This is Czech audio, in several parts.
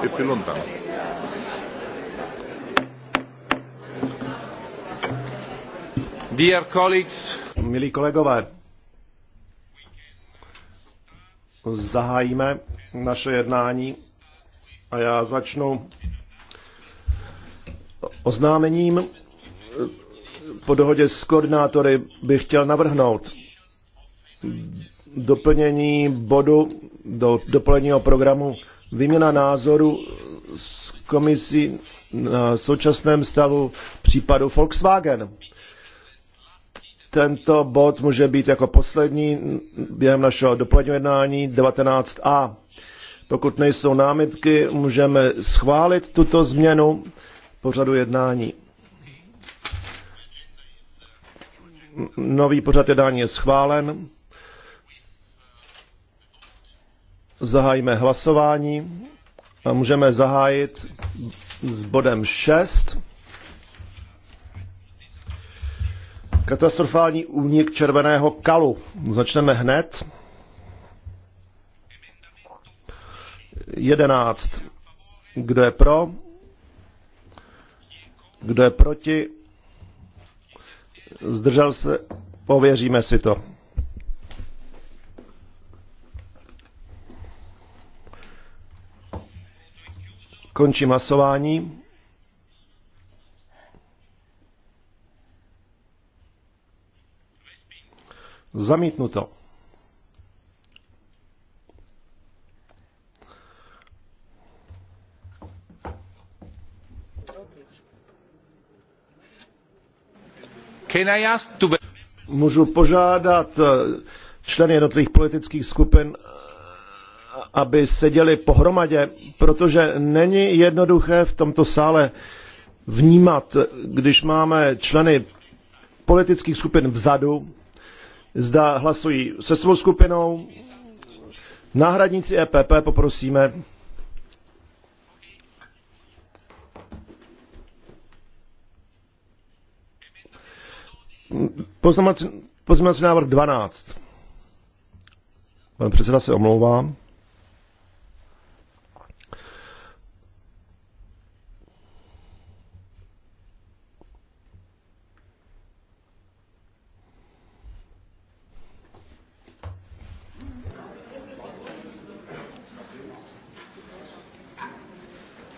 è più lontano. Dear colleagues, Milí kolegové, zahájíme naše jednání a já začnu oznámením. Po dohodě s koordinátory bych chtěl navrhnout doplnění bodu do dopoledního programu výměna názoru s komisí na současném stavu případu Volkswagen. Tento bod může být jako poslední během našeho dopoledního jednání 19a. Pokud nejsou námitky, můžeme schválit tuto změnu pořadu jednání. Nový pořad jednání je schválen. Zahájíme hlasování a můžeme zahájit s bodem 6. Katastrofální únik červeného kalu. Začneme hned. 11. Kdo je pro? Kdo je proti? Zdržel se? Pověříme si to. Končím hlasování. Zamítnuto. Můžu požádat eh, členy jednotlivých politických skupin, aby seděli pohromadě, protože není jednoduché v tomto sále vnímat, když máme členy politických skupin vzadu, zda hlasují se svou skupinou. Náhradníci EPP poprosíme. Poznamenací návrh 12. Pan předseda se omlouvá.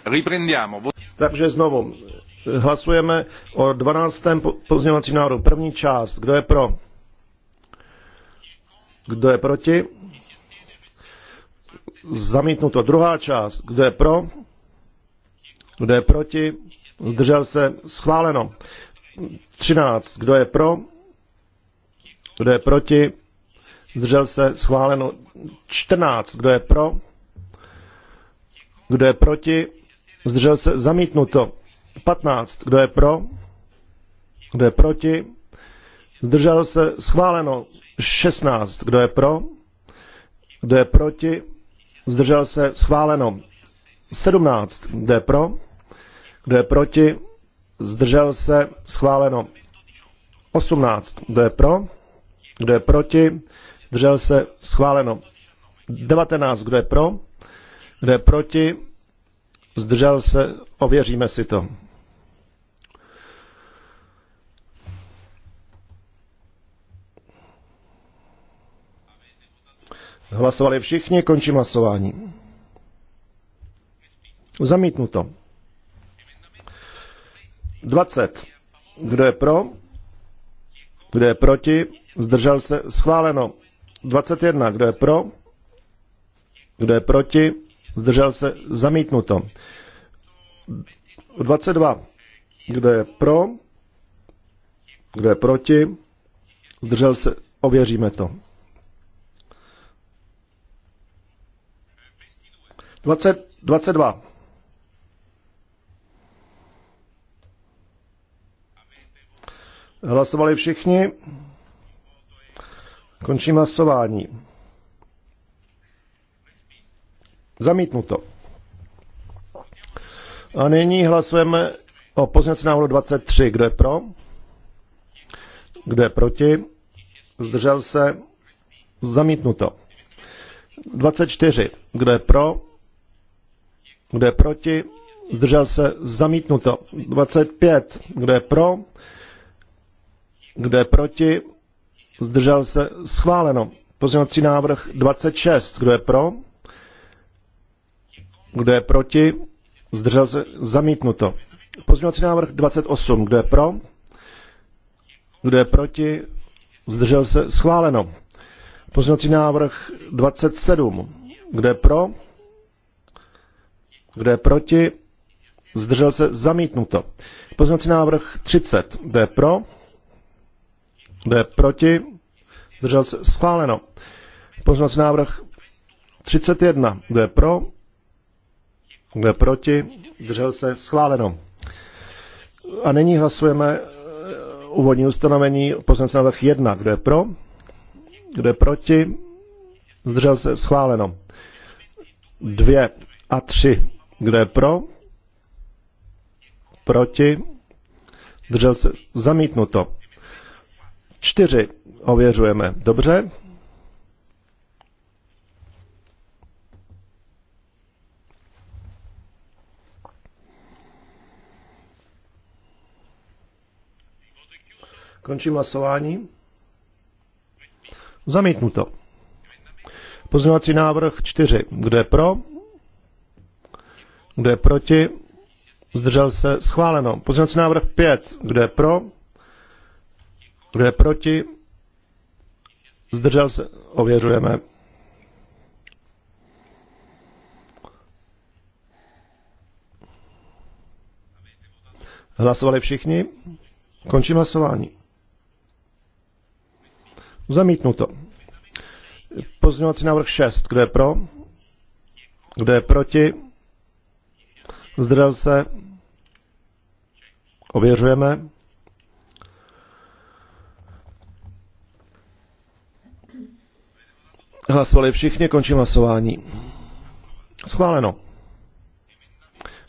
Riprendiamo. Takže znovu, hlasujeme o 12. pozměňovacím návrhu. První část, kdo je pro? Kdo je proti? Zamítnuto. Druhá část, kdo je pro? Kdo je proti? Zdržel se? Schváleno. 13. Kdo je pro? Kdo je proti? Zdržel se? Schváleno. 14. Kdo je pro? Kdo je proti? zdržel se, zamítnuto. 15, kdo je pro, kdo je proti, zdržel se, schváleno. 16, kdo je pro, kdo je proti, zdržel se, schváleno. 17, kdo je pro, kdo je proti, zdržel se, schváleno. 18, kdo je pro, kdo je proti, zdržel se, schváleno. 19, kdo je pro, kdo je proti, Zdržel se? Ověříme si to. Hlasovali všichni, končím hlasování. Zamítnuto. 20. Kdo je pro? Kdo je proti? Zdržel se? Schváleno. 21. Kdo je pro? Kdo je proti? zdržel se, zamítnuto. 22. Kdo je pro? Kdo je proti? Zdržel se, ověříme to. 20, 22. Hlasovali všichni? Končím hlasování. Zamítnuto. A nyní hlasujeme o pozměnce návodu 23. Kdo je pro? Kdo je proti? Zdržel se? Zamítnuto. 24. Kdo je pro? Kdo je proti? Zdržel se? Zamítnuto. 25. Kdo je pro? Kdo je proti? Zdržel se? Schváleno. Pozněcí návrh 26. Kdo je pro? Kdo je proti? Zdržel se? Zamítnuto. Pozměňovací návrh 28. Kdo je pro? Kdo je proti? Zdržel se? Schváleno. Pozměňovací návrh 27. Kdo je pro? Kdo je proti? Zdržel se? Zamítnuto. Pozměňovací návrh 30. Kdo je pro? Kdo je proti? Zdržel se? Schváleno. Pozměňovací návrh 31. Kdo je pro? Kdo je proti? Držel se? Schváleno. A nyní hlasujeme eh, úvodní ustanovení poslanec návrh 1. Kdo je pro? Kdo je proti? Zdržel se? Schváleno. 2 a 3. Kdo je pro? Proti? Držel se? Zamítnuto. 4. Ověřujeme. Dobře. Končím hlasování. Zamítnuto. Pozměňovací návrh 4. Kdo je pro? Kdo je proti? Zdržel se? Schváleno. Pozměňovací návrh 5. Kdo je pro? Kdo je proti? Zdržel se? Ověřujeme. Hlasovali všichni? Končím hlasování. Zamítnuto. Pozměňovací návrh 6. Kdo je pro? Kdo je proti? Zdržel se? Ověřujeme. Hlasovali všichni, končím hlasování. Schváleno.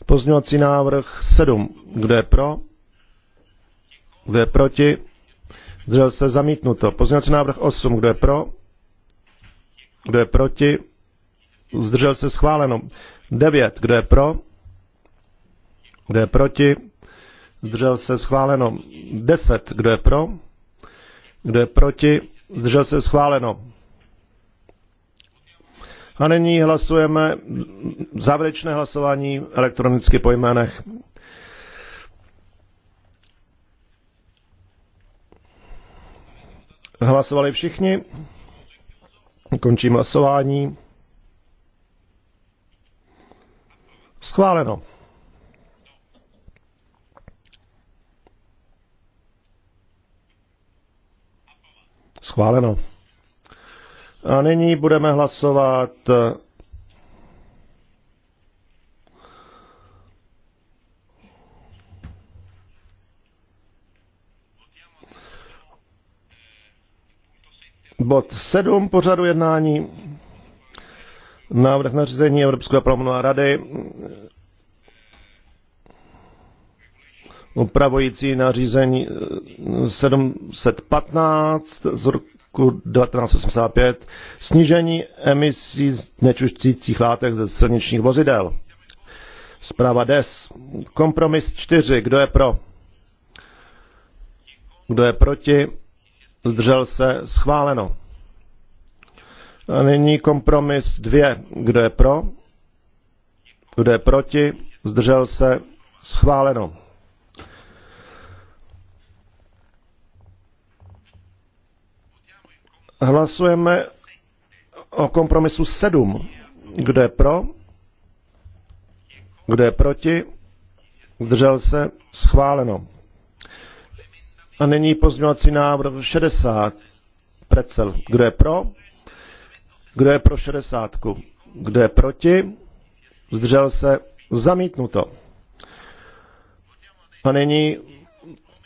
Pozměňovací návrh 7. Kdo je pro? Kdo je proti? zdržel se zamítnuto. Pozměňovací návrh 8, kdo je pro, kdo je proti, zdržel se schváleno. 9, kdo je pro, kdo je proti, zdržel se schváleno. 10, kdo je pro, kdo je proti, zdržel se schváleno. A nyní hlasujeme závěrečné hlasování elektronicky po jménech. Hlasovali všichni. Končím hlasování. Schváleno. Schváleno. A nyní budeme hlasovat Bod 7 pořadu jednání. Návrh na řízení Evropského parlamentu a rady upravující nařízení 715 eh, z roku 1985 snížení emisí znečišťujících látek ze silničních vozidel. Zpráva DES. Kompromis 4. Kdo je pro? Kdo je proti? zdržel se, schváleno. A nyní kompromis 2, kdo je pro, kdo je proti, zdržel se, schváleno. Hlasujeme o kompromisu 7. Kdo je pro? Kdo je proti? Zdržel se? Schváleno. A nyní pozměňovací návrh 60. Precel. Kdo je pro? Kdo je pro 60? Kdo je proti? Zdržel se? Zamítnuto. A nyní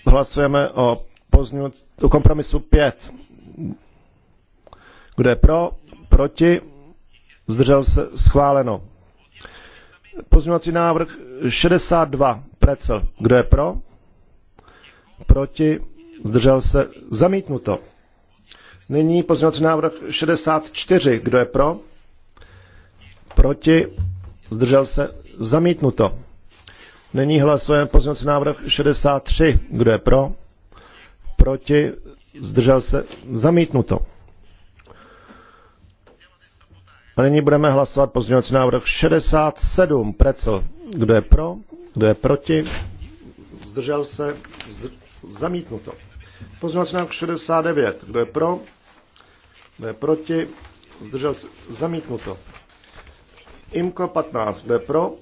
hlasujeme o, pozňu, o kompromisu 5. Kdo je pro? Proti? Zdržel se? Schváleno. Pozměňovací návrh 62. Precel. Kdo je pro? proti, zdržel se, zamítnuto. Nyní pozměňovací návrh 64, kdo je pro, proti, zdržel se, zamítnuto. Nyní hlasujeme pozměňovací návrh 63, kdo je pro, proti, zdržel se, zamítnuto. A nyní budeme hlasovat pozměňovací návrh 67, precel, Kdo je pro? Kdo je proti? Zdržel se? Zdr- Zamítnuto. Pozměňovací jsem 69. Kdo je pro? Kdo je proti? Zdržel se. Zamítnuto. IMKO 15. Kdo je pro?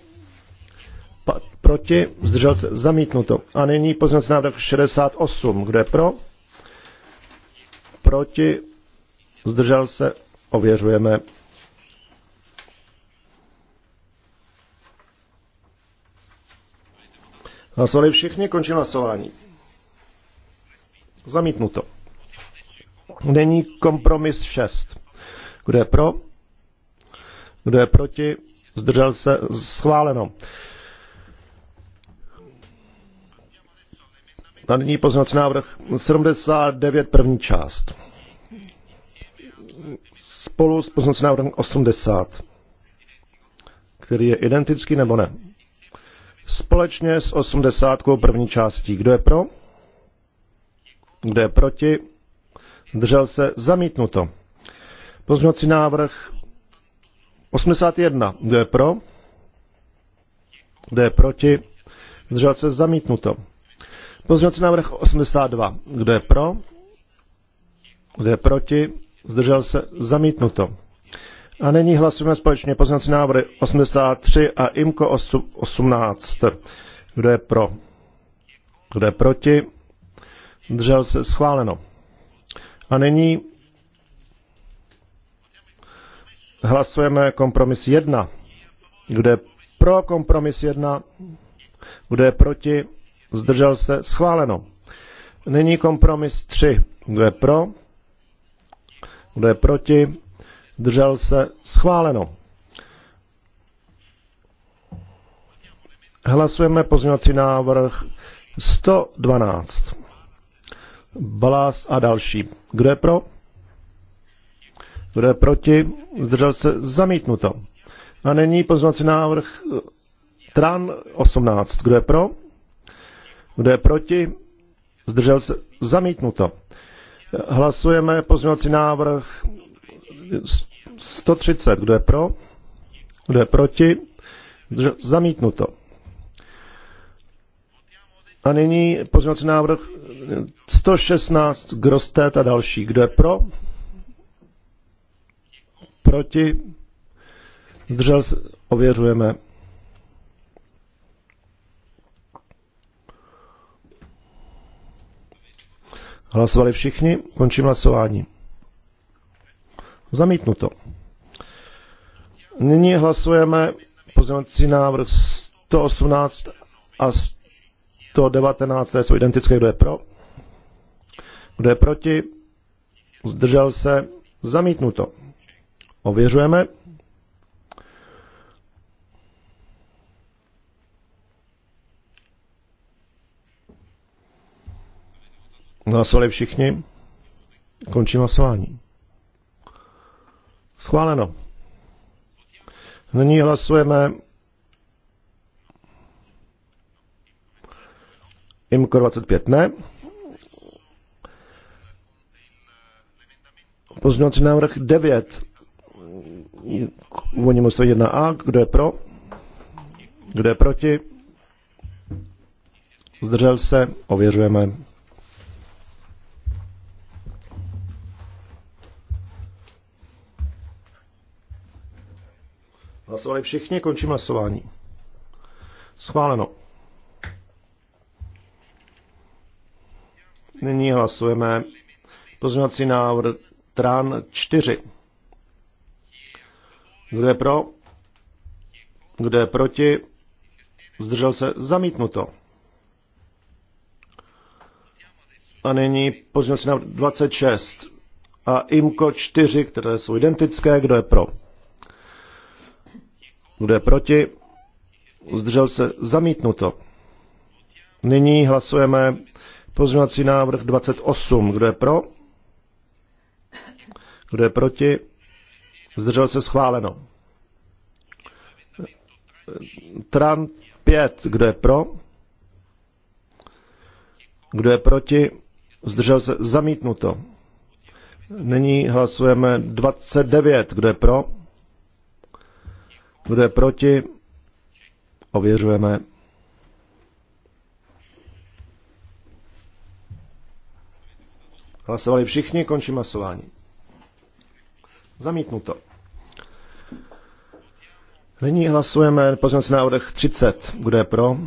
Pa, proti? Zdržel se. Zamítnuto. A nyní pozměňovací jsem 68. Kdo je pro? Proti? Zdržel se. Ověřujeme. Hlasovali všichni, končí hlasování. Zamítnuto. Není kompromis 6. Kdo je pro? Kdo je proti? Zdržel se? Schváleno. A nyní pozměňovací návrh 79 první část. Spolu s pozměňovacím návrhem 80, který je identický nebo ne. Společně s 80 první částí. Kdo je pro? Kdo je proti? Držel se? Zamítnuto. Pozměňovací návrh 81. Kdo je pro? Kdo je proti? Držel se? Zamítnuto. Pozměňovací návrh 82. Kdo je pro? Kdo je proti? Zdržel se? Zamítnuto. A nyní hlasujeme společně poznací návrhy 83 a IMKO 18. Kdo je pro? Kdo je proti? Držel se schváleno. A nyní hlasujeme kompromis 1. Kdo je pro kompromis 1? Kdo je proti? Zdržel se? Schváleno. Nyní kompromis 3. Kdo je pro? Kdo je proti? Zdržel se? Schváleno. Hlasujeme pozměňovací návrh 112. Balás a další. Kdo je pro? Kdo je proti? Zdržel se zamítnuto. A není pozvací návrh eh, TRAN 18. Kdo je pro? Kdo je proti? Zdržel se zamítnuto. Hlasujeme pozvací návrh 130. Eh, Kdo je pro? Kdo je proti? Zdržel, zamítnuto. A nyní pozměňovací návrh 116 Grostet a další. Kdo je pro? Proti? Držel se, ověřujeme. Hlasovali všichni, končím hlasování. Zamítnuto. Nyní hlasujeme pozměňovací návrh 118 a 118. 19. jsou identické, kdo je pro, kdo je proti, zdržel se, zamítnuto. Ověřujeme. Hlasovali všichni. Končím hlasování. Schváleno. Nyní hlasujeme IMCO 25 ne. Pozdňovací návrh 9. Uvolněme se 1A. Kdo je pro? Kdo je proti? Zdržel se? Ověřujeme. Hlasovali všichni, končím hlasování. Schváleno. Nyní hlasujeme pozměňovací návrh TRAN 4. Kdo je pro? Kdo je proti? Zdržel se? Zamítnuto. A nyní pozměňovací návrh 26 a IMKO 4, které jsou identické. Kdo je pro? Kdo je proti? Zdržel se? Zamítnuto. Nyní hlasujeme Pozměňovací návrh 28. Kdo je pro? Kdo je proti? Zdržel se schváleno. Tran 5. Kdo je pro? Kdo je proti? Zdržel se zamítnuto. Nyní hlasujeme 29. Kdo je pro? Kdo je proti? Ověřujeme. Hlasovali všichni, končím hlasování. Zamítnuto. Nyní hlasujeme pozměnce návrh 30. Kdo je pro?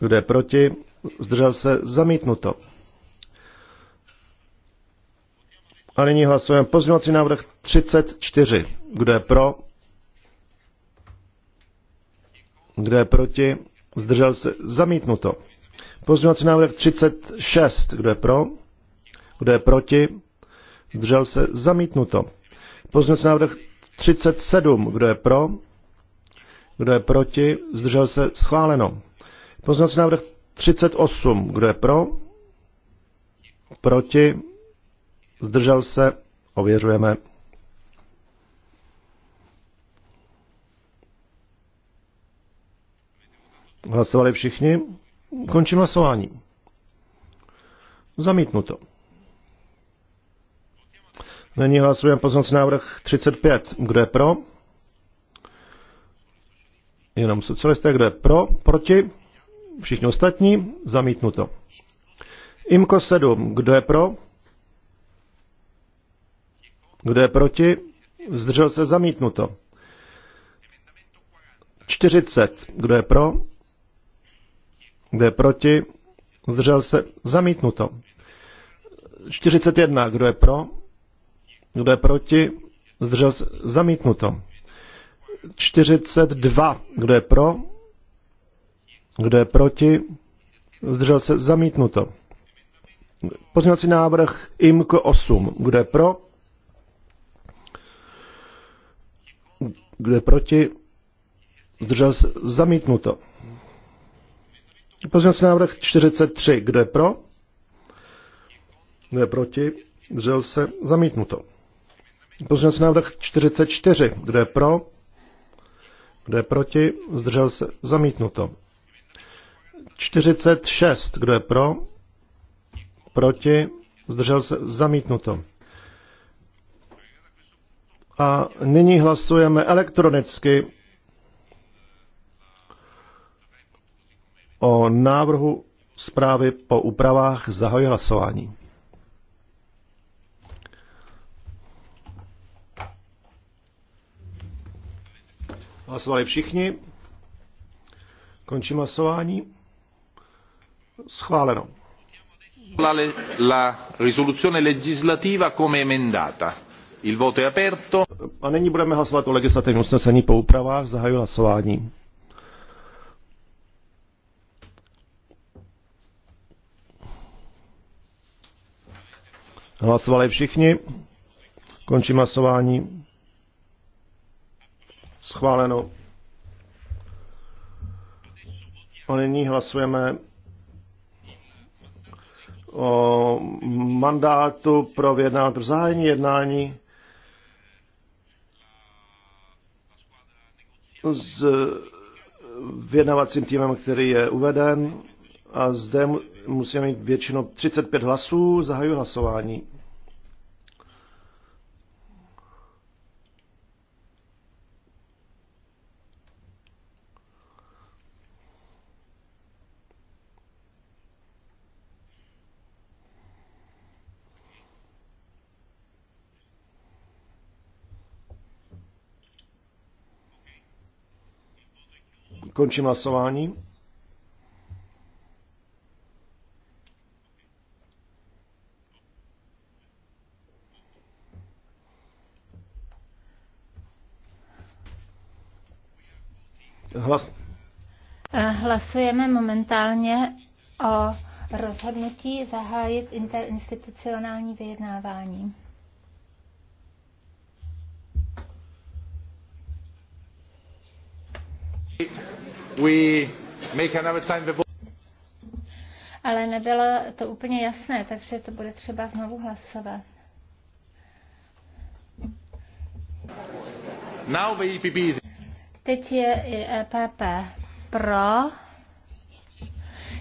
Kdo je proti? Zdržel se zamítnuto. A nyní hlasujeme pozměňovací návrh 34. Kdo je pro? Kdo je proti? Zdržel se zamítnuto. Pozměňovací návrh 36. Kdo je pro? Kdo je proti? Zdržel se? Zamítnuto. Pozměňovací návrh 37. Kdo je pro? Kdo je proti? Zdržel se? Schváleno. Pozměňovací návrh 38. Kdo je pro? Proti? Zdržel se? Ověřujeme. Hlasovali všichni? Končím hlasování. Zamítnuto. Není hlasujeme poznací návrh 35. Kdo je pro? Jenom socialisté, kdo je pro? Proti? Všichni ostatní? Zamítnuto. Imko 7. Kdo je pro? Kdo je proti? Zdržel se zamítnuto. 40. Kdo je pro? Kdo je proti? Zdržel se zamítnuto. 41. Kdo je pro? Kdo je proti? Zdržel se. Zamítnuto. 42. Kdo je pro? Kdo je proti? Zdržel se. Zamítnuto. Pozměňovací návrh IMK 8. Kdo je pro? Kdo je proti? Zdržel se. Zamítnuto. Pozměňovací návrh 43. Kdo je pro? Kdo je proti? Zdržel se. Zamítnuto. Pozměňovací návrh 44. Kdo je pro? Kdo je proti? Zdržel se. Zamítnuto. 46. Kdo je pro? Proti? Zdržel se. Zamítnuto. A nyní hlasujeme elektronicky o návrhu zprávy po úpravách Zahoj hlasování. Hlasovali všichni. Končím hlasování. Schváleno. La, la risoluzione legislativa come emendata. Il voto è aperto. A nyní budeme hlasovat o legislativním usnesení po úpravách. Zahajuji hlasování. Hlasovali všichni. Končím hlasování. Schváleno. A nyní hlasujeme o mandátu pro vyjednávání, pro zahájení jednání s vyjednavacím týmem, který je uveden. A zde musíme mít většinou 35 hlasů. Zahajuji hlasování. Končím hlasování. Hlas... Hlasujeme momentálně o rozhodnutí zahájit interinstitucionální vyjednávání. ale nebylo to úplně jasné, takže to bude třeba znovu hlasovat. Now the EPP is... Teď je i EPP pro.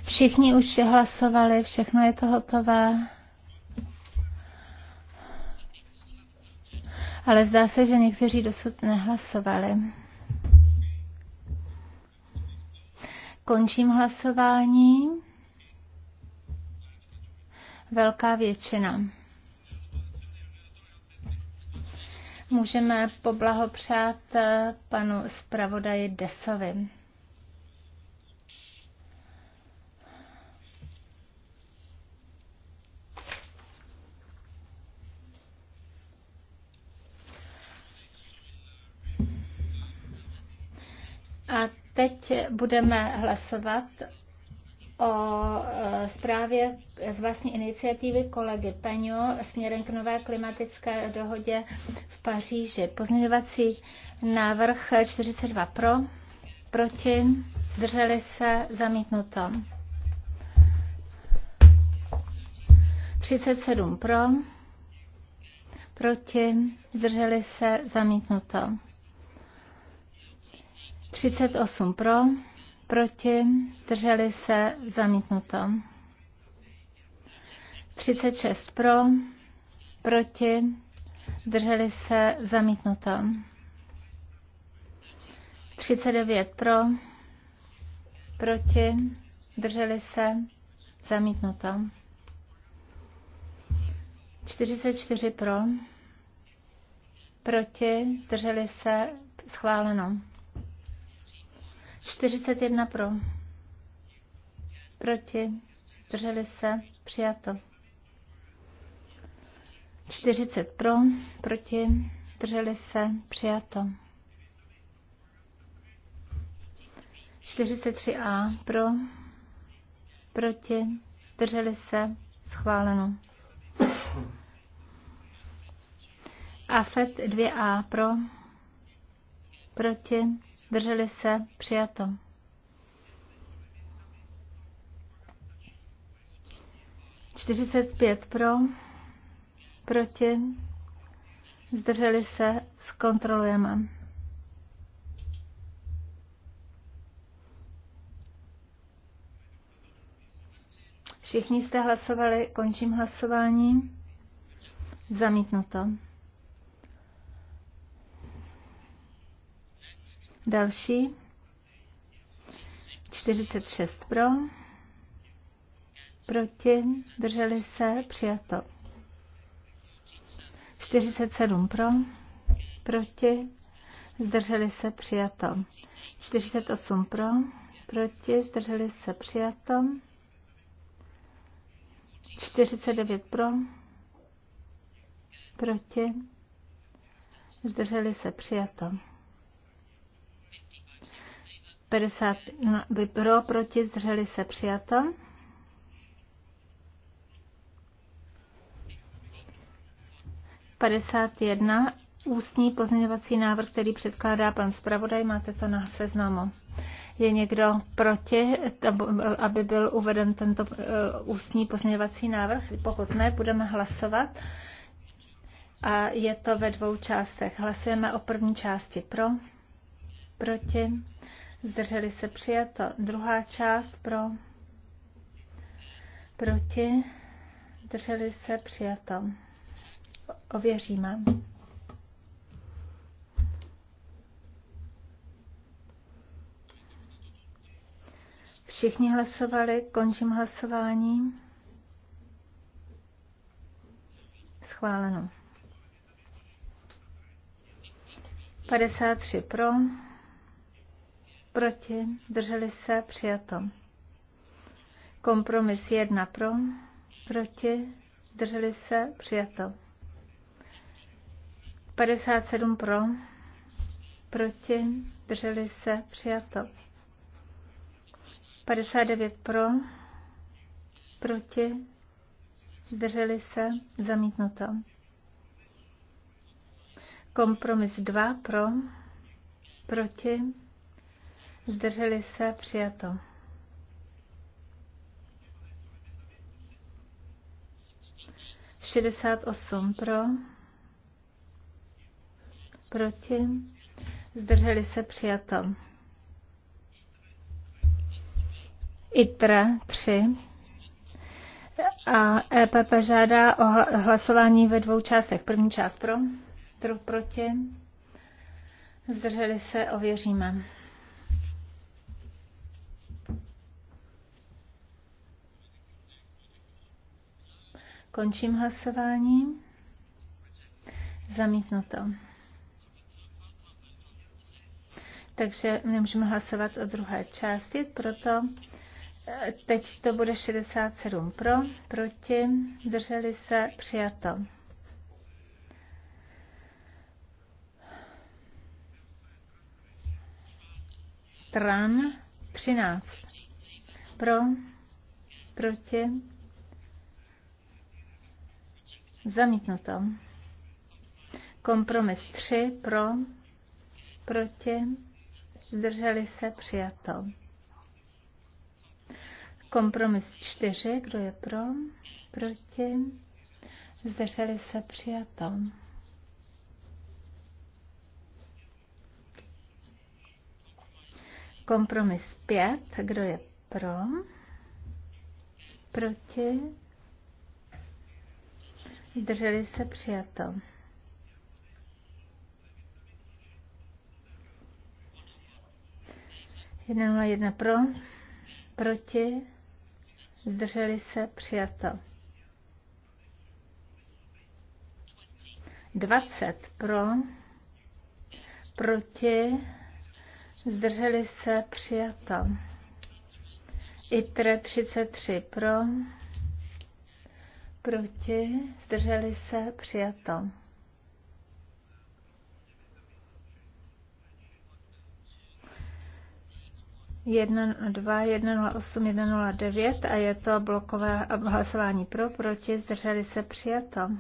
Všichni už hlasovali, všechno je to hotové. Ale zdá se, že někteří dosud nehlasovali. Končím hlasování. Velká většina. Můžeme poblahopřát panu zpravodaji Desovi. Teď budeme hlasovat o eh, zprávě z vlastní iniciativy kolegy Peňo směrem k nové klimatické dohodě v Paříži. Pozměňovací návrh 42 pro, proti, drželi se, zamítnuto. 37 pro, proti, zdrželi se, zamítnuto. 38 pro, proti, drželi se, zamítnuto. 36 pro, proti, drželi se, zamítnuto. 39 pro, proti, drželi se, zamítnuto. 44 pro, proti, drželi se, schváleno. 41 pro. Proti. Drželi se. Přijato. 40 pro. Proti. Drželi se. Přijato. 43a pro. Proti. Drželi se. Schváleno. AFET 2A pro. Proti Drželi se? Přijato. Čtyřicet pět pro, proti, zdrželi se, zkontrolujeme. Všichni jste hlasovali, končím hlasování. Zamítnuto. Další. 46 pro. Proti. Drželi se. Přijato. 47 pro. Proti. Zdrželi se. Přijato. 48 pro. Proti. Zdrželi se. Přijato. 49 pro. Proti. Zdrželi se. Přijato. 50 by no, pro, proti, zřeli se přijato. ústní pozměňovací návrh, který předkládá pan zpravodaj, máte to na seznamu. Je někdo proti, aby byl uveden tento eh, ústní pozměňovací návrh? Pokud ne, budeme hlasovat. A je to ve dvou částech. Hlasujeme o první části pro, proti zdrželi se přijato. Druhá část pro, proti, zdrželi se přijato. Ověříme. Všichni hlasovali, končím hlasování. Schváleno. 53 pro, proti, drželi se, přijato. Kompromis jedna pro, proti, drželi se, přijato. 57 pro, proti, drželi se, přijato. 59 pro, proti, drželi se, zamítnuto. Kompromis 2 pro, proti, Zdrželi se přijato. Šedesát osm pro. Proti. Zdrželi se přijato. ITRA 3. A EPP žádá o hlasování ve dvou částech. První část pro, druhou proti. Zdrželi se, ověříme. Končím hlasování. Zamítnuto. Takže nemůžeme hlasovat o druhé části, proto eh, teď to bude 67 pro, proti, drželi se, přijato. Tran 13 pro, proti, Zamítnuto. Kompromis 3 pro, proti, zdrželi se, přijato. Kompromis 4, kdo je pro, proti, zdrželi se, přijato. Kompromis 5, kdo je pro, proti, Drželi se přijato. Jedna nula jedna pro, proti, zdrželi se přijato. 20 pro, proti, zdrželi se přijato. ITRE 33 pro, proti, zdrželi se, přijato. Jedna, dva, jedna nula osm, jedna nula devět a je to blokové hlasování pro, proti, zdrželi se, přijato.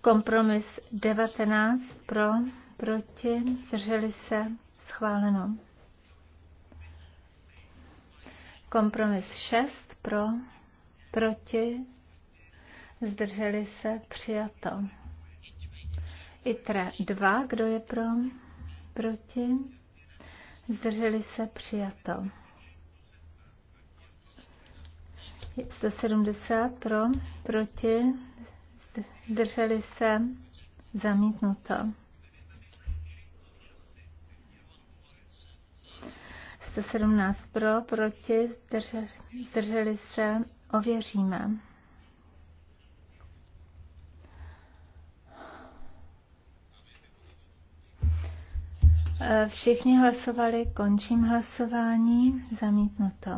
Kompromis 19 pro, proti, zdrželi se, schváleno. Kompromis 6 pro, proti, zdrželi se, přijato. ITRE 2, kdo je pro, proti, zdrželi se, přijato. 170 pro, proti, zdrželi se, zamítnuto. 117 pro, proti, zdrželi, zdrželi se, ověříme. E, všichni hlasovali, končím hlasování, zamítnuto.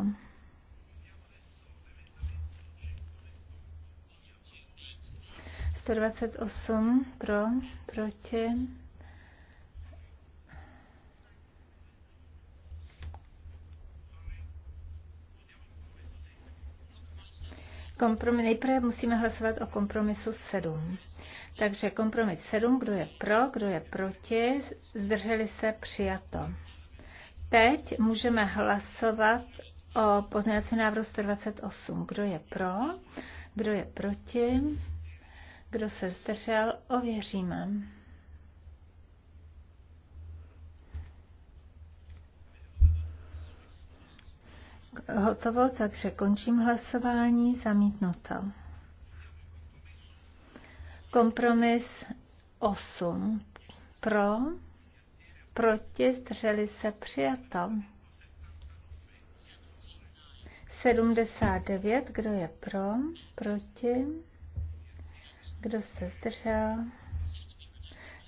Sto dvacet osm pro, proti. Kompromis, nejprve musíme hlasovat o kompromisu 7. Takže kompromis 7, kdo je pro, kdo je proti, zdrželi se přijato. Teď můžeme hlasovat o pozměňovací návrhu 128. Kdo je pro, kdo je proti, kdo se zdržel, ověříme. hotovo, takže končím hlasování, zamítnuto. Kompromis 8. Pro, proti, zdrželi se, přijato. 79, kdo je pro, proti, kdo se zdržel.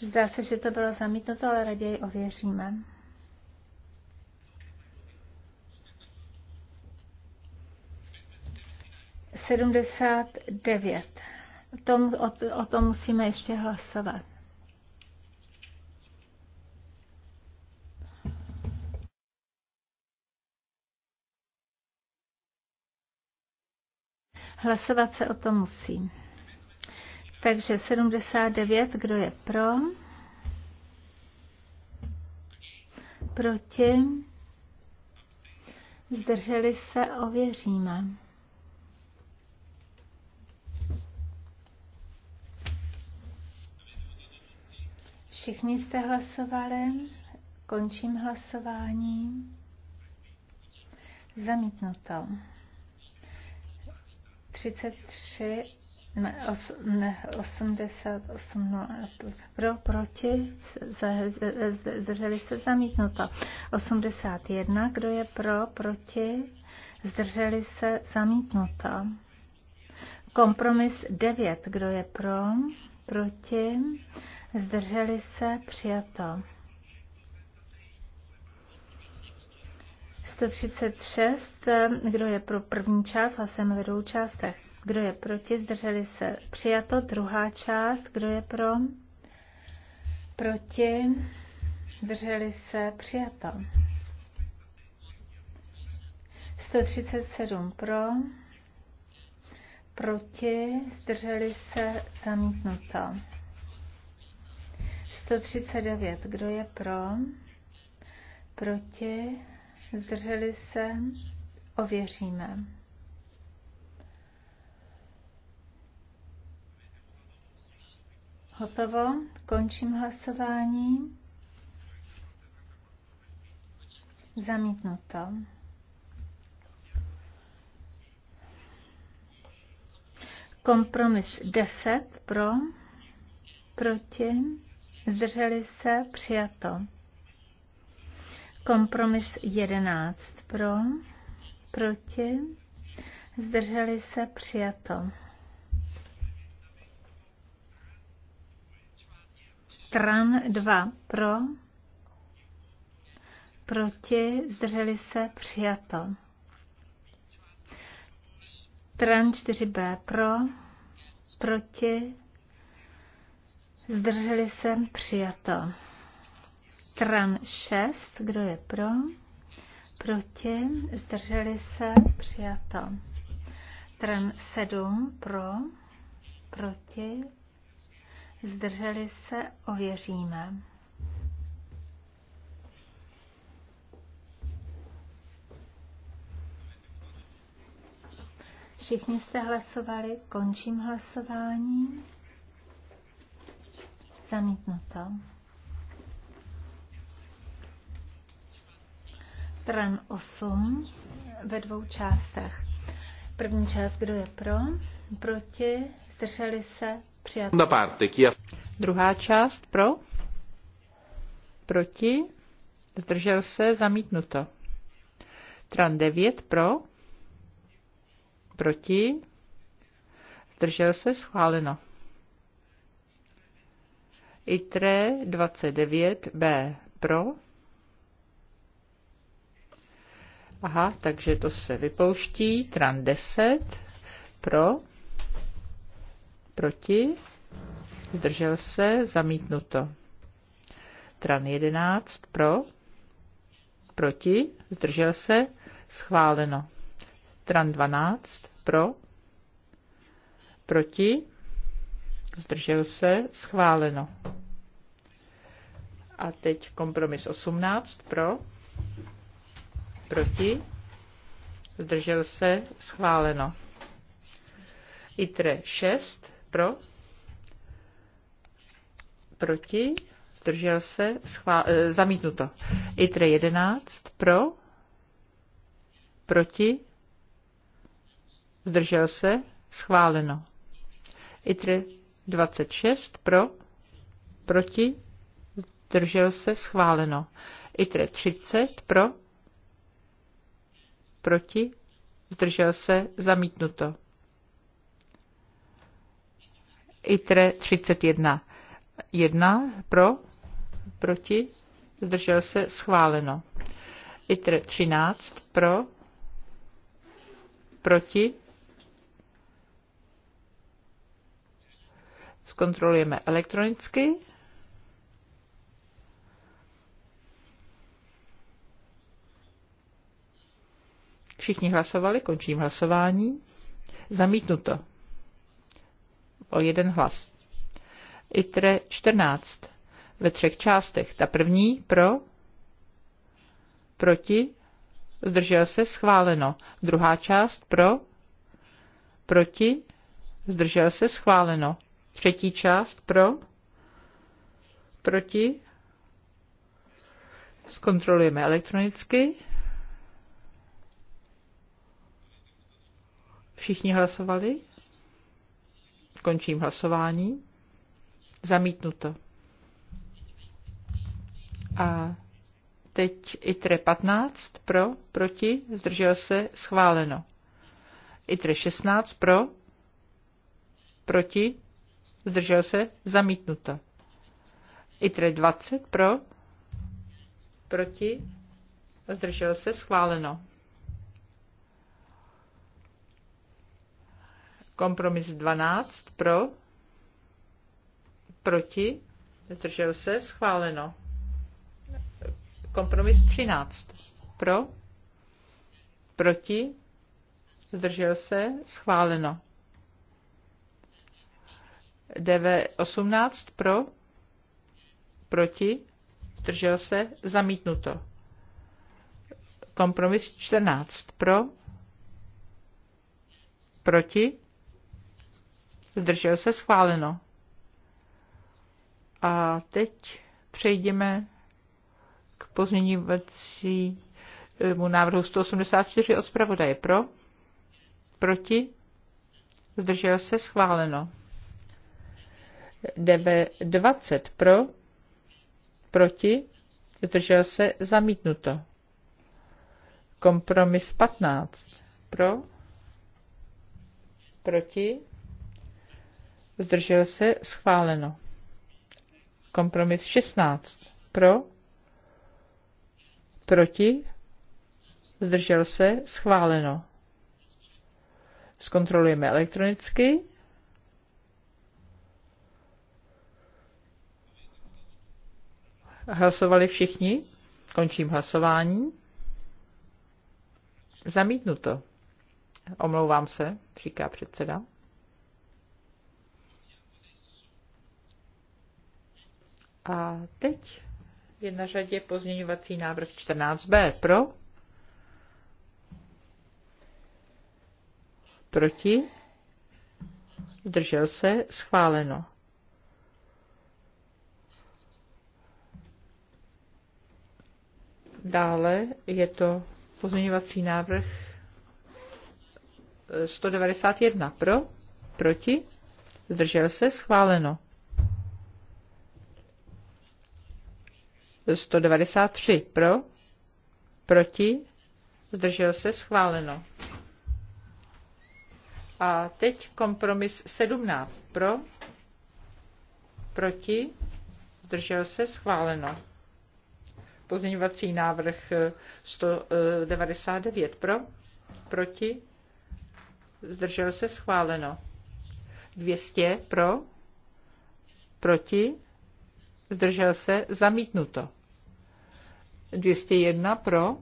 Zdá se, že to bylo zamítnuto, ale raději ověříme. 79. O tom, o, o tom musíme ještě hlasovat. Hlasovat se o tom musí. Takže 79, kdo je pro? Proti? Zdrželi se, ověříme. Všichni jste hlasovali. Končím hlasování. Zamítnuto. 33 88 no, pro, proti, zdrželi se zamítnuto. 81, kdo je pro, proti, zdrželi se zamítnuto. Kompromis 9, kdo je pro, proti, zdrželi se, přijato. 136, kdo je pro první část, hlasujeme ve dvou částech. Kdo je proti, zdrželi se, přijato. Druhá část, kdo je pro, proti, zdrželi se, přijato. 137 pro, proti, zdrželi se, zamítnuto. 139. Kdo je pro? Proti? Zdrželi se? Ověříme. Hotovo, končím hlasování. Zamítnuto. Kompromis 10 pro, proti zdrželi se, přijato. Kompromis 11 pro, proti, zdrželi se, přijato. Tran 2 pro, proti, zdrželi se, přijato. Tran 4b pro, proti, Zdrželi se přijato. Stran 6, kdo je pro? Proti, zdrželi se přijato. Stran 7, pro? Proti, zdrželi se, ověříme. Všichni jste hlasovali, končím hlasování. Zamítnuto. Tran 8 ve dvou částech. První část, kdo je pro, proti, zdrželi se, přijat. Druhá část, pro, proti, zdržel se, zamítnuto. Tran 9 pro, proti, zdržel se, schváleno. ITRE 29B pro. Aha, takže to se vypouští. TRAN 10 pro. Proti. Zdržel se. Zamítnuto. TRAN 11 pro. Proti. Zdržel se. Schváleno. TRAN 12 pro. Proti. Zdržel se. Schváleno. A teď kompromis 18 pro, proti, zdržel se, schváleno. ITRE 6 pro, proti, zdržel se, schvál, eh, zamítnuto. ITRE 11 pro, proti, zdržel se, schváleno. ITRE 26 pro, proti, zdržel se, schváleno. ITRE 30 pro, proti, zdržel se, zamítnuto. ITRE 31 1 pro, proti, zdržel se, schváleno. ITRE 13 pro, proti, zkontrolujeme elektronicky. Všichni hlasovali, končím hlasování. Zamítnuto. O jeden hlas. ITRE 14. Ve třech částech. Ta první pro, proti, zdržel se, schváleno. Druhá část pro, proti, zdržel se, schváleno. Třetí část pro, proti, zkontrolujeme elektronicky. Všichni hlasovali? Končím hlasování. Zamítnuto. A teď ITRE 15 pro, proti, zdržel se, schváleno. ITRE 16 pro, proti, zdržel se, zamítnuto. ITRE 20 pro, proti, zdržel se, schváleno. Kompromis 12 pro, proti, zdržel se, schváleno. Kompromis 13 pro, proti, zdržel se, schváleno. DV 18 pro, proti, zdržel se, zamítnuto. Kompromis 14 pro, proti, zdržel se schváleno. A teď přejdeme k pozměňovacímu návrhu 184 od zpravodaje pro, proti, zdržel se schváleno. DB 20 pro, proti, zdržel se zamítnuto. Kompromis 15 pro, proti, zdržel se, schváleno. Kompromis 16. Pro, proti, zdržel se, schváleno. Zkontrolujeme elektronicky. Hlasovali všichni? Končím hlasování. Zamítnuto. Omlouvám se, říká předseda. A teď je na řadě pozměňovací návrh 14b. Pro? Proti? Zdržel se? Schváleno. Dále je to pozměňovací návrh 191 pro, proti, zdržel se, schváleno. 193 pro, proti, zdržel se, schváleno. A teď kompromis 17 pro, proti, zdržel se, schváleno. Pozměňovací návrh 199 pro, proti, zdržel se, schváleno. 200 pro, proti, zdržel se, zamítnuto. 201 pro,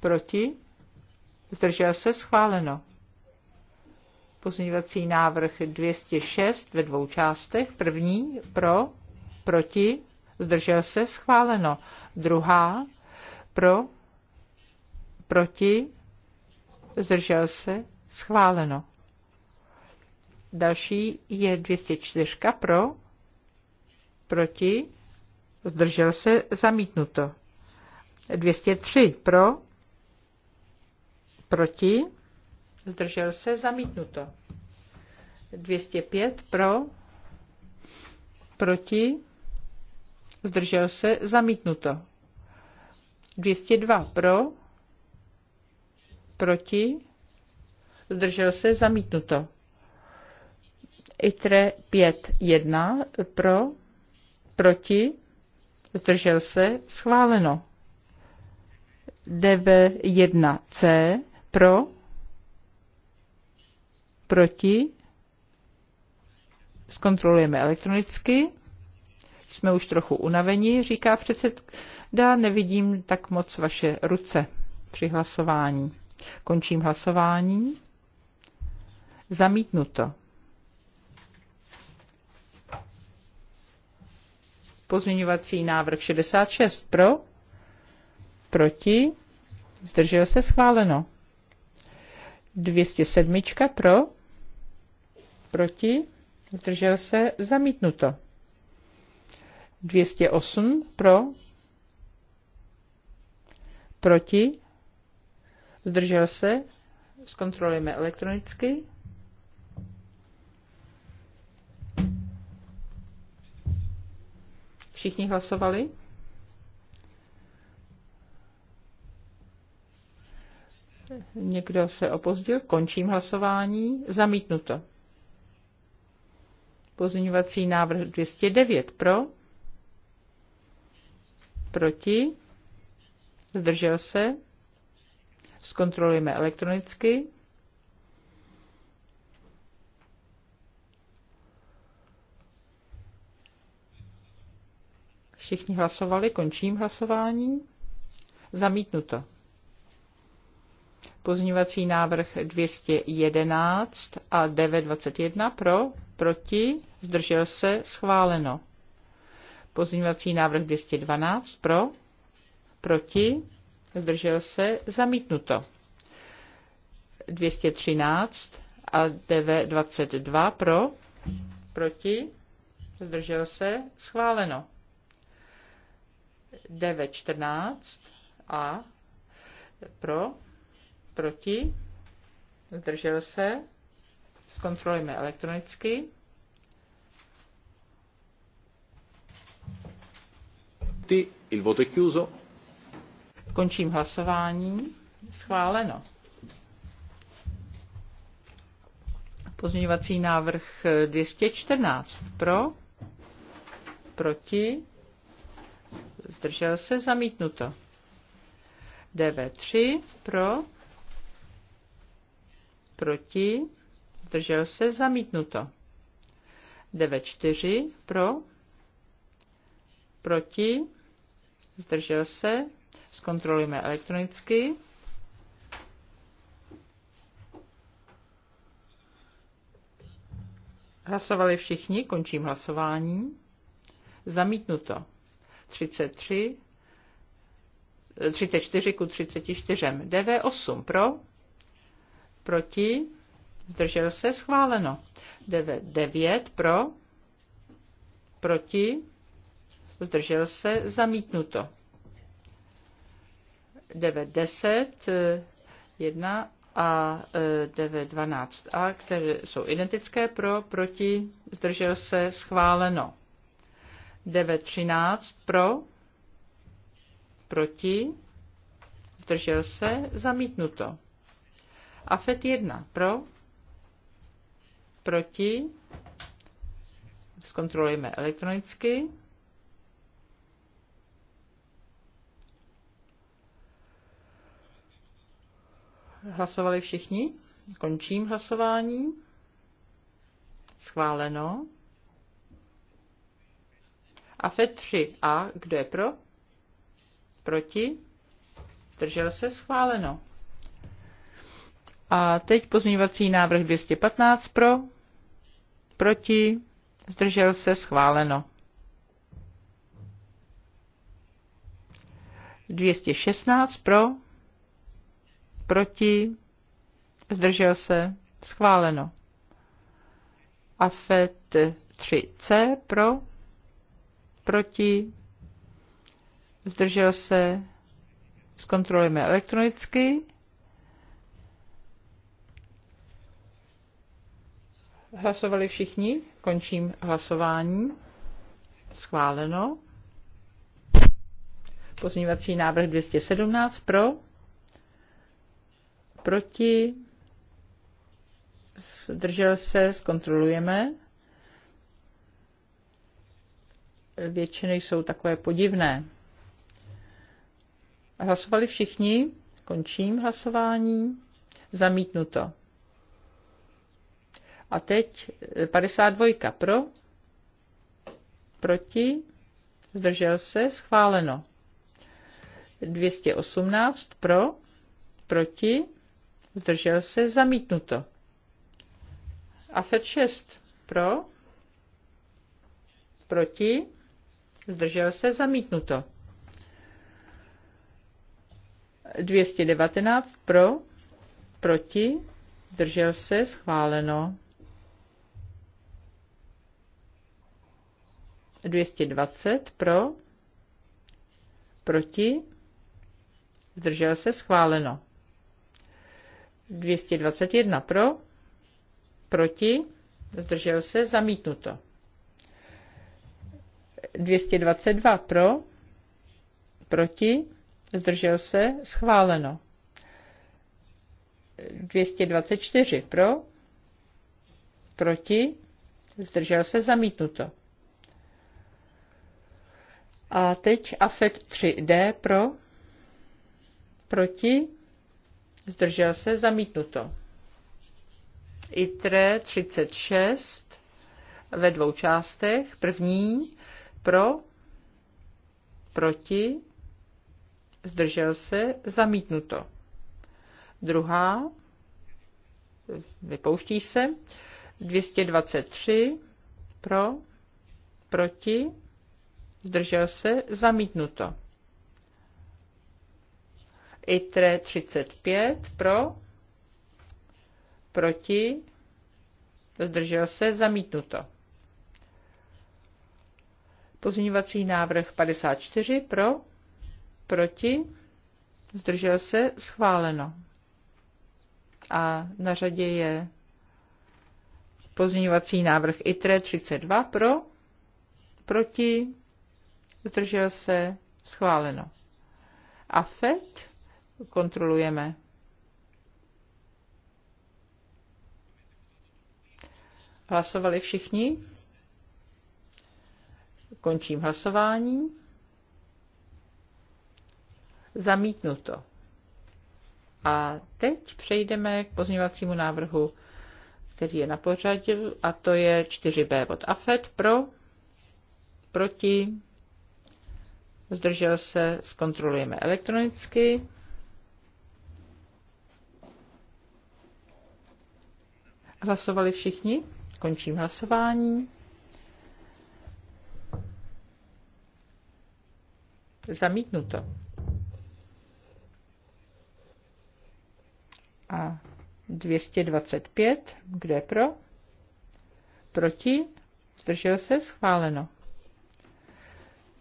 proti, zdržel se, schváleno. Pozměňovací návrh 206 ve dvou částech. První pro, proti, zdržel se, schváleno. Druhá pro, proti, zdržel se, schváleno. Další je 204 pro, proti, zdržel se, zamítnuto. 203 pro, proti, zdržel se, zamítnuto. 205 pro, proti, zdržel se, zamítnuto. 202 pro, proti, zdržel se, zamítnuto. ITRE 5.1 pro, proti, zdržel se, schváleno. DV1C pro, proti, zkontrolujeme elektronicky. Jsme už trochu unavení, říká předseda, nevidím tak moc vaše ruce při hlasování. Končím hlasování. Zamítnuto. Pozměňovací návrh 66 pro, proti, zdržel se schváleno. 207 pro, proti, zdržel se zamítnuto. 208 pro, proti, zdržel se, zkontrolujeme elektronicky. Všichni hlasovali? Někdo se opozdil? Končím hlasování. Zamítnuto. Pozměňovací návrh 209 pro. Proti. Zdržel se. Zkontrolujeme elektronicky. Všichni hlasovali, končím hlasování. Zamítnuto. Pozměňovací návrh 211 a 921 pro, proti, zdržel se, schváleno. Pozměňovací návrh 212 pro, proti, zdržel se, zamítnuto. 213 a 922 pro, proti, zdržel se, schváleno. DV14 a pro, proti, zdržel se, zkontrolujeme elektronicky. Il voto è chiuso. Končím hlasování. Schváleno. Pozměňovací návrh 214 pro, proti, zdržel se, zamítnuto. DV3 pro, proti, zdržel se, zamítnuto. DV4 pro, proti, zdržel se, zkontrolujeme elektronicky. Hlasovali všichni, končím hlasování. Zamítnuto. 33, 34 ku 34. DV8 pro, proti, zdržel se, schváleno. DV9 pro, proti, zdržel se, zamítnuto. DV10. 1 a 9.12a, e, které jsou identické pro, proti, zdržel se, schváleno. 913 pro, proti, zdržel se, zamítnuto. AFET 1 pro, proti, zkontrolujeme elektronicky. Hlasovali všichni? Končím hlasování. Schváleno. A FED 3A, kdo je pro? Proti? Zdržel se? Schváleno. A teď pozměňovací návrh 215 pro, proti, zdržel se, schváleno. 216 pro, proti, zdržel se, schváleno. AFET 3C pro, proti, zdržel se, zkontrolujeme elektronicky. Hlasovali všichni, končím hlasování. Schváleno. Pozměňovací návrh 217 pro, proti, zdržel se, zkontrolujeme. většiny jsou takové podivné. Hlasovali všichni? Končím hlasování. Zamítnuto. A teď 52 eh, pro, proti, zdržel se, schváleno. 218 pro, proti, zdržel se, zamítnuto. FED 6 pro, proti, zdržel se, zamítnuto. 219 pro, proti, zdržel se, schváleno. 220 pro, proti, zdržel se, schváleno. 221 pro, proti, zdržel se, zamítnuto. 222 pro, proti, zdržel se, schváleno. 224 pro, proti, zdržel se, zamítnuto. A teď AFET 3D pro, proti, zdržel se, zamítnuto. ITRE 36 ve dvou částech. První pro, proti, zdržel se, zamítnuto. Druhá, vypouští se, 223, pro, proti, zdržel se, zamítnuto. ITRE 35, pro, proti, zdržel se, zamítnuto. Pozměňovací návrh 54 pro, proti, zdržel se, schváleno. A na řadě je pozměňovací návrh ITRE 32 pro, proti, zdržel se, schváleno. A FED kontrolujeme. Hlasovali všichni? Končím hlasování. Zamítnuto. A teď přejdeme k pozměňovacímu návrhu, který je na pořadu, a to je 4b od AFET pro, proti, zdržel se, zkontrolujeme elektronicky. Hlasovali všichni? Končím hlasování. Zamítnuto. A 225, kde pro? Proti? Zdržel se? Schváleno.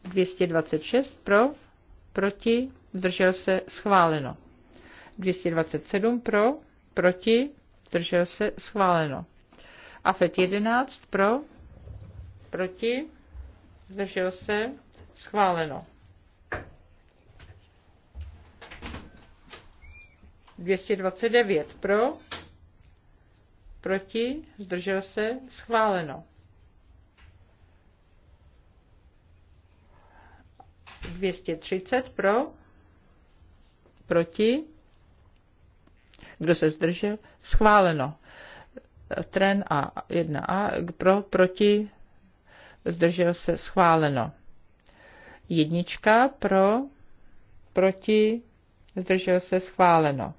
226 pro, proti, zdržel se, schváleno. 227 pro, proti, zdržel se, schváleno. AFET 11 pro, proti, zdržel se, schváleno. 229 pro, proti, zdržel se, schváleno. 230 pro, proti, kdo se zdržel, schváleno. Tren a 1A pro, proti, zdržel se, schváleno. Jednička pro, proti, zdržel se, schváleno.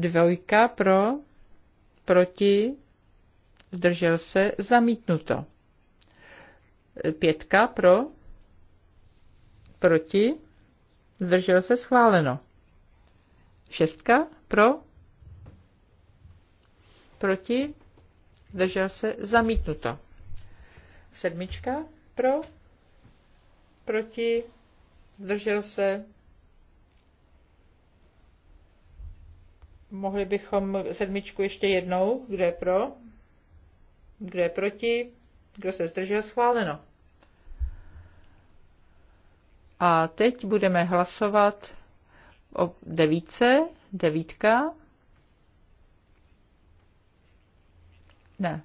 Dvojka pro, proti, zdržel se, zamítnuto. Pětka pro, proti, zdržel se, schváleno. Šestka pro, proti, zdržel se, zamítnuto. Sedmička pro, proti, zdržel se, Mohli bychom sedmičku ještě jednou. Kdo je pro? Kdo je proti? Kdo se zdržel? Schváleno. A teď budeme hlasovat o devítce. Devítka. Ne.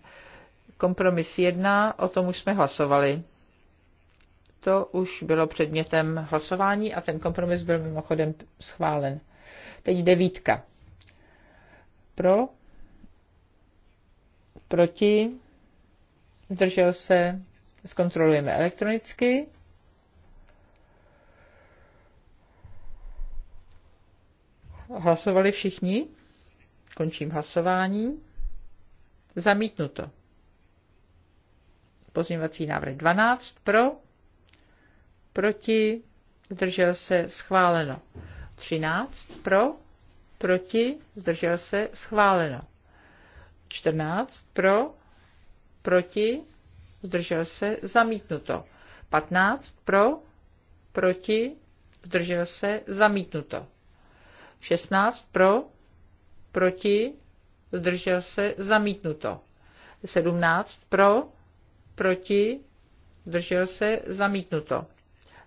Kompromis jedna. o tom už jsme hlasovali. To už bylo předmětem hlasování a ten kompromis byl mimochodem schválen. Teď devítka. Pro? Proti? Zdržel se? Zkontrolujeme elektronicky. Hlasovali všichni? Končím hlasování. Zamítnuto. Pozměňovací návrh 12 pro, proti, zdržel se, schváleno. 13 pro, proti, zdržel se, schváleno. 14 pro, proti, zdržel se, zamítnuto. 15 pro, proti, zdržel se, zamítnuto. 16 pro, proti, zdržel se, zamítnuto. 17 pro, proti, zdržel se, zamítnuto.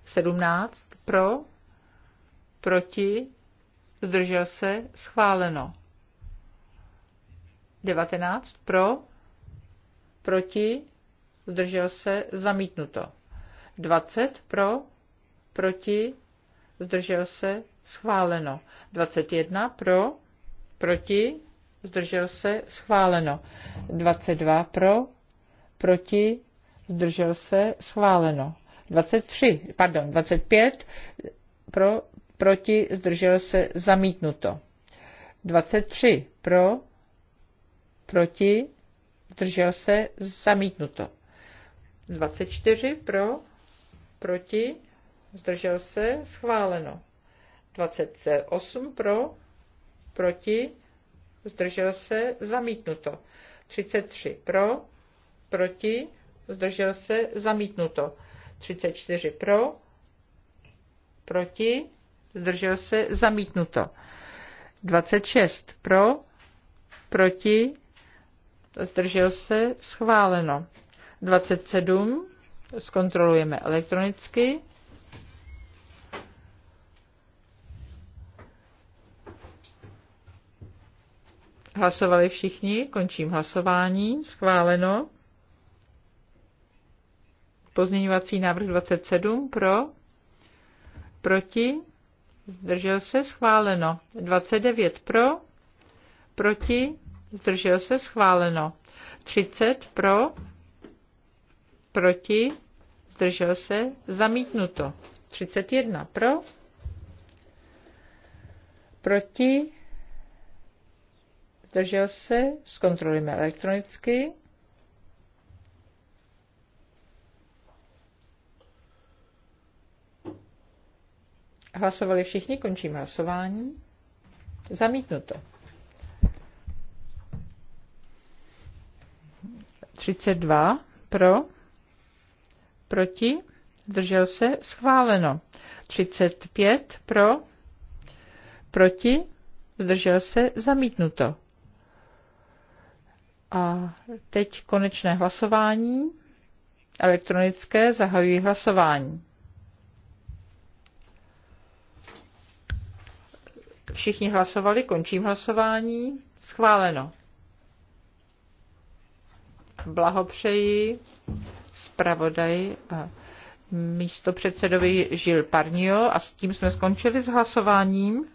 17 pro, proti, zdržel se, schváleno. 19 pro, proti, zdržel se, zamítnuto. 20 pro, proti, zdržel se, schváleno. 21 pro, proti, zdržel se, schváleno. 22 pro, proti, zdržel se, schváleno. 23, pardon, 25 pro, proti, zdržel se, zamítnuto. 23 pro, proti, zdržel se, zamítnuto. 24 pro, proti, zdržel se, schváleno. 28 pro, proti, zdržel se, zamítnuto. 33 pro, proti, zdržel se, zamítnuto. 34 pro, proti, zdržel se, zamítnuto. 26 pro, proti, zdržel se, schváleno. 27 zkontrolujeme elektronicky. Hlasovali všichni, končím hlasování, schváleno. Pozměňovací návrh 27 pro, proti, zdržel se, schváleno. 29 pro, proti, zdržel se, schváleno. 30 pro, proti, zdržel se, zamítnuto. 31 pro, proti, zdržel se, zkontrolujeme elektronicky. Hlasovali všichni, končím hlasování. Zamítnuto. 32 pro, proti, zdržel se, schváleno. 35 pro, proti, zdržel se, zamítnuto. A teď konečné hlasování. Elektronické zahajují hlasování. Všichni hlasovali, končím hlasování. Schváleno. Blahopřeji zpravodaji a eh, místo předsedovi Žil Parnio a s tím jsme skončili s hlasováním.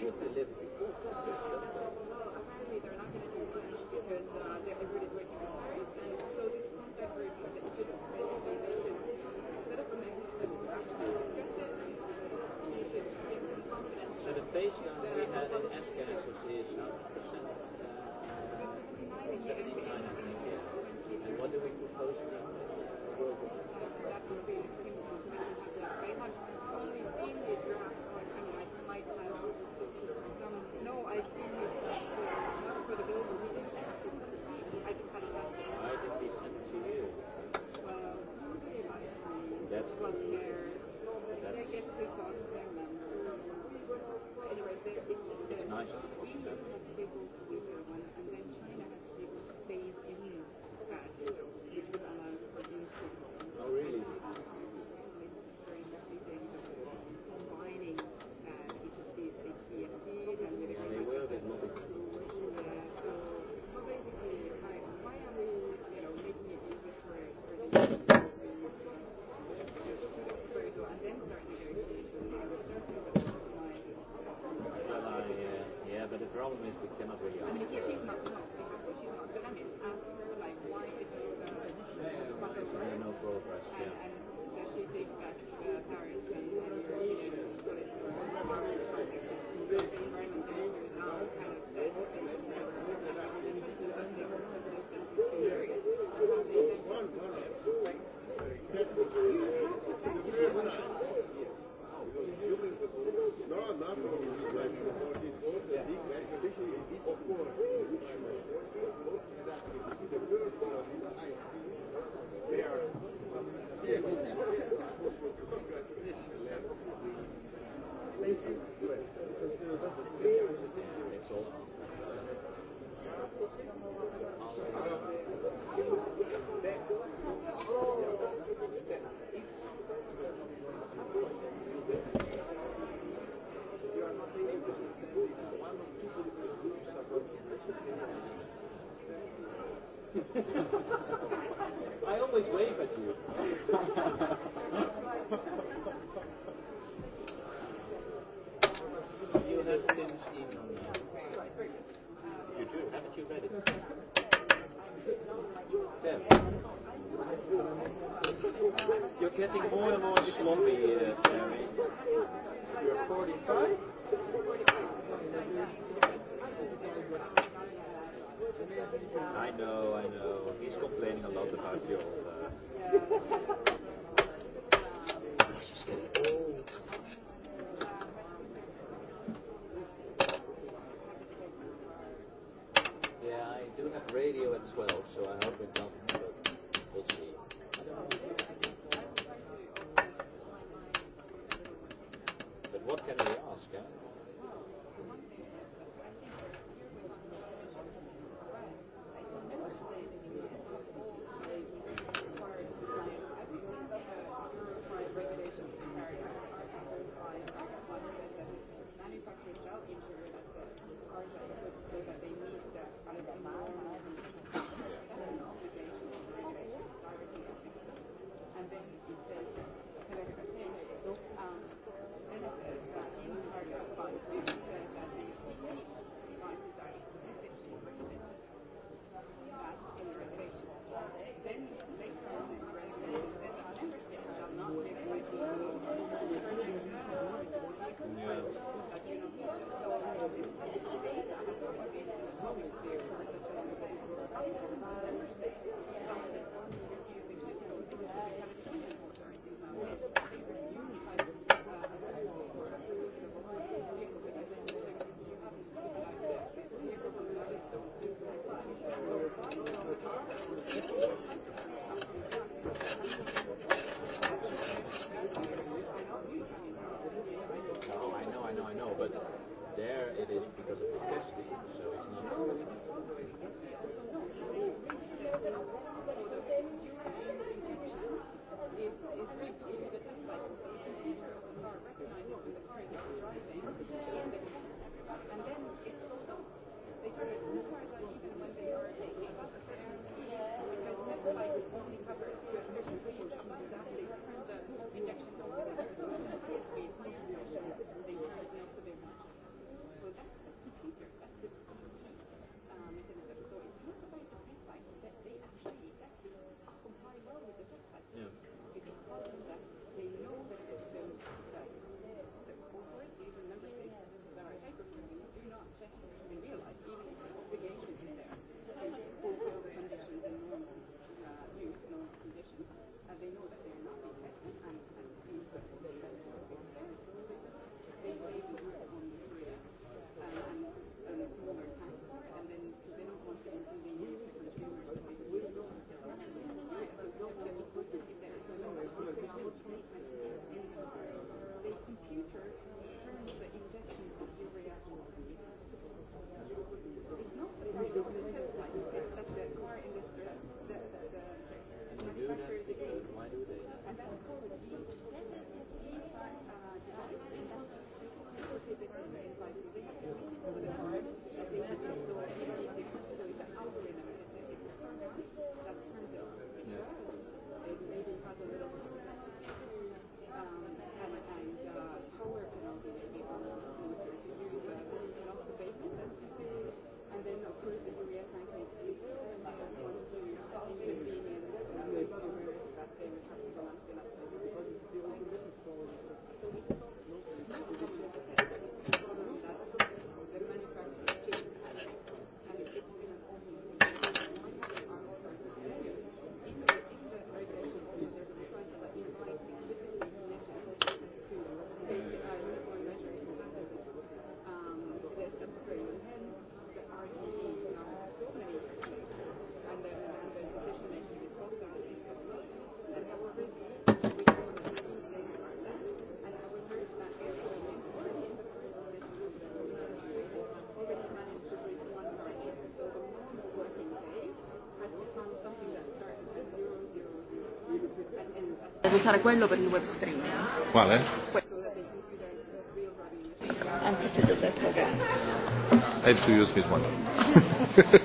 je te lève usare quello per il web streaming. Quale? Anche se dov'è pagare. I have to use this one.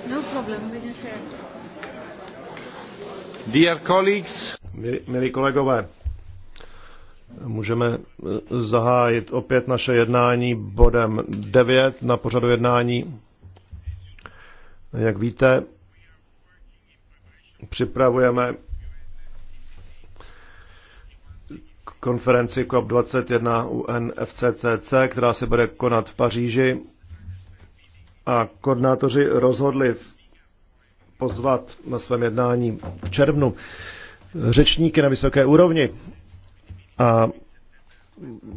No problem, we can share. Dear colleagues. Milí kolegové, můžeme eh, zahájit opět naše jednání bodem 9 na pořadu jednání. Jak víte, připravujeme konferenci COP21 UNFCCC, která se bude konat v Paříži. A koordinátoři rozhodli pozvat na svém jednání v červnu řečníky na vysoké úrovni. A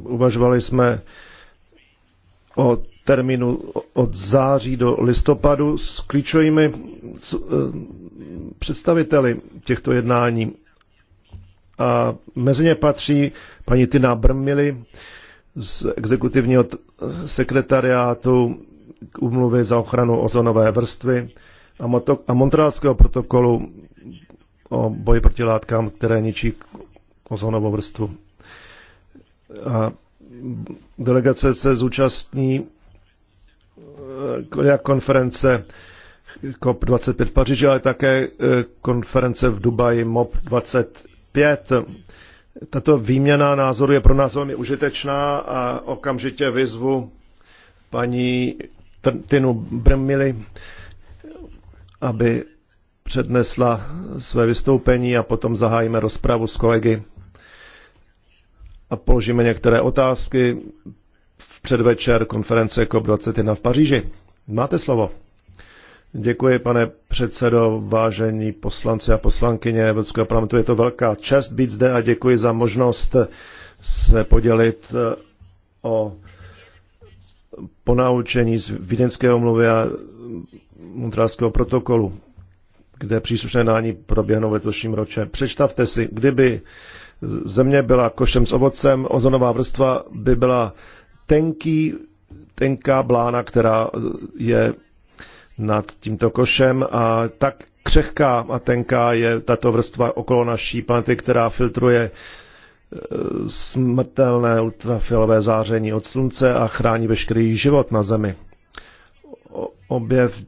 uvažovali jsme o termínu od září do listopadu s klíčovými eh, představiteli těchto jednání a mezi ně patří paní Tina Brmily z exekutivního sekretariátu k umluvy za ochranu ozonové vrstvy a, a Montrealského protokolu o boji proti látkám, které ničí ozonovou vrstvu. A delegace se zúčastní eh, jak konference COP25 v Paříži, ale také eh, konference v Dubaji MOP 20 Pět. Tato výměna názoru je pro nás velmi užitečná a okamžitě vyzvu paní Tinu Brmily, aby přednesla své vystoupení a potom zahájíme rozpravu s kolegy a položíme některé otázky v předvečer konference COP21 v Paříži. Máte slovo. Děkuji, pane předsedo, vážení poslanci a poslankyně Evropského parlamentu. Je to velká čest být zde a děkuji za možnost se podělit eh, o ponaučení z Vídeňského mluvy a Montrealského protokolu, kde příslušné nání proběhnou v letošním roce. Přečtavte si, kdyby země byla košem s ovocem, ozonová vrstva by byla tenký, tenká blána, která je nad tímto košem a tak křehká a tenká je tato vrstva okolo naší planety, která filtruje e, smrtelné ultrafialové záření od slunce a chrání veškerý život na Zemi. Objev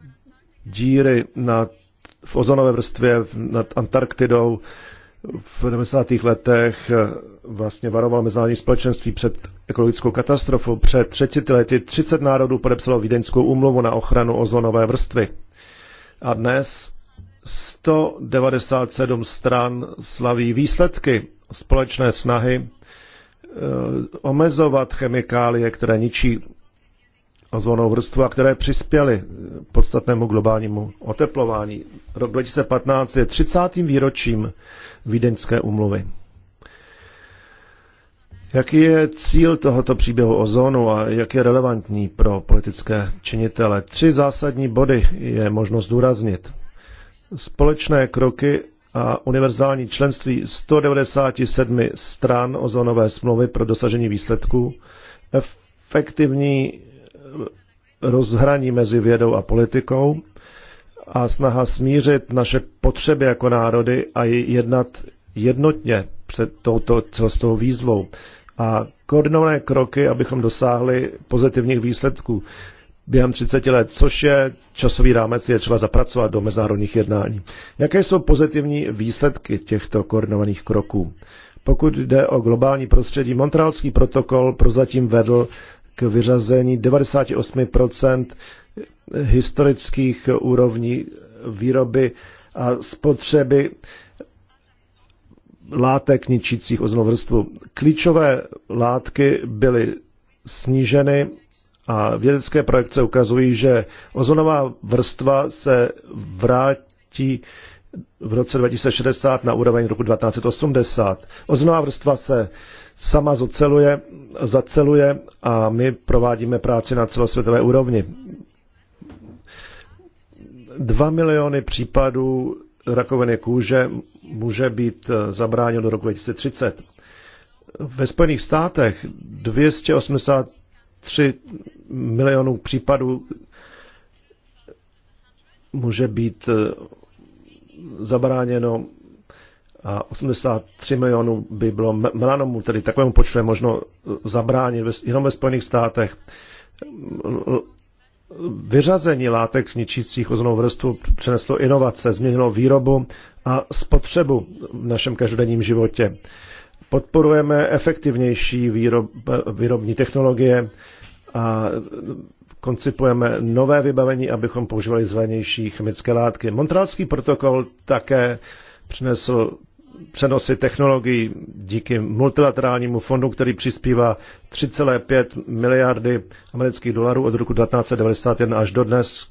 díry nad, v ozonové vrstvě nad Antarktidou v 90. letech eh, vlastně varoval mezinárodní společenství před ekologickou katastrofou. Před 30 lety 30 národů podepsalo Vídeňskou úmluvu na ochranu ozonové vrstvy. A dnes 197 stran slaví výsledky společné snahy eh, omezovat chemikálie, které ničí ozonovou vrstvu a které přispěly podstatnému globálnímu oteplování. Rok 2015 je 30. výročím Vídeňské umluvy. Jaký je cíl tohoto příběhu o zónu a jak je relevantní pro politické činitele? Tři zásadní body je možno zdůraznit. Společné kroky a univerzální členství 197 stran ozonové smlouvy pro dosažení výsledků, efektivní rozhraní mezi vědou a politikou a snaha smířit naše potřeby jako národy a jednat jednotně před touto celostou výzvou a koordinované kroky, abychom dosáhli pozitivních výsledků během 30 let, což je časový rámec, je třeba zapracovat do mezinárodních jednání. Jaké jsou pozitivní výsledky těchto koordinovaných kroků? Pokud jde o globální prostředí, Montrealský protokol prozatím vedl k vyřazení 98 historických úrovní výroby a spotřeby látek ničících oznovrstvu. Klíčové látky byly sníženy a vědecké projekce ukazují, že ozonová vrstva se vrátí v roce 2060 na úroveň roku 1980. Ozonová vrstva se sama zoceluje, zaceluje a my provádíme práci na celosvětové úrovni. 2 miliony případů rakoviny kůže může být eh, zabráněno do roku 2030. Ve Spojených státech 283 milionů případů může být eh, zabráněno a 83 milionů by bylo melanomu, tedy takovému počtu je možno eh, zabránit jenom ve Spojených státech vyřazení látek ničících ozonovou vrstvu přineslo inovace, změnilo výrobu a spotřebu v našem každodenním životě. Podporujeme efektivnější výrob, výrobní technologie a koncipujeme nové vybavení, abychom používali zvanější chemické látky. Montrealský protokol také přinesl přenosy technologií díky multilaterálnímu fondu, který přispívá 3,5 miliardy amerických dolarů od roku 1991 až dodnes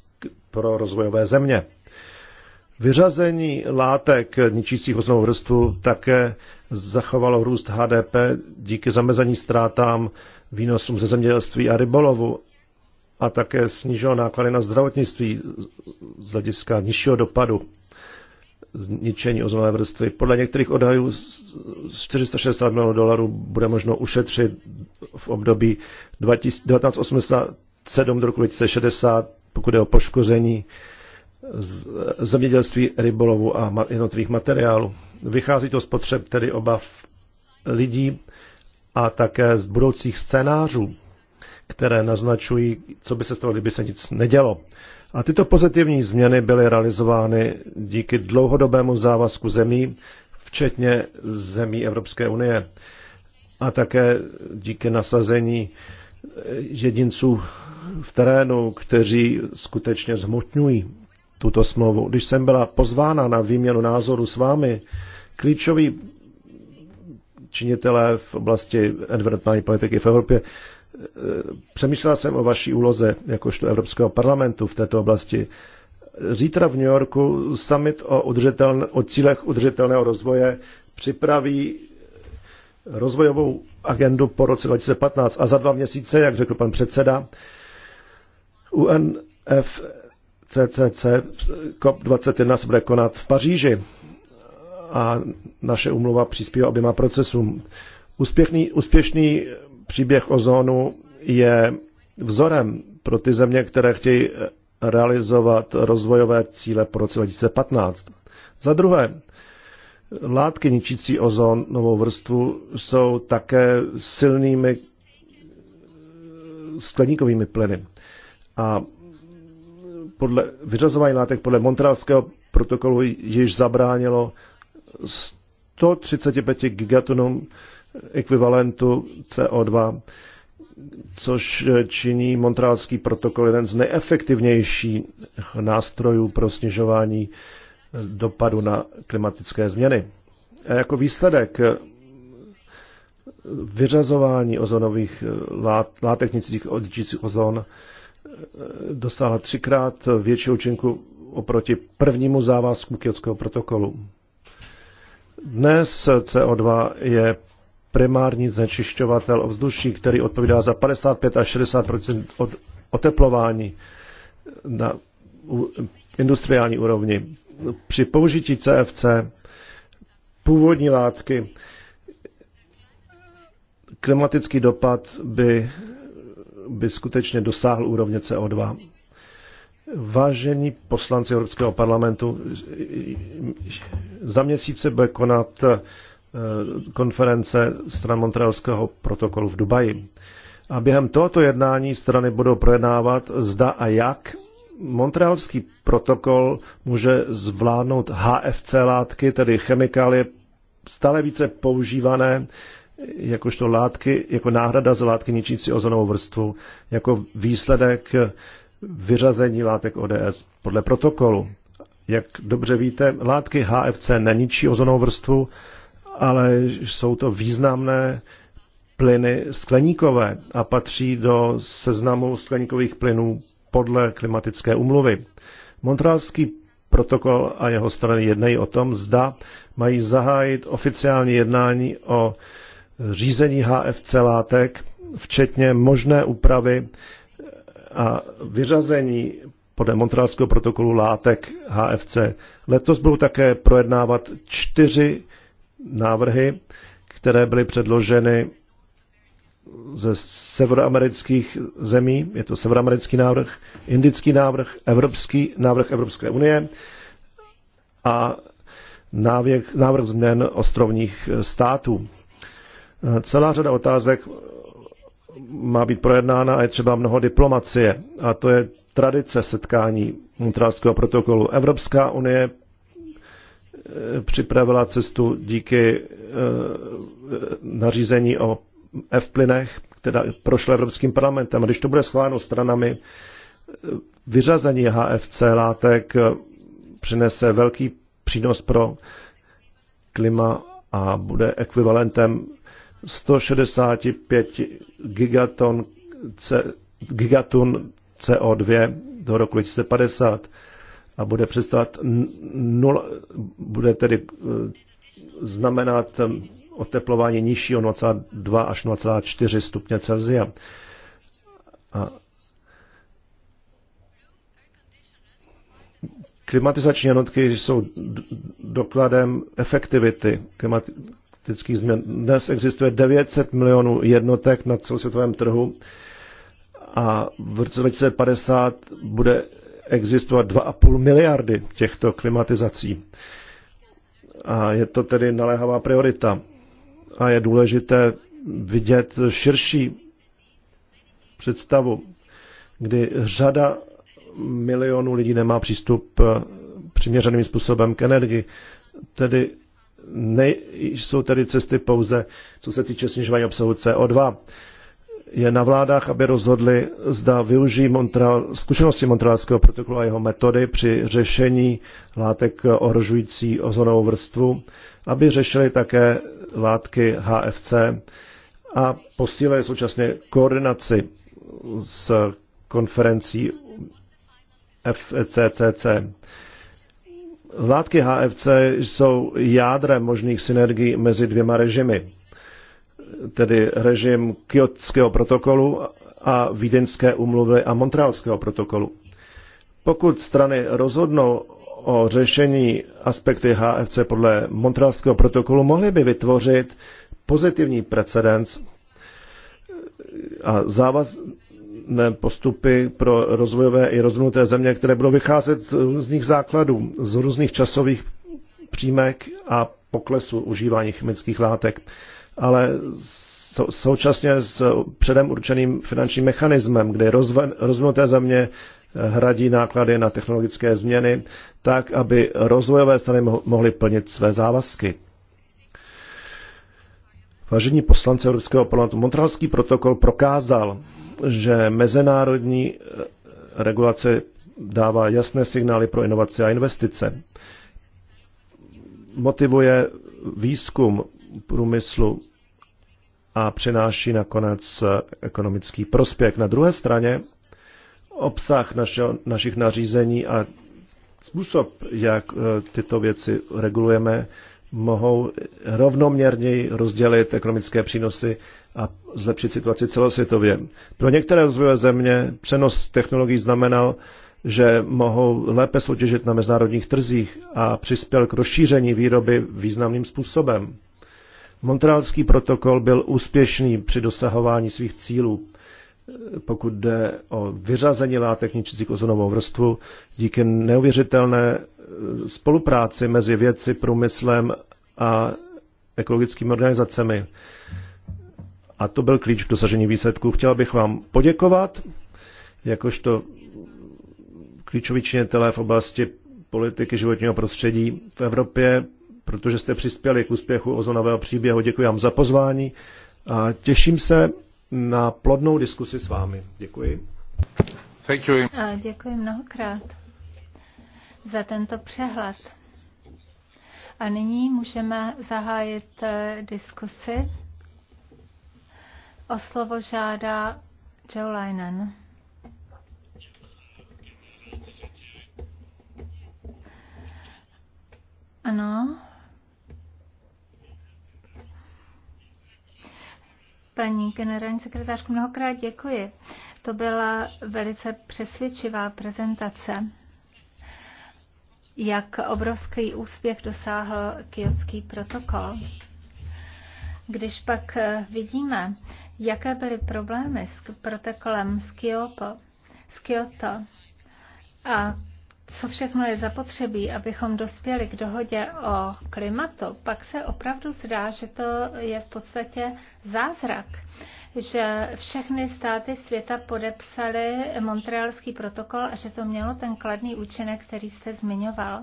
pro rozvojové země. Vyřazení látek ničících oznou vrstvu také zachovalo růst HDP díky zamezení ztrátám výnosům ze zemědělství a rybolovu a také snížilo náklady na zdravotnictví z hlediska nižšího dopadu zničení ozonové vrstvy. Podle některých odhadů 460 milionů dolarů bude možno ušetřit v období 1987 do roku 2060, pokud je o poškození zemědělství, rybolovu a jednotlivých materiálů. Vychází to z potřeb tedy obav lidí a také z budoucích scénářů, které naznačují, co by se stalo, kdyby se nic nedělo. A tyto pozitivní změny byly realizovány díky dlouhodobému závazku zemí, včetně zemí Evropské unie. A také díky nasazení jedinců v terénu, kteří skutečně zmotňují tuto smlouvu. Když jsem byla pozvána na výměnu názoru s vámi, klíčoví činitelé v oblasti environmentální politiky v Evropě Přemýšlel jsem o vaší úloze jakožto Evropského parlamentu v této oblasti. Zítra v New Yorku summit o, o cílech udržitelného rozvoje připraví rozvojovou agendu po roce 2015 a za dva měsíce, jak řekl pan předseda, UNFCCC COP21 se bude konat v Paříži a naše umluva přispívá oběma procesům. Úspěšný, úspěšný příběh ozónu je vzorem pro ty země, které chtějí realizovat rozvojové cíle po roce 2015. Za druhé, látky ničící ozónovou vrstvu jsou také silnými skleníkovými plyny. A podle vyřazování látek podle Montrealského protokolu již zabránilo 135 gigatonům ekvivalentu CO2, což činí Montrealský protokol jeden z nejefektivnějších nástrojů pro snižování dopadu na klimatické změny. A jako výsledek vyřazování ozonových lát, látek ničících odjíždějících ozon dosáhla třikrát větší účinku oproti prvnímu závazku Kyotského protokolu. Dnes CO2 je primární znečišťovatel ovzduší, který odpovídá za 55 až 60 od oteplování na industriální úrovni. Při použití CFC původní látky klimatický dopad by, by skutečně dosáhl úrovně CO2. Vážení poslanci Evropského parlamentu, za měsíce bude konat Eh, konference stran Montrealského protokolu v Dubaji. A během tohoto jednání strany budou projednávat, zda a jak Montrealský protokol může zvládnout HFC látky, tedy chemikálie stále více používané jakožto látky, jako náhrada za látky ničící ozonovou vrstvu, jako výsledek vyřazení látek ODS podle protokolu. Jak dobře víte, látky HFC neničí ozonovou vrstvu, ale jsou to významné plyny skleníkové a patří do seznamu skleníkových plynů podle klimatické umluvy. Montrealský protokol a jeho strany jednají o tom, zda mají zahájit oficiální jednání o řízení HFC látek, včetně možné úpravy a vyřazení podle Montrealského protokolu látek HFC. Letos budou také projednávat čtyři návrhy, které byly předloženy ze severoamerických zemí. Je to severoamerický návrh, indický návrh, evropský návrh Evropské unie a návěk, návrh změn ostrovních států. Celá řada otázek má být projednána a je třeba mnoho diplomacie. A to je tradice setkání Montrealského protokolu. Evropská unie Eh, připravila cestu díky eh, nařízení o F-plynech, která prošla Evropským parlamentem. A když to bude schváleno stranami, eh, vyřazení HFC látek přinese velký přínos pro klima a bude ekvivalentem 165 gigaton, gigatun CO2 do roku 2050 a bude představovat nula, bude tedy eh, znamenat eh, oteplování nižšího 0,2 až 0,4 stupně Celsia. A klimatizační jednotky jsou dokladem efektivity klimatických změn. Dnes existuje 900 milionů jednotek na celosvětovém trhu a v roce 2050 bude existovat 2,5 miliardy těchto klimatizací. A je to tedy naléhavá priorita. A je důležité vidět širší představu, kdy řada milionů lidí nemá přístup eh, přiměřeným způsobem k energii. Tedy nejsou tedy cesty pouze, co se týče snižování obsahu CO2 je na vládách, aby rozhodli, zda využijí Montreal, zkušenosti Montrealského protokolu a jeho metody při řešení látek ohrožující ozonovou vrstvu, aby řešili také látky HFC a posílili současně koordinaci s konferencí FCCC. E látky HFC jsou jádrem možných synergií mezi dvěma režimy tedy režim Kyotského protokolu a Vídeňské umluvy a Montrealského protokolu. Pokud strany rozhodnou o řešení aspekty HFC podle Montrealského protokolu, mohly by vytvořit pozitivní precedens a závazné postupy pro rozvojové i rozvinuté země, které budou vycházet z různých základů, z různých časových přímek a poklesu užívání chemických látek ale současně s předem určeným finančním mechanismem, kde rozvinuté země hradí náklady na technologické změny, tak aby rozvojové strany mohly plnit své závazky. Vážení poslance Evropského parlamentu, Montrealský protokol prokázal, že mezinárodní eh, regulace dává jasné signály pro inovace a investice. Motivuje výzkum, průmyslu a přináší nakonec ekonomický prospěch. Na druhé straně obsah našeho, našich nařízení a způsob, jak eh, tyto věci regulujeme, mohou rovnoměrněji rozdělit ekonomické přínosy a zlepšit situaci celosvětově. Pro některé rozvojové země přenos technologií znamenal, že mohou lépe soutěžit na mezinárodních trzích a přispěl k rozšíření výroby významným způsobem. Montrealský protokol byl úspěšný při dosahování svých cílů, pokud jde o vyřazení látek ničících ozonovou vrstvu, díky neuvěřitelné eh, spolupráci mezi vědci, průmyslem a ekologickými organizacemi. A to byl klíč k dosažení výsledků. Chtěl bych vám poděkovat, jakožto klíčoví činitelé v oblasti politiky životního prostředí v Evropě protože jste přispěli k úspěchu ozonového příběhu. Děkuji vám za pozvání a těším se na plodnou diskusi s vámi. Děkuji. Děkuji. A děkuji mnohokrát za tento přehled. A nyní můžeme zahájit eh, diskusi. O slovo žádá Joe Linen. Ano. Paní generální sekretářku, mnohokrát děkuji. To byla velice přesvědčivá prezentace, jak obrovský úspěch dosáhl kyotský protokol. Když pak vidíme, jaké byly problémy s protokolem z Kyoto, z Kyoto a co všechno je zapotřebí, abychom dospěli k dohodě o klimatu, pak se opravdu zdá, že to je v podstatě zázrak, že všechny státy světa podepsaly Montrealský protokol a že to mělo ten kladný účinek, který jste zmiňoval.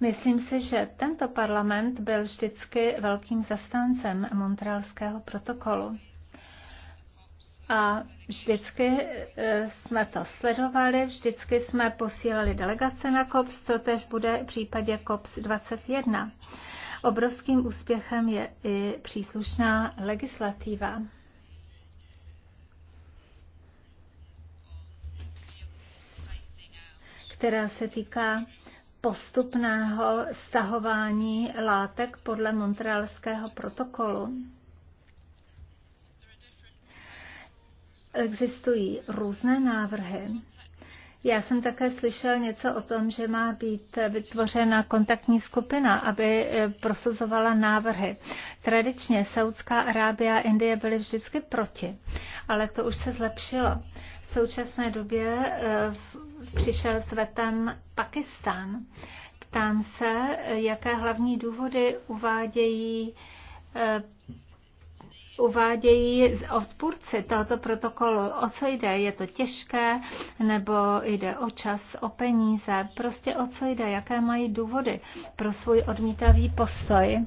Myslím si, že tento parlament byl vždycky velkým zastáncem Montrealského protokolu. A vždycky e, jsme to sledovali, vždycky jsme posílali delegace na COPS, co tež bude v případě COPS 21. Obrovským úspěchem je i příslušná legislativa. která se týká postupného stahování látek podle Montrealského protokolu. existují různé návrhy. Já jsem také slyšel něco o tom, že má být vytvořena kontaktní skupina, aby eh, prosuzovala návrhy. Tradičně Saudská Arábia a Indie byly vždycky proti, ale to už se zlepšilo. V současné době eh, přišel s vetem Pakistán. Ptám se, jaké hlavní důvody uvádějí eh, uvádějí odpůrci tohoto protokolu. O co jde? Je to těžké? Nebo jde o čas, o peníze? Prostě o co jde? Jaké mají důvody pro svůj odmítavý postoj?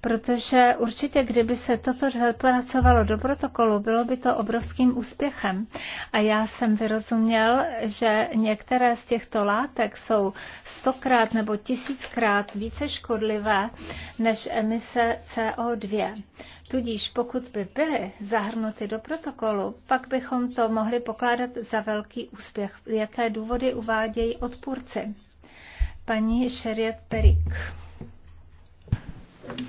protože určitě, kdyby se toto pracovalo do protokolu, bylo by to obrovským úspěchem. A já jsem vyrozuměl, že některé z těchto látek jsou stokrát nebo tisíckrát více škodlivé než emise CO2. Tudíž pokud by byly zahrnuty do protokolu, pak bychom to mohli pokládat za velký úspěch. Jaké důvody uvádějí odpůrci? Paní Šeriet Perik.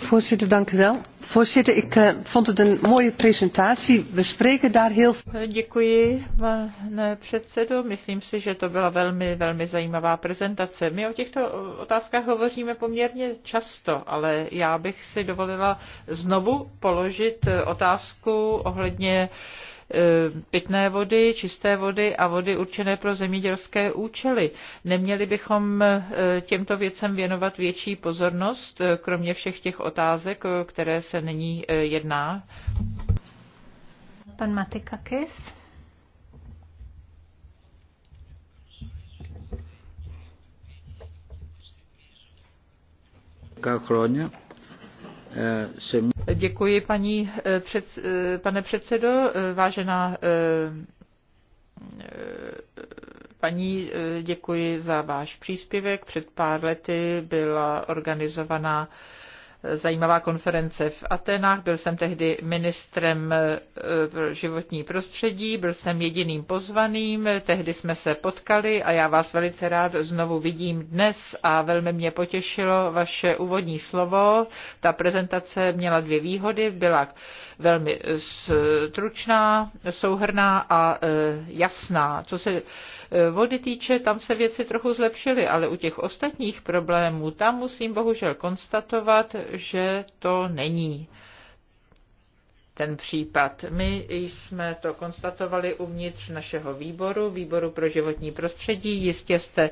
Voorzitter, ik eh, vond het een mooie presentatie. We spreken daar heel veel. Děkuji, pane předsedo. Myslím si, že to byla velmi, zajímavá prezentace. My o těchto hovoříme poměrně často, ale já bych si dovolila znovu položit eh, otázku ohledně Eh, pitné vody, čisté vody a vody určené pro zemědělské účely. Neměli bychom eh, těmto věcem věnovat větší pozornost, eh, kromě všech těch otázek, které se nyní jedná? Pan Matikakis. хроня? Děkuji, paní eh, před, eh, pane předsedo. Eh, vážená paní, děkuji za váš příspěvek. Před pár lety byla organizovaná zajímavá konference v Atenách. Byl jsem tehdy ministrem eh, pro životní prostředí, byl jsem jediným pozvaným, tehdy jsme se potkali a já vás velice rád znovu vidím dnes a velmi mě potěšilo vaše úvodní slovo. Ta prezentace měla dvě výhody, byla velmi stručná, souhrná a eh, jasná. Co se E, vody týče, tam se věci trochu zlepšily, ale u těch ostatních problémů, tam musím bohužel konstatovat, že to není ten případ. My jsme to konstatovali uvnitř našeho výboru, výboru pro životní prostředí. Jistě jste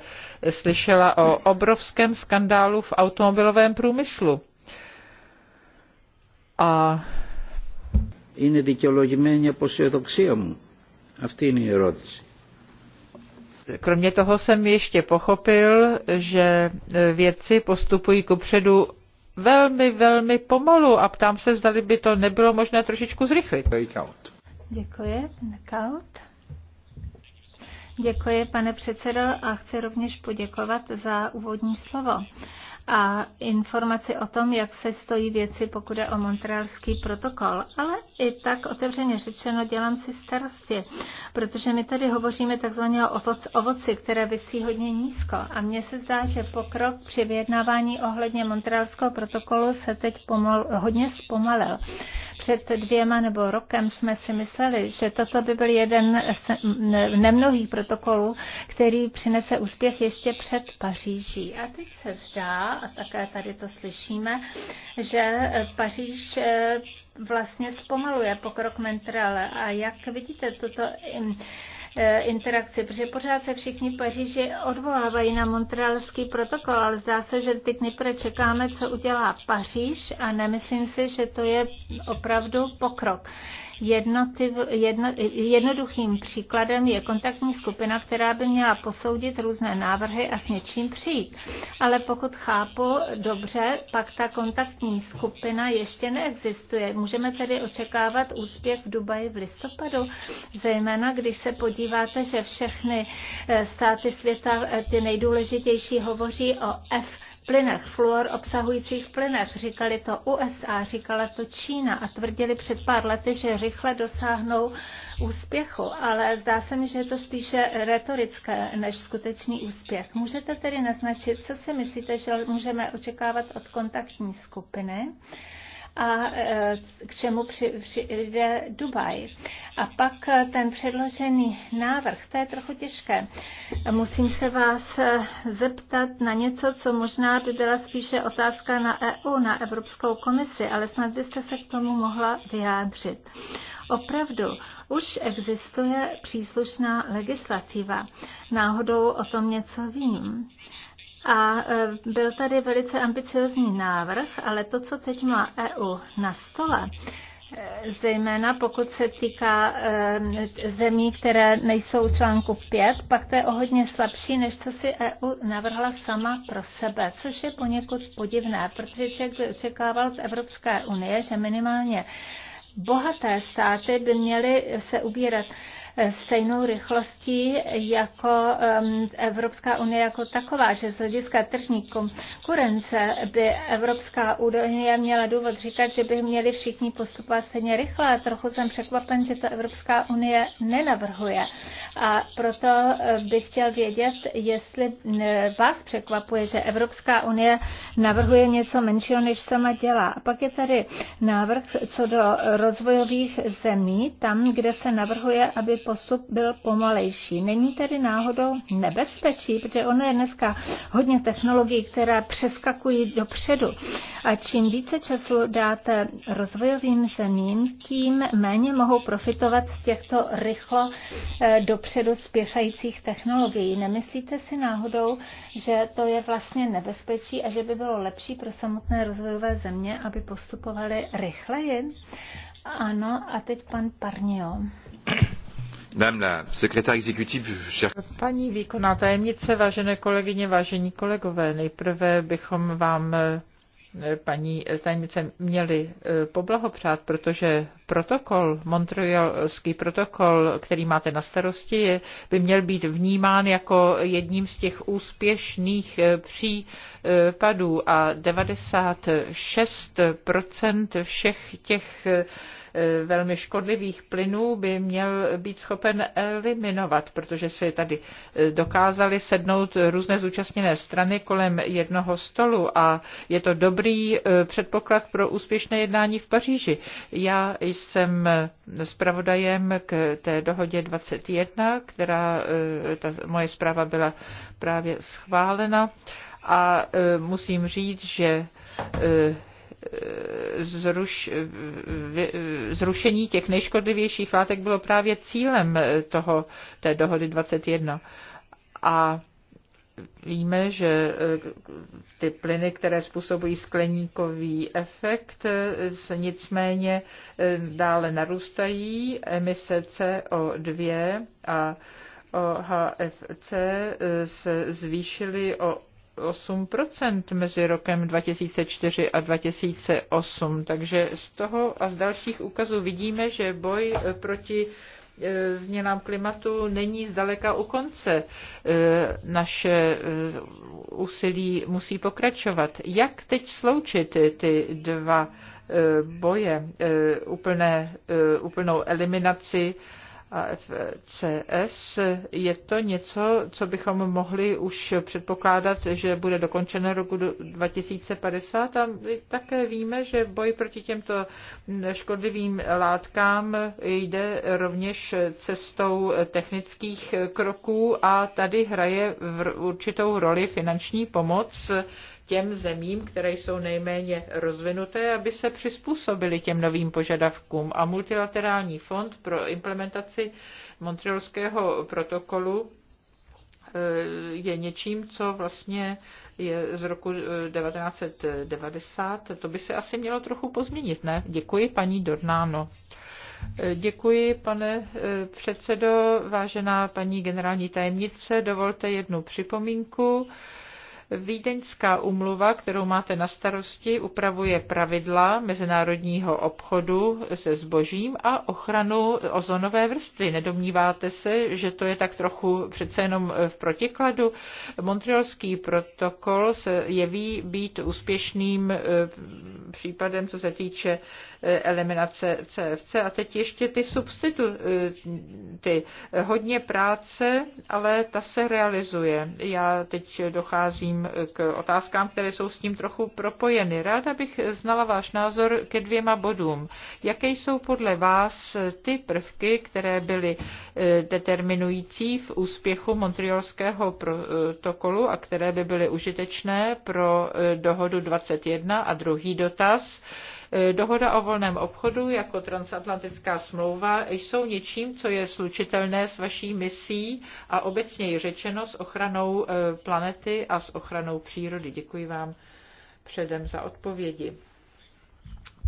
slyšela o obrovském skandálu v automobilovém průmyslu. A είναι δικαιολογημένη αποσιοδοξία μου. Αυτή είναι η ερώτηση. Kromě toho jsem ještě pochopil, že vědci postupují kupředu velmi, velmi pomalu a ptám se, zda by to nebylo možné trošičku zrychlit. Děkuji, knockout. Děkuji, pane předsedo, a chci rovněž poděkovat za úvodní slovo a informaci o tom, jak se stojí věci, pokud je o montrealský protokol. Ale i tak otevřeně řečeno dělám si starosti, protože my tady hovoříme takzvaně o ovoci, které vysí hodně nízko. A mně se zdá, že pokrok při vyjednávání ohledně montrealského protokolu se teď pomal, hodně zpomalil před dvěma nebo rokem jsme si mysleli, že toto by byl jeden z nemnohých protokolů, který přinese úspěch ještě před Paříží. A teď se zdá, a také tady to slyšíme, že Paříž eh, vlastně zpomaluje pokrok Mentrale. A jak vidíte toto eh, E, interakci, protože pořád se všichni v Paříži odvolávají na Montrealský protokol, ale zdá se, že teď nejprve čekáme, co udělá Paříž a nemyslím si, že to je opravdu pokrok. Jednotiv, jedno, jednoduchým příkladem je kontaktní skupina, která by měla posoudit různé návrhy a s něčím přijít. Ale pokud chápu dobře, pak ta kontaktní skupina ještě neexistuje. Můžeme tedy očekávat úspěch v Dubaji v listopadu, zejména když se podíváte, že všechny eh, státy světa, eh, ty nejdůležitější, hovoří o F plynech, fluor obsahujících plynech. Říkali to USA, říkala to Čína a tvrdili před pár lety, že rychle dosáhnou úspěchu, ale zdá se mi, že je to spíše retorické než skutečný úspěch. Můžete tedy naznačit, co si myslíte, že můžeme očekávat od kontaktní skupiny? a e, k čemu přijde Dubaj. A pak e, ten předložený návrh, to je trochu těžké. Musím se vás e, zeptat na něco, co možná by byla spíše otázka na EU, na Evropskou komisi, ale snad byste se k tomu mohla vyjádřit. Opravdu, už existuje příslušná legislativa. Náhodou o tom něco vím. A e, byl tady velice ambiciozní návrh, ale to, co teď má EU na stole, e, zejména pokud se týká e, zemí, které nejsou článku 5, pak to je o hodně slabší, než co si EU navrhla sama pro sebe, což je poněkud podivné, protože člověk by očekával z Evropské unie, že minimálně bohaté státy by měly se ubírat stejnou rychlostí jako Evropská unie jako taková, že z hlediska tržní konkurence by Evropská unie měla důvod říkat, že by měli všichni postupovat stejně rychle. A trochu jsem překvapen, že to Evropská unie nenavrhuje. A proto eh, bych chtěl vědět, jestli eh, vás překvapuje, že Evropská unie navrhuje něco menšího, než sama dělá. A pak je tady návrh co do rozvojových zemí, tam, kde se navrhuje, aby postup byl pomalejší. Není tedy náhodou nebezpečí, protože ono je dneska hodně technologií, které přeskakují dopředu. A čím více času dáte rozvojovým zemím, tím méně mohou profitovat z těchto rychlo eh, dopředu spěchajících technologií. Nemyslíte si náhodou, že to je vlastně nebezpečí a že by bylo lepší pro samotné rozvojové země, aby postupovaly rychleji? Ano, a teď pan Parnio. Paní výkonná tajemnice, vážené kolegyně, vážení kolegové, nejprve bychom vám, eh, paní tajemnice, měli eh, poblahopřát, protože protokol, Montrealský protokol, který máte na starosti, by měl být vnímán jako jedním z těch úspěšných eh, případů a 96 všech těch Eh, velmi škodlivých plynů by měl být schopen eliminovat, protože si tady eh, dokázali sednout různé zúčastněné strany kolem jednoho stolu a je to dobrý eh, předpoklad pro úspěšné jednání v Paříži. Já jsem zpravodajem k té dohodě 21, která ta moje zpráva byla právě schválena a musím říct, že zruš, zrušení těch nejškodlivějších látek bylo právě cílem toho, té dohody 21. A víme, že eh, ty plyny, které způsobují skleníkový efekt, eh, se nicméně eh, dále narůstají. Emise CO2 a OHFC HFC se zvýšily o 8% mezi rokem 2004 a 2008. Takže z toho a z dalších úkazů vidíme, že boj eh, proti eh, změnám klimatu není zdaleka u konce. Eh, naše úsilí musí pokračovat. Jak teď sloučit ty dva boje, úplné, úplnou eliminaci AFCS, je to něco, co bychom mohli už předpokládat, že bude dokončeno roku 2050 a my také víme, že boj proti těmto škodlivým látkám jde rovněž cestou technických kroků a tady hraje v určitou roli finanční pomoc těm zemím, které jsou nejméně rozvinuté, aby se přizpůsobili těm novým požadavkům. A multilaterální fond pro implementaci Montrealského protokolu eh, je něčím, co vlastně je z roku 1990. Eh, to by se asi mělo trochu pozměnit, ne? Děkuji, paní Dornáno. Eh, děkuji, pane předsedo, vážená paní generální tajemnice. Dovolte jednu připomínku. Vídeňská umluva, kterou máte na starosti, upravuje pravidla mezinárodního obchodu se zbožím a ochranu ozonové vrstvy. Nedomníváte se, že to je tak trochu přece jenom v protikladu? Montrealský protokol se jeví být úspěšným eh, případem, co se týče eh, eliminace CFC. A teď ještě ty substituty. Hodně práce, ale ta se realizuje. Já teď docházím k otázkám, které jsou s tím trochu propojeny. Ráda bych znala váš názor ke dvěma bodům. Jaké jsou podle vás ty prvky, které byly eh, determinující v úspěchu Montrealského protokolu a které by byly užitečné pro eh, dohodu 21 a druhý dotaz? E, dohoda o volném obchodu jako transatlantická smlouva jsou něčím, co je slučitelné s vaší misí a obecněji řečeno s ochranou e, planety a s ochranou přírody. Děkuji vám předem za odpovědi.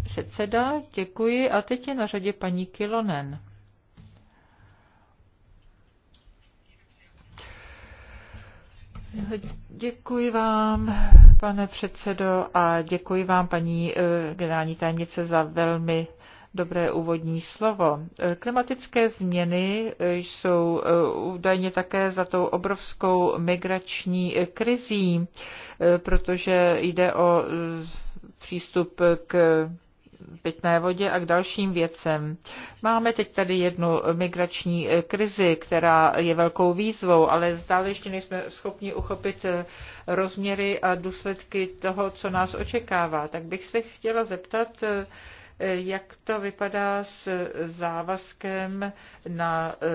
Předseda, děkuji. A teď je na řadě paní Kilonen. Děkuji vám, pane předsedo, a děkuji vám, paní eh, generální tajemnice, za velmi dobré úvodní slovo. Eh, klimatické změny eh, jsou údajně také za tou obrovskou migrační krizí, protože jde o přístup k pitné vodě a k dalším věcem. Máme teď tady jednu migrační eh, krizi, která je velkou výzvou, ale zdále ještě nejsme schopni uchopit eh, rozměry a důsledky toho, co nás očekává. Tak bych se chtěla zeptat, eh, jak to vypadá s závazkem na e,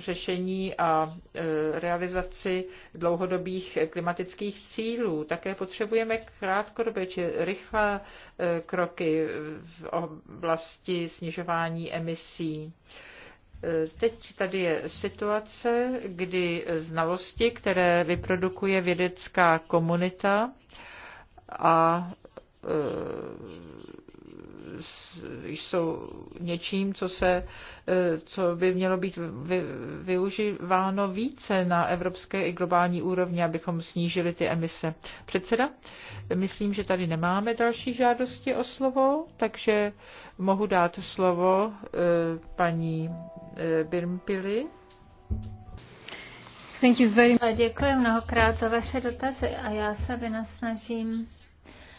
řešení a e, realizaci dlouhodobých klimatických cílů. Také potřebujeme krátkodobě či rychlé e, kroky v oblasti snižování emisí. Teď tady je situace, kdy znalosti, které vyprodukuje vědecká komunita a jsou něčím, co, se, co by mělo být vy, využíváno více na evropské i globální úrovni, abychom snížili ty emise. Předseda, myslím, že tady nemáme další žádosti o slovo, takže mohu dát slovo eh, paní eh, Birmpili. Thank you very much. Děkuji mnohokrát za vaše dotazy a já se vynasnažím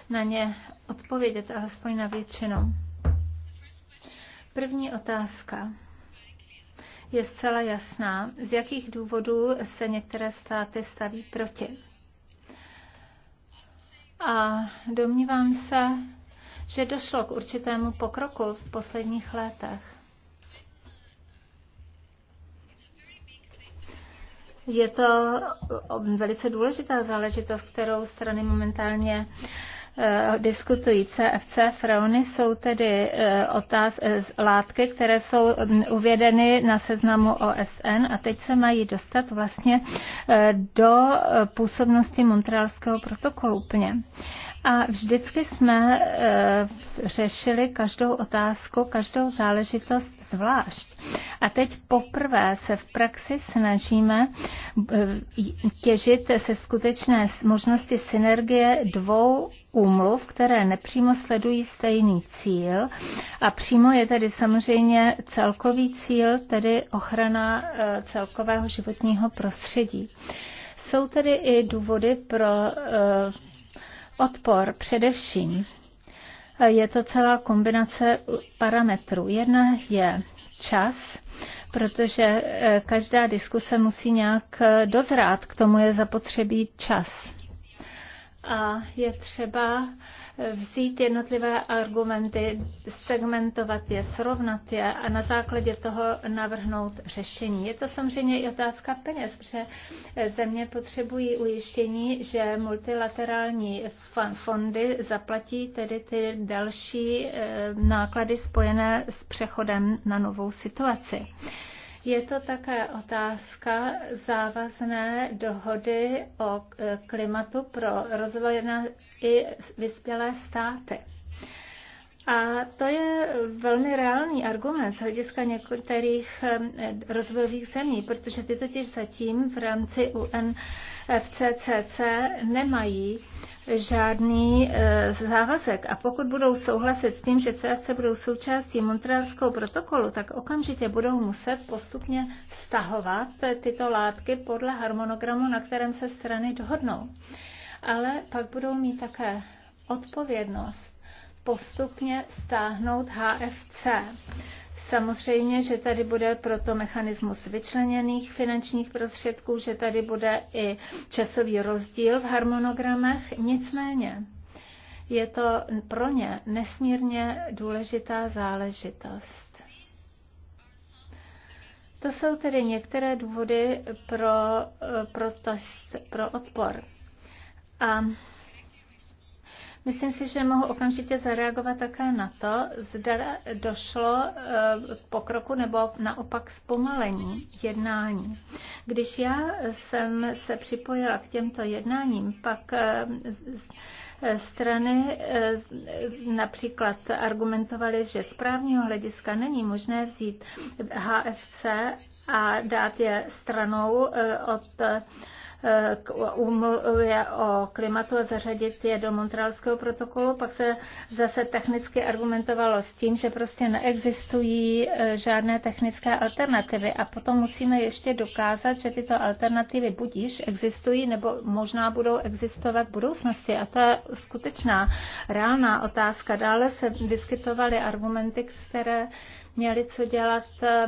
na ně odpovědět, alespoň na většinu. První otázka je zcela jasná, z jakých důvodů se některé státy staví proti. A domnívám se, že došlo k určitému pokroku v posledních letech. Je to um, velice důležitá záležitost, kterou strany momentálně Eh, diskutují CFC Frauny jsou tedy eh, otáz, eh, látky, které jsou hm, uvedeny na seznamu OSN a teď se mají dostat vlastně do působnosti Montrealského protokolu úplně. Uh, a vždycky jsme eh, řešili každou otázku, každou záležitost zvlášť. A teď poprvé se v praxi snažíme eh, těžit se skutečné možnosti synergie dvou úmluv, které nepřímo sledují stejný cíl a přímo je tedy samozřejmě celkový cíl, tedy ochrana eh, celkového životního prostředí. Jsou tedy i důvody pro odpor především. Je to celá kombinace parametrů. Jedna je čas, protože eh, každá diskuse musí nějak eh, dozrát, k tomu je zapotřebí čas a je třeba vzít jednotlivé argumenty, segmentovat je, srovnat je a na základě toho navrhnout řešení. Je to samozřejmě i otázka peněz, protože země potřebují ujištění, že multilaterální fondy zaplatí tedy ty další eh, náklady spojené s přechodem na novou situaci. Je to také otázka závazné dohody o e, klimatu pro rozvojené i vyspělé státy. A to je velmi reálný argument z hlediska některých e, rozvojových zemí, protože ty totiž zatím v rámci UNFCCC nemají žádný e, závazek. A pokud budou souhlasit s tím, že CFC budou součástí Montrealského protokolu, tak okamžitě budou muset postupně stahovat tyto látky podle harmonogramu, na kterém se strany dohodnou. Ale pak budou mít také odpovědnost postupně stáhnout HFC. Samozřejmě, že tady bude proto mechanismus vyčleněných finančních prostředků, že tady bude i časový rozdíl v harmonogramech, nicméně je to pro ně nesmírně důležitá záležitost. To jsou tedy některé důvody pro eh, protest, pro odpor. A Myslím si, že mohu okamžitě zareagovat také na to, zda došlo eh, k pokroku nebo naopak zpomalení jednání. Když já jsem se připojila k těmto jednáním, pak eh, eh, strany například argumentovaly, že z právního hlediska není možné vzít HFC a dát je stranou od k o klimatu a zařadit je do Montrealského protokolu. Pak se zase technicky argumentovalo s tím, že prostě neexistují e, žádné technické alternativy a potom musíme ještě dokázat, že tyto alternativy budíž existují nebo možná budou existovat v budoucnosti a to je skutečná reálná otázka. Dále se vyskytovaly argumenty, které měly co dělat e,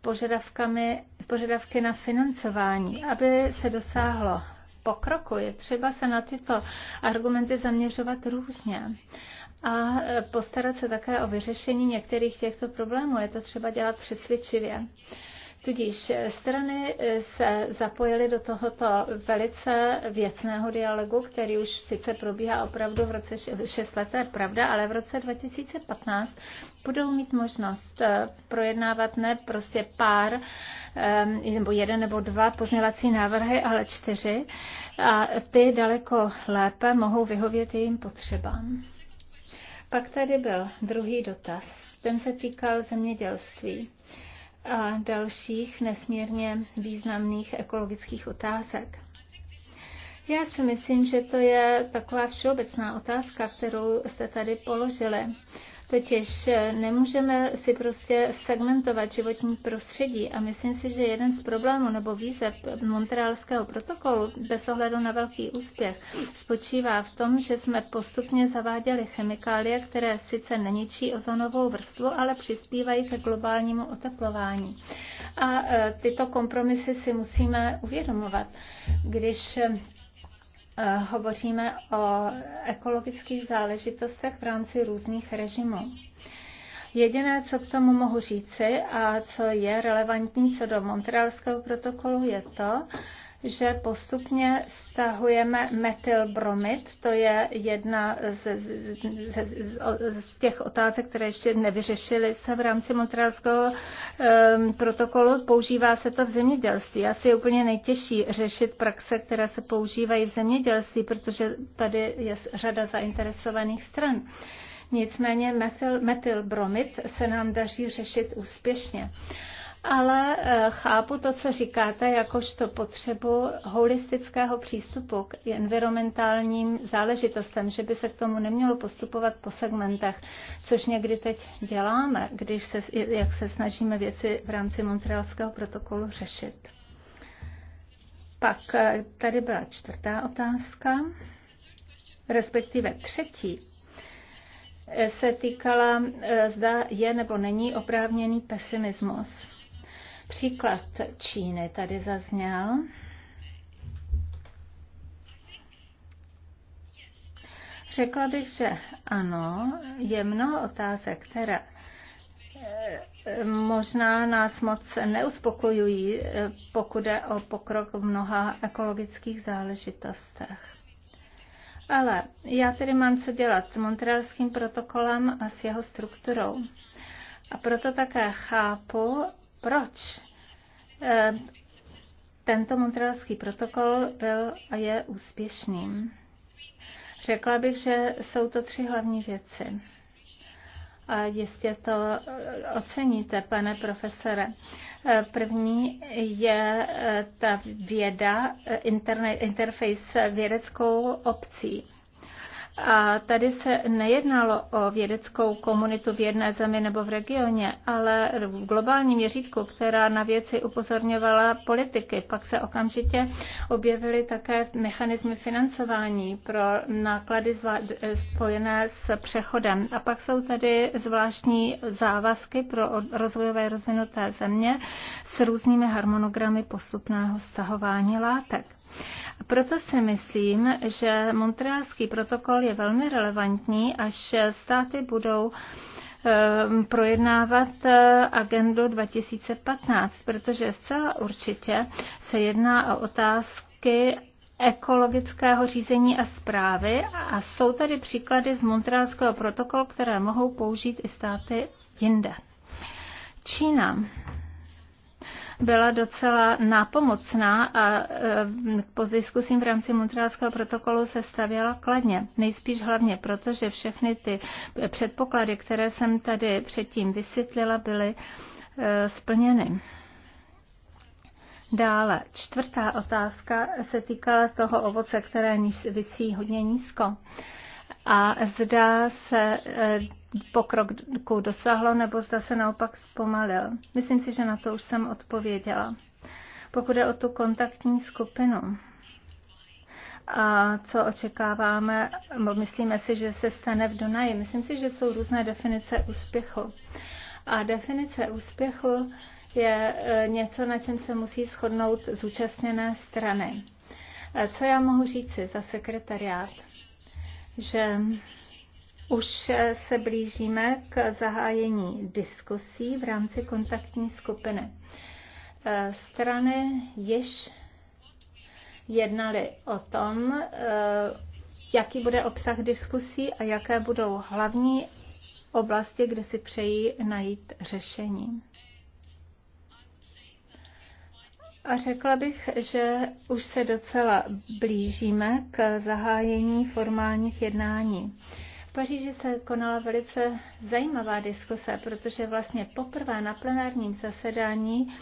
požadavkami, požadavky na financování, aby se dosáhlo pokroku, je třeba se na tyto argumenty zaměřovat různě a postarat se také o vyřešení některých těchto problémů. Je to třeba dělat přesvědčivě. Tudíž eh, strany eh, se zapojily do tohoto velice věcného dialogu, který už sice probíhá opravdu v roce 6 let, je pravda, ale v roce 2015 budou mít možnost eh, projednávat ne prostě pár, nebo jeden nebo dva pozměvací návrhy, ale čtyři. A ty daleko lépe mohou vyhovět jejím potřebám. Pak tady byl druhý dotaz. Ten se týkal zemědělství a dalších nesmírně významných ekologických otázek. Já si myslím, že to je taková všeobecná otázka, kterou jste tady položili. Totiž eh, nemůžeme si prostě segmentovat životní prostředí a myslím si, že jeden z problémů nebo výzev Montrealského protokolu bez ohledu na velký úspěch spočívá v tom, že jsme postupně zaváděli chemikálie, které sice neničí ozonovou vrstvu, ale přispívají ke globálnímu oteplování. A eh, tyto kompromisy si musíme uvědomovat. Když eh, Eh, hovoříme o ekologických záležitostech v rámci různých režimů. Jediné, co k tomu mohu říci a co je relevantní co do Montrealského protokolu, je to, že postupně stahujeme metylbromid. To je jedna z, z, z, z těch otázek, které ještě nevyřešily se v rámci Montrealského um, protokolu. Používá se to v zemědělství. Asi je úplně nejtěžší řešit praxe, které se používají v zemědělství, protože tady je řada zainteresovaných stran. Nicméně metyl, metylbromid se nám daří řešit úspěšně. Uh, ale eh, chápu to, co říkáte, jakožto potřebu holistického přístupu k environmentálním záležitostem, že by se k tomu nemělo postupovat po segmentech, což někdy teď děláme, když se, jak se snažíme věci v rámci Montrealského protokolu řešit. Pak eh, tady byla čtvrtá otázka, respektive třetí eh, se týkala, zda je nebo není oprávněný pesimismus. Příklad Číny tady zazněl. Řekla bych, že ano, je mnoho otázek, které eh, možná nás moc neuspokojují, eh, pokud je o pokrok v mnoha ekologických záležitostech. Ale já tedy mám co dělat s montrealským protokolem a s jeho strukturou. A proto také chápu proč eh, tento montrealský protokol byl a je úspěšným. Řekla bych, že jsou to tři hlavní věci. A jistě to eh, oceníte, pane profesore. Eh, první je ta věda, interface vědeckou obcí. A tady se nejednalo o vědeckou komunitu v jedné zemi nebo v regioně, ale v globálním měřítku, která na věci upozorňovala politiky. Pak se okamžitě objevily také mechanismy financování pro náklady spojené s přechodem. A pak jsou tady zvláštní závazky pro rozvojové rozvinuté země s různými harmonogramy postupného stahování látek. Proto si myslím, že Montrealský protokol je velmi relevantní, až státy budou ehm, projednávat e, agendu 2015, protože zcela určitě se jedná o otázky ekologického řízení a zprávy a jsou tady příklady z Montrealského protokolu, které mohou použít i státy jinde. Čína byla docela nápomocná a e, po diskusím v rámci Montrealského protokolu se stavěla kladně. Nejspíš hlavně proto, že všechny ty předpoklady, které jsem tady předtím vysvětlila, byly e, splněny. Dále, čtvrtá otázka se týkala toho ovoce, které visí hodně nízko. A zdá se e, pokroku dosáhlo, nebo zda se naopak zpomalil. Myslím si, že na to už jsem odpověděla. Pokud je o tu kontaktní skupinu, a co očekáváme, bo myslíme si, že se stane v Dunaji. Myslím si, že jsou různé definice úspěchu. A definice úspěchu je e, něco, na čem se musí shodnout zúčastněné strany. E, co já mohu říci za sekretariát? Že už se blížíme k zahájení diskusí v rámci kontaktní skupiny. Eh, strany již jednaly o tom, eh, jaký bude obsah diskusí a jaké budou hlavní oblasti, kde si přejí najít řešení. A řekla bych, že už se docela blížíme k zahájení formálních jednání. Paříži se konala velice zajímavá diskuse, protože vlastně poprvé na plenárním zasedání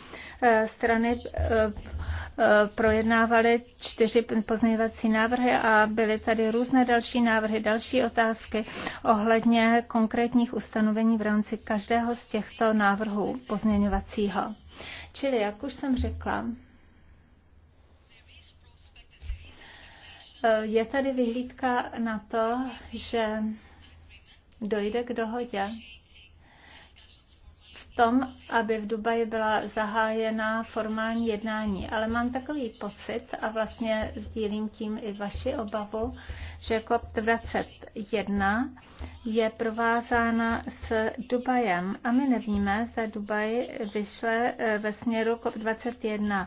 eh, strany eh, eh, projednávaly čtyři pozměňovací návrhy a byly tady různé další návrhy, další otázky ohledně konkrétních ustanovení v rámci každého z těchto návrhů pozměňovacího. Čili, jak už jsem řekla, Eh, je tady vyhlídka na to, že dojde k dohodě v tom, aby v Dubaji byla zahájena formální jednání. Ale mám takový pocit a vlastně sdílím tím i vaši obavu, že COP21 je provázána s Dubajem a my nevíme, zda Dubaj vyšle eh, ve směru COP21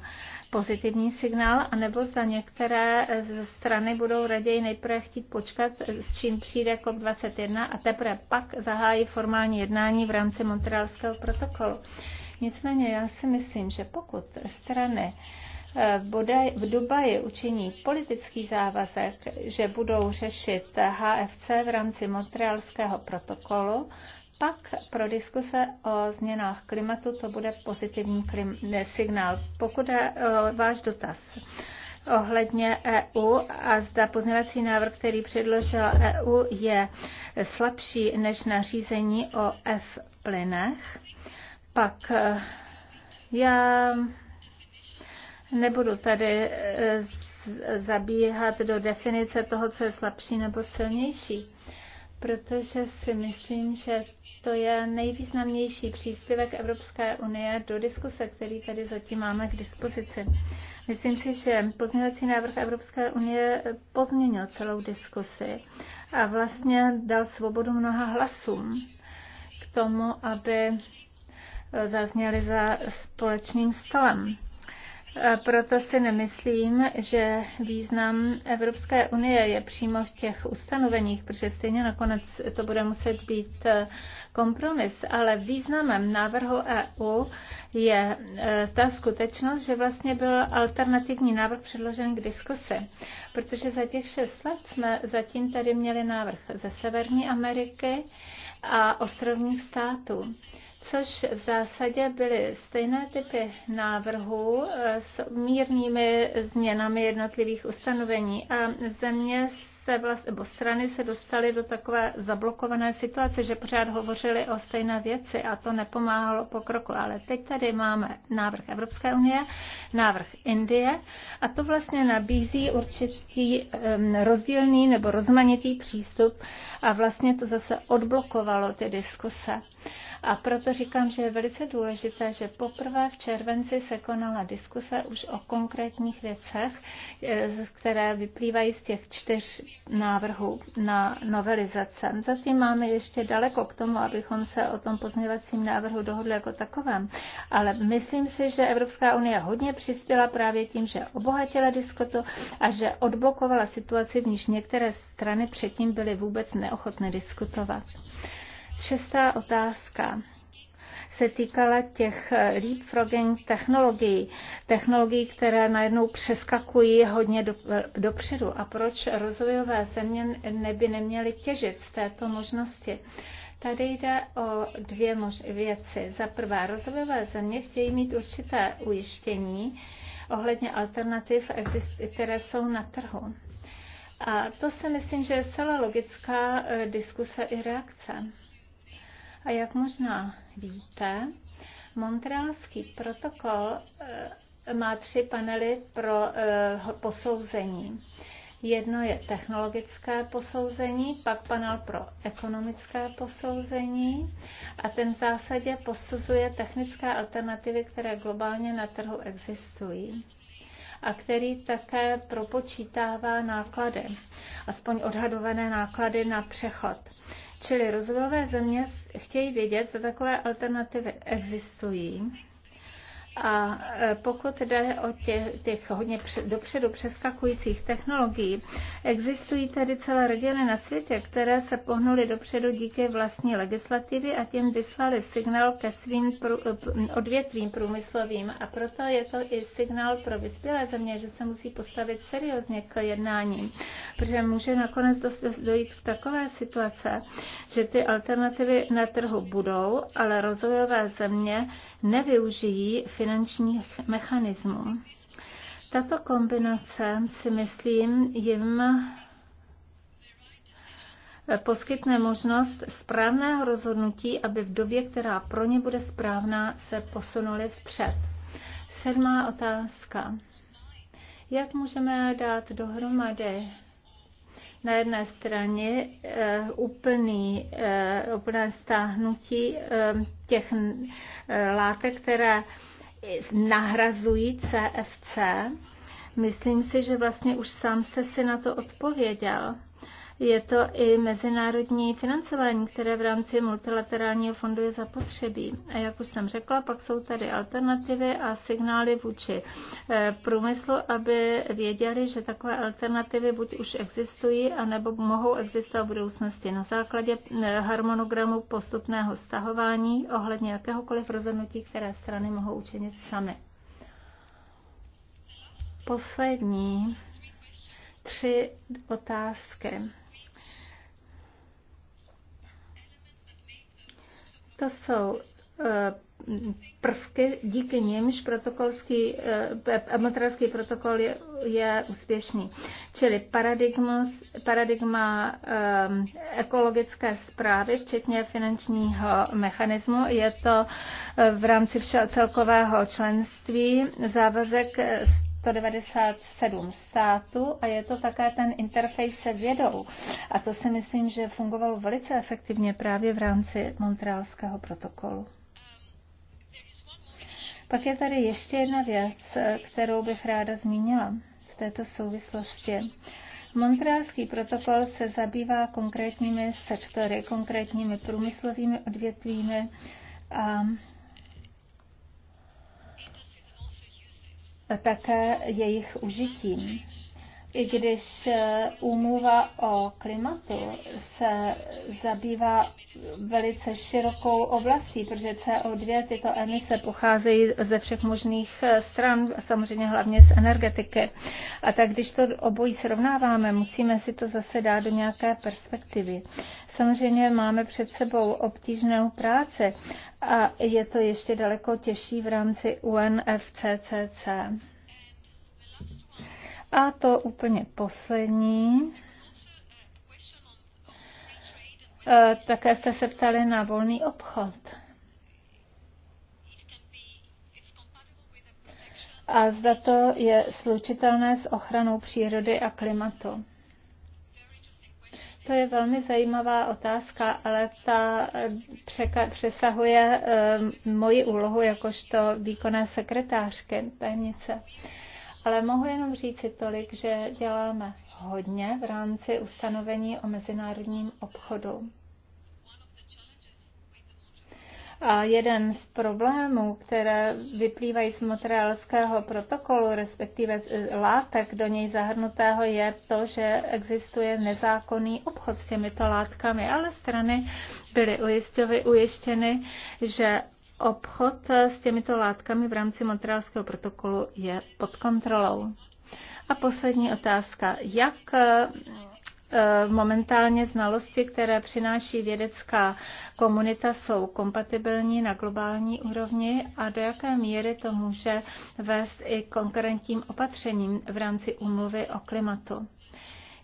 pozitivní signál, anebo zda některé eh, strany budou raději nejprve chtít počkat, eh, s čím přijde COP21 a teprve pak zahájí formální jednání v rámci Montrealského protokolu. Nicméně já si myslím, že pokud strany uh, v Dubaji učiní politický závazek, že budou řešit HFC v rámci Montrealského protokolu, pak pro diskuse o změnách klimatu to bude pozitivní klim- signál. Pokud je váš dotaz ohledně EU a zda pozměňovací návrh, který předložila EU, je slabší než nařízení o F plynech, pak eh, já Nebudu tady e, zabíhat do definice toho, co je slabší nebo silnější, protože si myslím, že to je nejvýznamnější příspěvek Evropské unie do diskuse, který tady zatím máme k dispozici. Myslím si, že pozměňovací návrh Evropské unie pozměnil celou diskusi a vlastně dal svobodu mnoha hlasům k tomu, aby e, zazněly za společným stolem. Proto si nemyslím, že význam Evropské unie je přímo v těch ustanoveních, protože stejně nakonec to bude muset být eh, kompromis. Ale významem návrhu EU je eh, ta skutečnost, že vlastně byl alternativní návrh předložen k diskusi. Protože za těch šest let jsme zatím tady měli návrh ze Severní Ameriky a ostrovních států což v zásadě byly stejné typy návrhů s mírnými změnami jednotlivých ustanovení a země se vlast, nebo strany se dostaly do takové zablokované situace, že pořád hovořili o stejné věci a to nepomáhalo pokroku. Ale teď tady máme návrh Evropské unie, návrh Indie a to vlastně nabízí určitý um, rozdílný nebo rozmanitý přístup a vlastně to zase odblokovalo ty diskuse. Uh, a proto říkám, že je velice důležité, že poprvé v červenci se konala diskuse už o konkrétních věcech, eh, které vyplývají z těch čtyř návrhů na novelizace. Zatím máme ještě daleko k tomu, abychom se o tom pozměvacím návrhu dohodli jako takovém. Ale myslím si, že Evropská unie hodně přispěla právě tím, že obohatila diskotu a že odblokovala situaci, v níž některé strany předtím byly vůbec neochotné diskutovat. Šestá otázka se týkala těch leapfrogging technologií, technologií, které najednou přeskakují hodně do, dopředu. A proč rozvojové země neby neměly těžit z této možnosti? Tady jde o dvě mož- věci. Za prvé, rozvojové země chtějí mít určité ujištění ohledně alternativ, které jsou na trhu. A to si myslím, že je celá logická eh, diskuse i reakce. A jak možná víte, Montrealský protokol eh, má tři panely pro eh, posouzení. Jedno je technologické posouzení, pak panel pro ekonomické posouzení a ten v zásadě posuzuje technické alternativy, které globálně na trhu existují a který také propočítává náklady, aspoň odhadované náklady na přechod. Čili rozvojové země chtějí vědět, zda takové alternativy existují a e, pokud jde o těch, těch hodně dopředu přeskakujících technologií, existují tady celé regiony na světě, které se pohnuly dopředu díky vlastní legislativě a tím vyslali signál ke svým prů, e, odvětvím průmyslovým. A proto je to i signál pro vyspělé země, že se musí postavit seriózně k jednání, protože může nakonec dojít k takové situace, že ty alternativy na trhu budou, ale rozvojové země nevyužijí finančních mechanismů. Tato kombinace si myslím jim poskytne možnost správného rozhodnutí, aby v době, která pro ně bude správná, se posunuli vpřed. Sedmá otázka. Jak můžeme dát dohromady na jedné straně eh, úplný, eh, úplné stáhnutí eh, těch látek, které nahrazují CFC. Myslím si, že vlastně už sám se si na to odpověděl je to i mezinárodní financování, které v rámci multilaterálního fondu je zapotřebí. A jak už jsem řekla, pak jsou tady alternativy a signály vůči eh, průmyslu, aby věděli, že takové alternativy buď už existují, anebo mohou existovat v budoucnosti na základě eh, harmonogramu postupného stahování ohledně jakéhokoliv rozhodnutí, které strany mohou učinit sami. Poslední tři otázky. To jsou eh, prvky, díky nimž protokolský, eh, materiální protokol je, je úspěšný. Čili paradigma, paradigma eh, um, ekologické zprávy, včetně finančního mechanismu, je to v rámci celkového členství závazek 197 států a je to také ten interface se vědou. A to si myslím, že fungovalo velice efektivně právě v rámci Montrealského protokolu. Pak je tady ještě jedna věc, kterou bych ráda zmínila v této souvislosti. Montrealský protokol se zabývá konkrétními sektory, konkrétními průmyslovými odvětvími a také jejich užitím i když eh, úmluva o klimatu se zabývá velice širokou oblastí, protože CO2 tyto emise pocházejí ze všech možných eh, stran, samozřejmě hlavně z energetiky. A tak když to obojí srovnáváme, musíme si to zase dát do nějaké perspektivy. Samozřejmě máme před sebou obtížnou práci a je to ještě daleko těžší v rámci UNFCCC. A to úplně poslední. E, také jste se ptali na volný obchod. A zda to je slučitelné s ochranou přírody a klimatu. To je velmi zajímavá otázka, ale ta e, přesahuje e, moji úlohu jakožto výkonné sekretářky tajemnice ale mohu jenom říci tolik, že děláme hodně v rámci ustanovení o mezinárodním obchodu. A jeden z problémů, které vyplývají z materiálského protokolu, respektive z eh, látek do něj zahrnutého, je to, že existuje nezákonný obchod s těmito látkami, ale strany byly ujištěny, že obchod s těmito látkami v rámci Montrealského protokolu je pod kontrolou. A poslední otázka. Jak eh, eh, momentálně znalosti, které přináší vědecká komunita, jsou kompatibilní na globální úrovni a do jaké míry to může vést i konkurentním opatřením v rámci úmluvy o klimatu.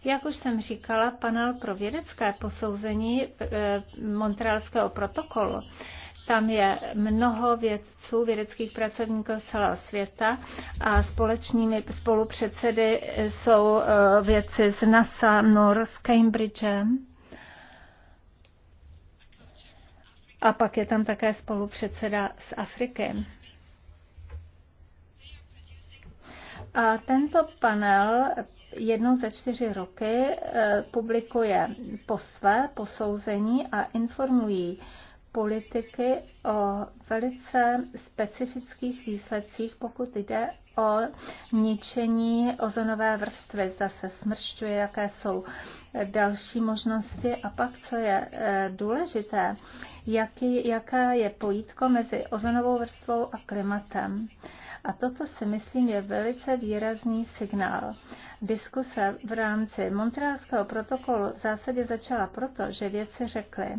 Jak už jsem říkala, panel pro vědecké posouzení eh, Montrealského protokolu tam je mnoho vědců, vědeckých pracovníků z celého světa a společnými spolupředsedy jsou eh, vědci z NASA, NOR, z Cambridge. A pak je tam také spolupředseda z Afriky. A tento panel jednou za čtyři roky eh, publikuje po své posouzení a informují politiky o velice specifických výsledcích, pokud jde o ničení ozonové vrstvy. zda se smršťuje, jaké jsou další možnosti. A pak, co je eh, důležité, jaký, jaká je pojítko mezi ozonovou vrstvou a klimatem. A toto si myslím je velice výrazný signál. Diskuse v rámci Montrealského protokolu v zásadě začala proto, že věci řekly,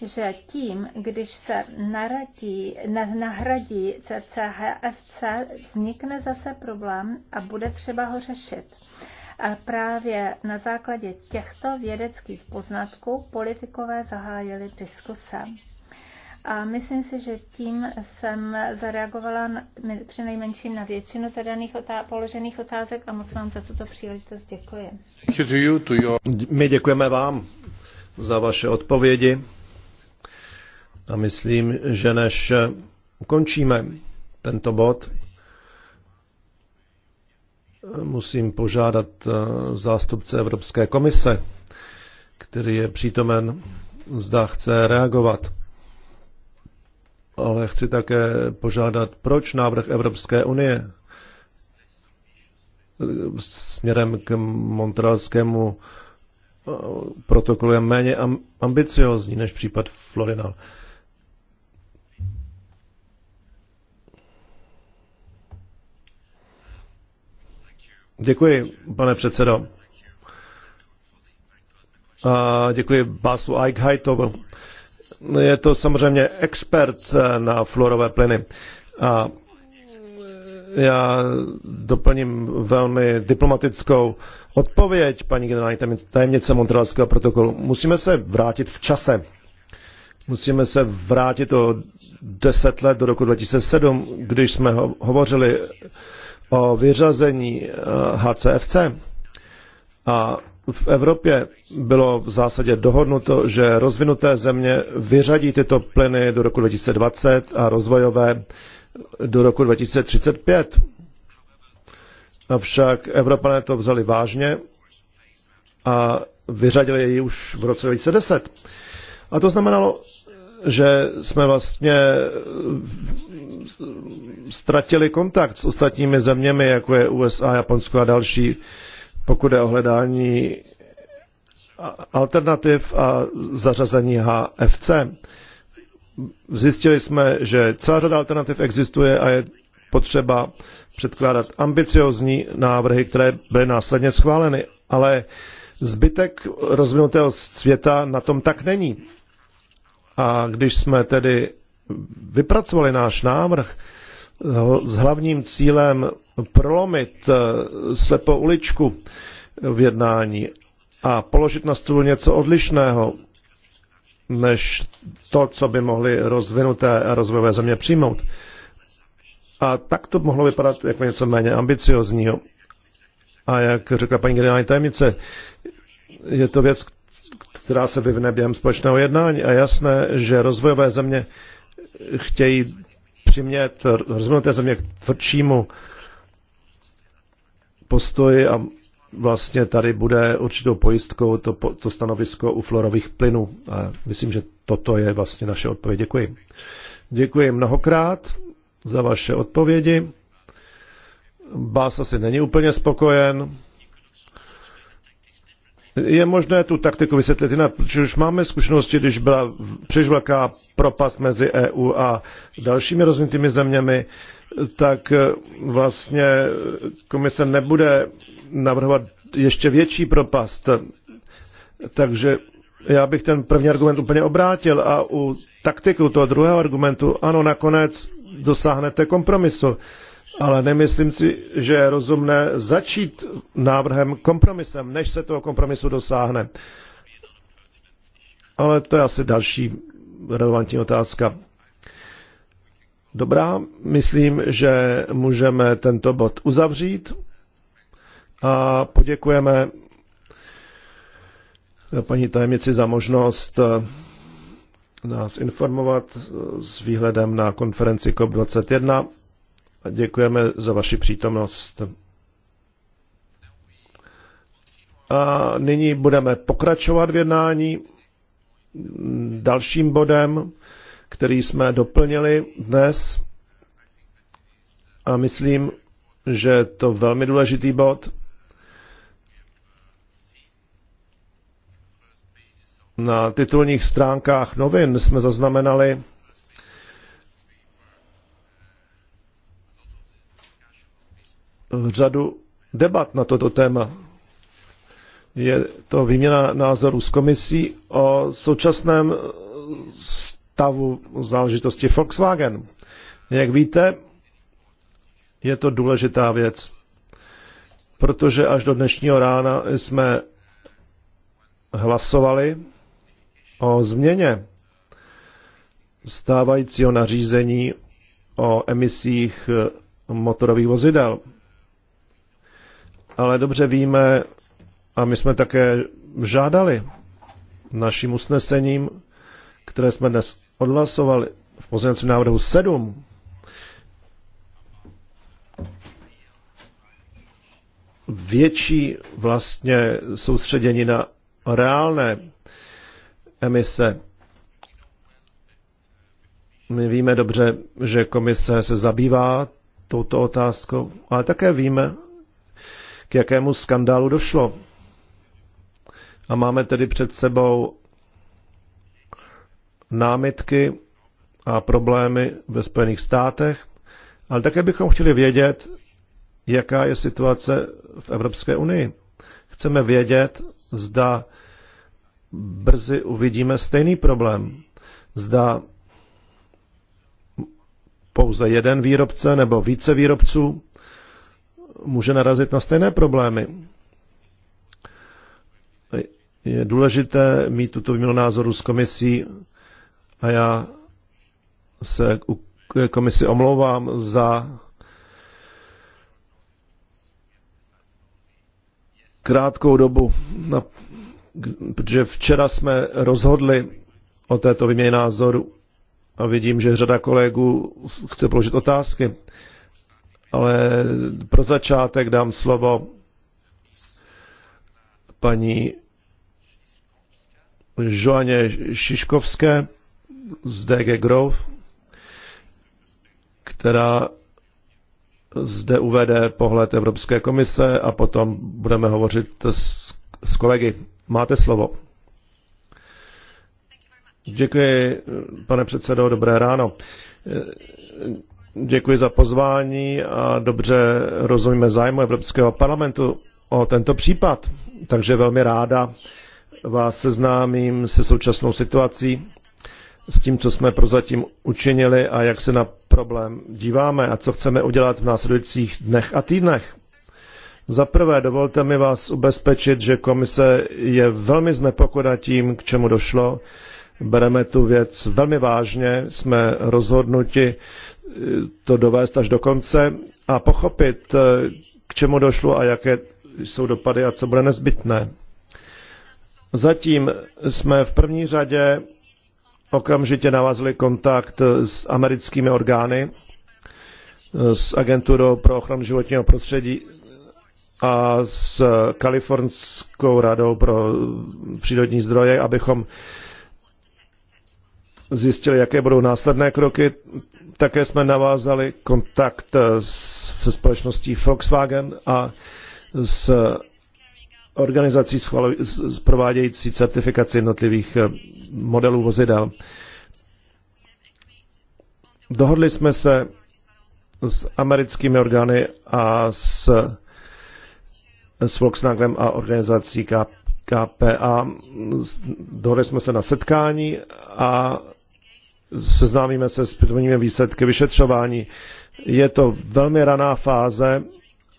že tím, když se naradí, nahradí CCHFC, vznikne zase problém a bude třeba ho řešit. A právě na základě těchto vědeckých poznatků politikové zahájili diskuse. A myslím si, že tím jsem zareagovala při nejmenším na většinu zadaných otá- položených otázek a moc vám za tuto příležitost děkuji. My děkujeme vám za vaše odpovědi. A myslím, že než ukončíme tento bod, musím požádat eh, zástupce Evropské komise, který je přítomen, zda chce reagovat. Ale chci také požádat, proč návrh Evropské unie eh, směrem k montrealskému eh, protokolu je méně ambiciozní než případ Florinal. Děkuji, pane předsedo. A děkuji Basu Eichheitovu. Je to samozřejmě expert eh, na fluorové plyny. A já doplním velmi diplomatickou odpověď paní generální tajemnice Montrealského protokolu. Musíme se vrátit v čase. Musíme se vrátit o deset let do roku 2007, když jsme hovořili o vyřazení HCFC. Eh, a v Evropě bylo v zásadě dohodnuto, že rozvinuté země vyřadí tyto plyny do roku 2020 a rozvojové do roku 2035. Avšak Evropané to vzali vážně a vyřadili ji už v roce 2010. A to znamenalo, že jsme vlastně eh, ztratili kontakt s ostatními zeměmi, jako je USA, Japonsko a další, pokud je o hledání alternativ a zařazení HFC. Zjistili jsme, že celá řada alternativ existuje a je potřeba předkládat ambiciozní návrhy, které byly následně schváleny, ale zbytek rozvinutého světa na tom tak není. A když jsme tedy vypracovali náš návrh s hlavním cílem prolomit eh, slepou uličku v jednání a položit na stůl něco odlišného, než to, co by mohly rozvinuté a rozvojové země přijmout. A tak to mohlo vypadat jako něco méně ambiciozního. A jak řekla paní generální tajemnice, je to věc, která se vyvne během společného jednání. A jasné, že rozvojové země chtějí přimět rozvinuté země k tvrdšímu postoji a vlastně tady bude určitou pojistkou to, to stanovisko u florových plynů. A myslím, že toto je vlastně naše odpověď. Děkuji. Děkuji mnohokrát za vaše odpovědi. Bás asi není úplně spokojen je možné tu taktiku vysvětlit jinak, protože už máme zkušenosti, když byla příliš velká propast mezi EU a dalšími rozvinutými zeměmi, tak eh, vlastně eh, komise nebude navrhovat ještě větší propast. Takže já bych ten první argument úplně obrátil a u taktiku toho druhého argumentu, ano, nakonec dosáhnete kompromisu ale nemyslím si, že je rozumné začít návrhem kompromisem, než se toho kompromisu dosáhne. Ale to je asi další relevantní otázka. Dobrá, myslím, že můžeme tento bod uzavřít a poděkujeme paní tajemnici za možnost eh, nás informovat eh, s výhledem na konferenci COP21. Děkujeme za vaši přítomnost. A nyní budeme pokračovat v jednání dalším bodem, který jsme doplnili dnes. A myslím, že je to velmi důležitý bod. Na titulních stránkách novin jsme zaznamenali řadu debat na toto téma. Je to výměna názorů s komisí o současném stavu záležitosti Volkswagen. Jak víte, je to důležitá věc, protože až do dnešního rána jsme hlasovali o změně stávajícího nařízení o emisích motorových vozidel ale dobře víme, a my jsme také žádali naším usnesením, které jsme dnes odhlasovali v pozměňovacím návrhu 7, větší vlastně soustředění na reálné emise. My víme dobře, že komise se zabývá touto otázkou, ale také víme, k jakému skandálu došlo. A máme tedy před sebou námitky a problémy ve Spojených státech, ale také bychom chtěli vědět, jaká je situace v Evropské unii. Chceme vědět, zda brzy uvidíme stejný problém. Zda pouze jeden výrobce nebo více výrobců může narazit na stejné problémy. Je důležité mít tuto výměnu názoru s komisí a já se komisi omlouvám za krátkou dobu, na, protože včera jsme rozhodli o této výměně názoru a vidím, že řada kolegů chce položit otázky ale pro začátek dám slovo paní Joaně Šiškovské z DG Grove, která zde uvede pohled Evropské komise a potom budeme hovořit s, s kolegy. Máte slovo. Děkuji, pane předsedo, dobré ráno. Děkuji za pozvání a dobře rozumíme zájmu Evropského parlamentu o tento případ. Takže velmi ráda vás seznámím se současnou situací, s tím, co jsme prozatím učinili a jak se na problém díváme a co chceme udělat v následujících dnech a týdnech. Za prvé, dovolte mi vás ubezpečit, že komise je velmi znepokojena tím, k čemu došlo. Bereme tu věc velmi vážně, jsme rozhodnuti to dovést až do konce a pochopit, eh, k čemu došlo a jaké jsou dopady a co bude nezbytné. Zatím jsme v první řadě okamžitě navazili kontakt s americkými orgány, s agenturou pro ochranu životního prostředí a s Kalifornskou radou pro přírodní zdroje, abychom zjistili, jaké budou následné kroky. Také jsme navázali kontakt eh, se společností Volkswagen a s organizací provádějící certifikaci jednotlivých eh, modelů vozidel. Dohodli jsme se s americkými orgány a s, s Volkswagenem a organizací KPA. Dohodli jsme se na setkání a seznámíme se s prvními výsledky vyšetřování. Je to velmi raná fáze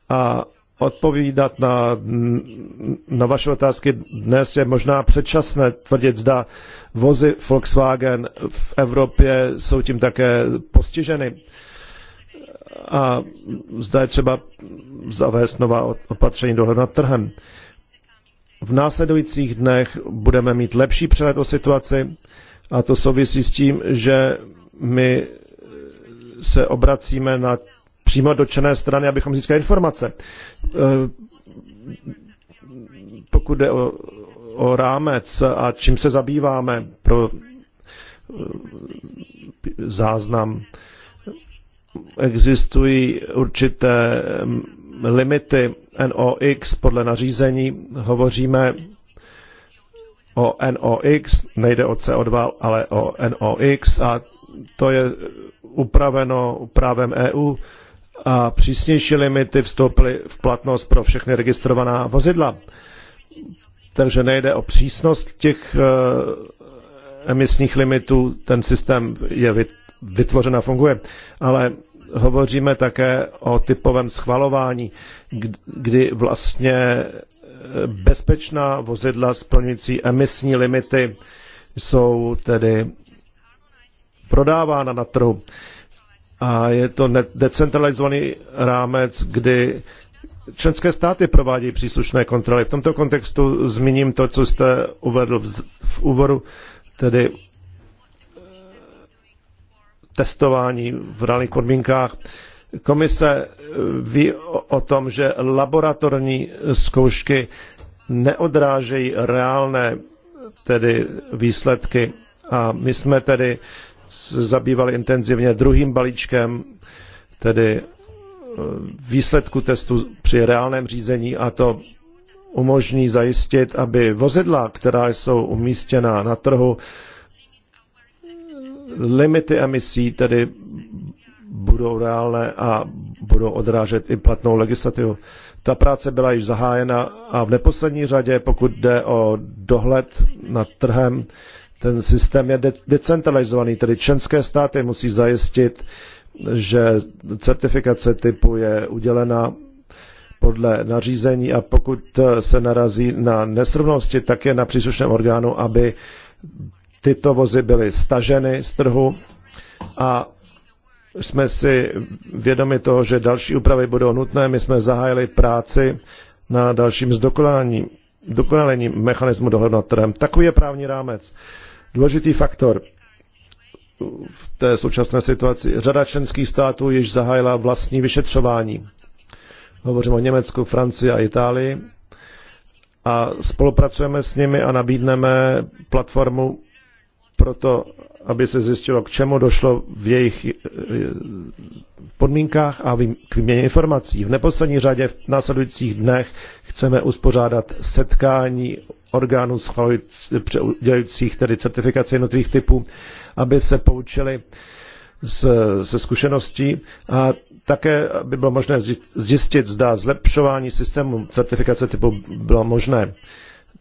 a odpovídat na, na vaše otázky dnes je možná předčasné tvrdit, zda vozy Volkswagen v Evropě jsou tím také postiženy a zda je třeba zavést nová opatření dohled nad trhem. V následujících dnech budeme mít lepší přehled o situaci a to souvisí s tím, že my se obracíme na přímo dočené strany, abychom získali informace. Eh, pokud jde o, o rámec a čím se zabýváme pro eh, záznam, existují určité mm, limity NOx podle nařízení. Hovoříme o NOx, nejde o CO2, ale o NOx a to je upraveno právem EU a přísnější limity vstoupily v platnost pro všechny registrovaná vozidla. Takže nejde o přísnost těch eh, emisních limitů, ten systém je vytvořen a funguje, ale hovoříme také o typovém schvalování, kdy vlastně bezpečná vozidla splňující emisní limity jsou tedy prodávána na trhu. A je to decentralizovaný rámec, kdy členské státy provádějí příslušné kontroly. V tomto kontextu zmíním to, co jste uvedl v, v úvodu, tedy eh, testování v reálných podmínkách Komise eh, ví o tom, že laboratorní zkoušky neodrážejí reálné tedy výsledky a my jsme tedy zabývali intenzivně druhým balíčkem, tedy eh, výsledku testu při reálném řízení a to umožní zajistit, aby vozidla, která jsou umístěna na trhu, limity emisí, tedy budou reálné a budou odrážet i platnou legislativu. Ta práce byla již zahájena a v neposlední řadě, pokud jde o dohled nad trhem, ten systém je de- decentralizovaný, tedy členské státy musí zajistit, že certifikace typu je udělena podle nařízení a pokud se narazí na nesrovnosti, tak je na příslušném orgánu, aby tyto vozy byly staženy z trhu a jsme si vědomi toho, že další úpravy budou nutné. My jsme zahájili práci na dalším zdokonalení, dokonalení mechanismu dohledu nad trhem. Takový je právní rámec. Důležitý faktor v té současné situaci. Řada členských států již zahájila vlastní vyšetřování. Hovořím o Německu, Francii a Itálii. A spolupracujeme s nimi a nabídneme platformu pro to, aby se zjistilo, k čemu došlo v jejich eh, podmínkách a k výměně informací. V neposlední řadě v následujících dnech chceme uspořádat setkání orgánů dělajících tedy certifikace jednotlivých typů, aby se poučili se zkušeností a také by bylo možné zjistit, zda zlepšování systému certifikace typu bylo možné.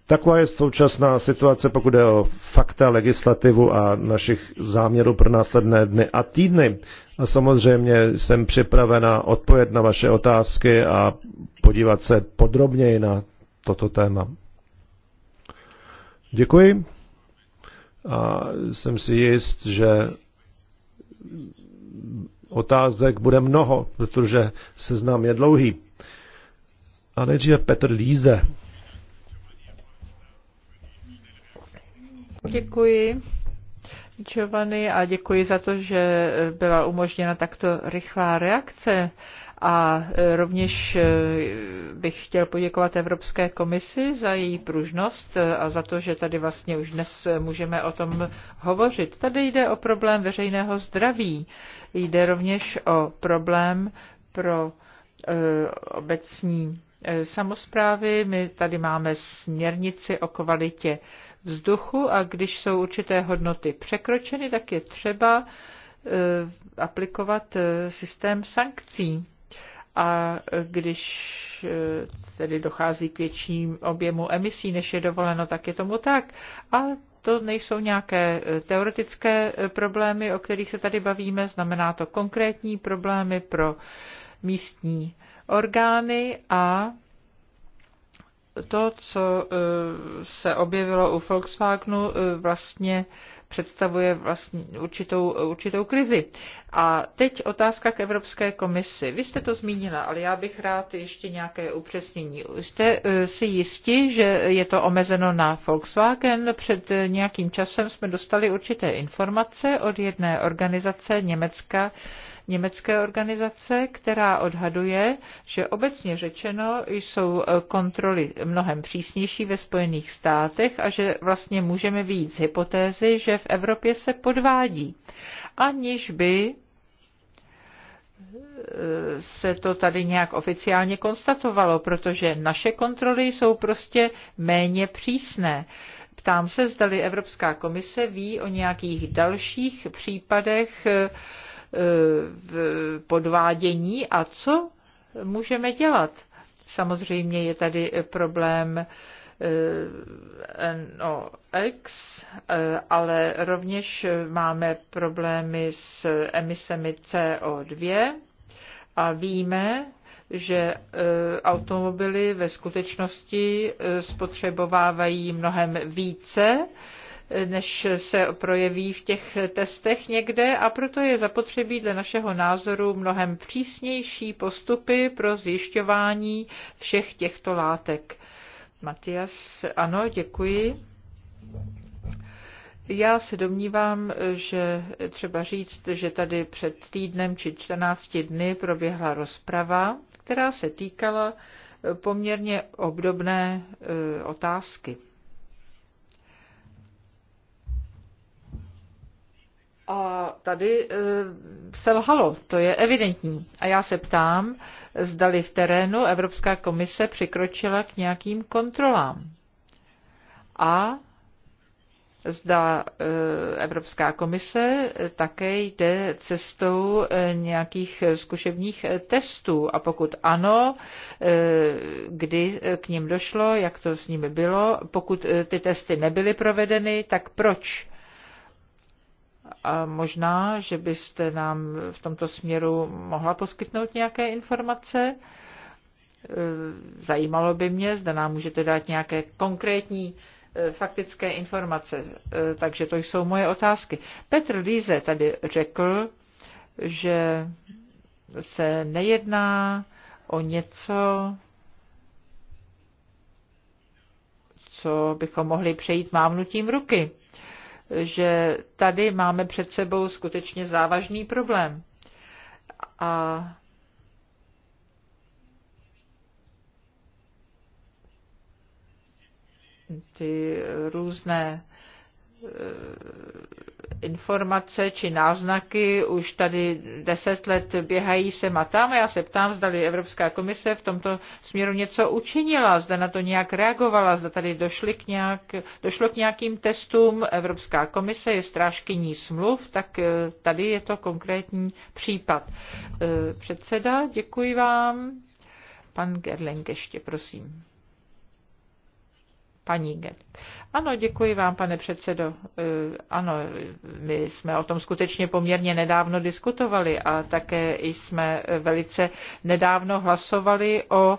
Taková je současná situace, pokud je o fakta, legislativu a našich záměrů pro následné dny a týdny. A samozřejmě jsem připravena odpovědět na vaše otázky a podívat se podrobněji na toto téma. Děkuji. A jsem si jist, že otázek bude mnoho, protože seznam je dlouhý. A nejdříve Petr Líze. Děkuji. Giovanni a děkuji za to, že byla umožněna takto rychlá reakce. A e, rovněž e, bych chtěl poděkovat Evropské komisi za její pružnost e, a za to, že tady vlastně už dnes můžeme o tom hovořit. Tady jde o problém veřejného zdraví. Jde rovněž o problém pro obecní samozprávy. My tady máme směrnici o kvalitě vzduchu a když jsou určité hodnoty překročeny, tak je třeba e, aplikovat e, systém sankcí. A když e, tedy dochází k větším objemu emisí, než je dovoleno, tak je tomu tak. A to nejsou nějaké teoretické problémy, o kterých se tady bavíme, znamená to konkrétní problémy pro místní orgány a to, co eh, se objevilo u Volkswagenu, eh, vlastně představuje vlastně určitou, určitou krizi. A teď otázka k Evropské komisi. Vy jste to zmínila, ale já bych rád ještě nějaké upřesnění. Jste eh, si jisti, že je to omezeno na Volkswagen? Před nějakým časem jsme dostali určité informace od jedné organizace Německa, německé organizace, která odhaduje, že obecně řečeno jsou e, kontroly mnohem přísnější ve Spojených státech a že vlastně můžeme víc z hypotézy, že v Evropě se podvádí, aniž by e, se to tady nějak oficiálně konstatovalo, protože naše kontroly jsou prostě méně přísné. Ptám se, zdali Evropská komise ví o nějakých dalších případech e, E, podvádění a co můžeme dělat. Samozřejmě je tady problém e, NOx, e, ale rovněž máme problémy s emisemi CO2 a víme, že automobily ve skutečnosti spotřebovávají mnohem více než se projeví v těch testech někde a proto je zapotřebí dle našeho názoru mnohem přísnější postupy pro zjišťování všech těchto látek. Matias, ano, děkuji. Já se domnívám, že třeba říct, že tady před týdnem či 14 dny proběhla rozprava, která se týkala poměrně obdobné e, otázky. A tady eh, selhalo, to je evidentní. A já se ptám, zdali v terénu Evropská komise přikročila k nějakým kontrolám. A zda eh, Evropská komise také jde cestou eh, nějakých zkušebních testů a pokud ano, kdy k ním došlo, jak to s nimi bylo, pokud ty testy nebyly provedeny, tak proč? A možná, že byste nám v tomto směru mohla poskytnout nějaké informace. E, zajímalo by mě, zda nám můžete dát nějaké konkrétní e, faktické informace. E, takže to jsou moje otázky. Petr Líze tady řekl, že se nejedná o něco, co bychom mohli přejít mávnutím ruky že tady máme před sebou skutečně závažný problém. A ty různé informace či náznaky už tady deset let běhají sem a tam. Já se ptám, zda Evropská komise v tomto směru něco učinila, zda na to nějak reagovala, zda tady došli k nějak, došlo k nějakým testům. Evropská komise je strážkyní smluv, tak eh, tady je to konkrétní případ. Eh, předseda, děkuji vám. Pan Gerling ještě, prosím. Paní Get. Ano, děkuji vám, pane předsedo. E, ano, my jsme o tom skutečně poměrně nedávno diskutovali a také jsme velice nedávno hlasovali o e,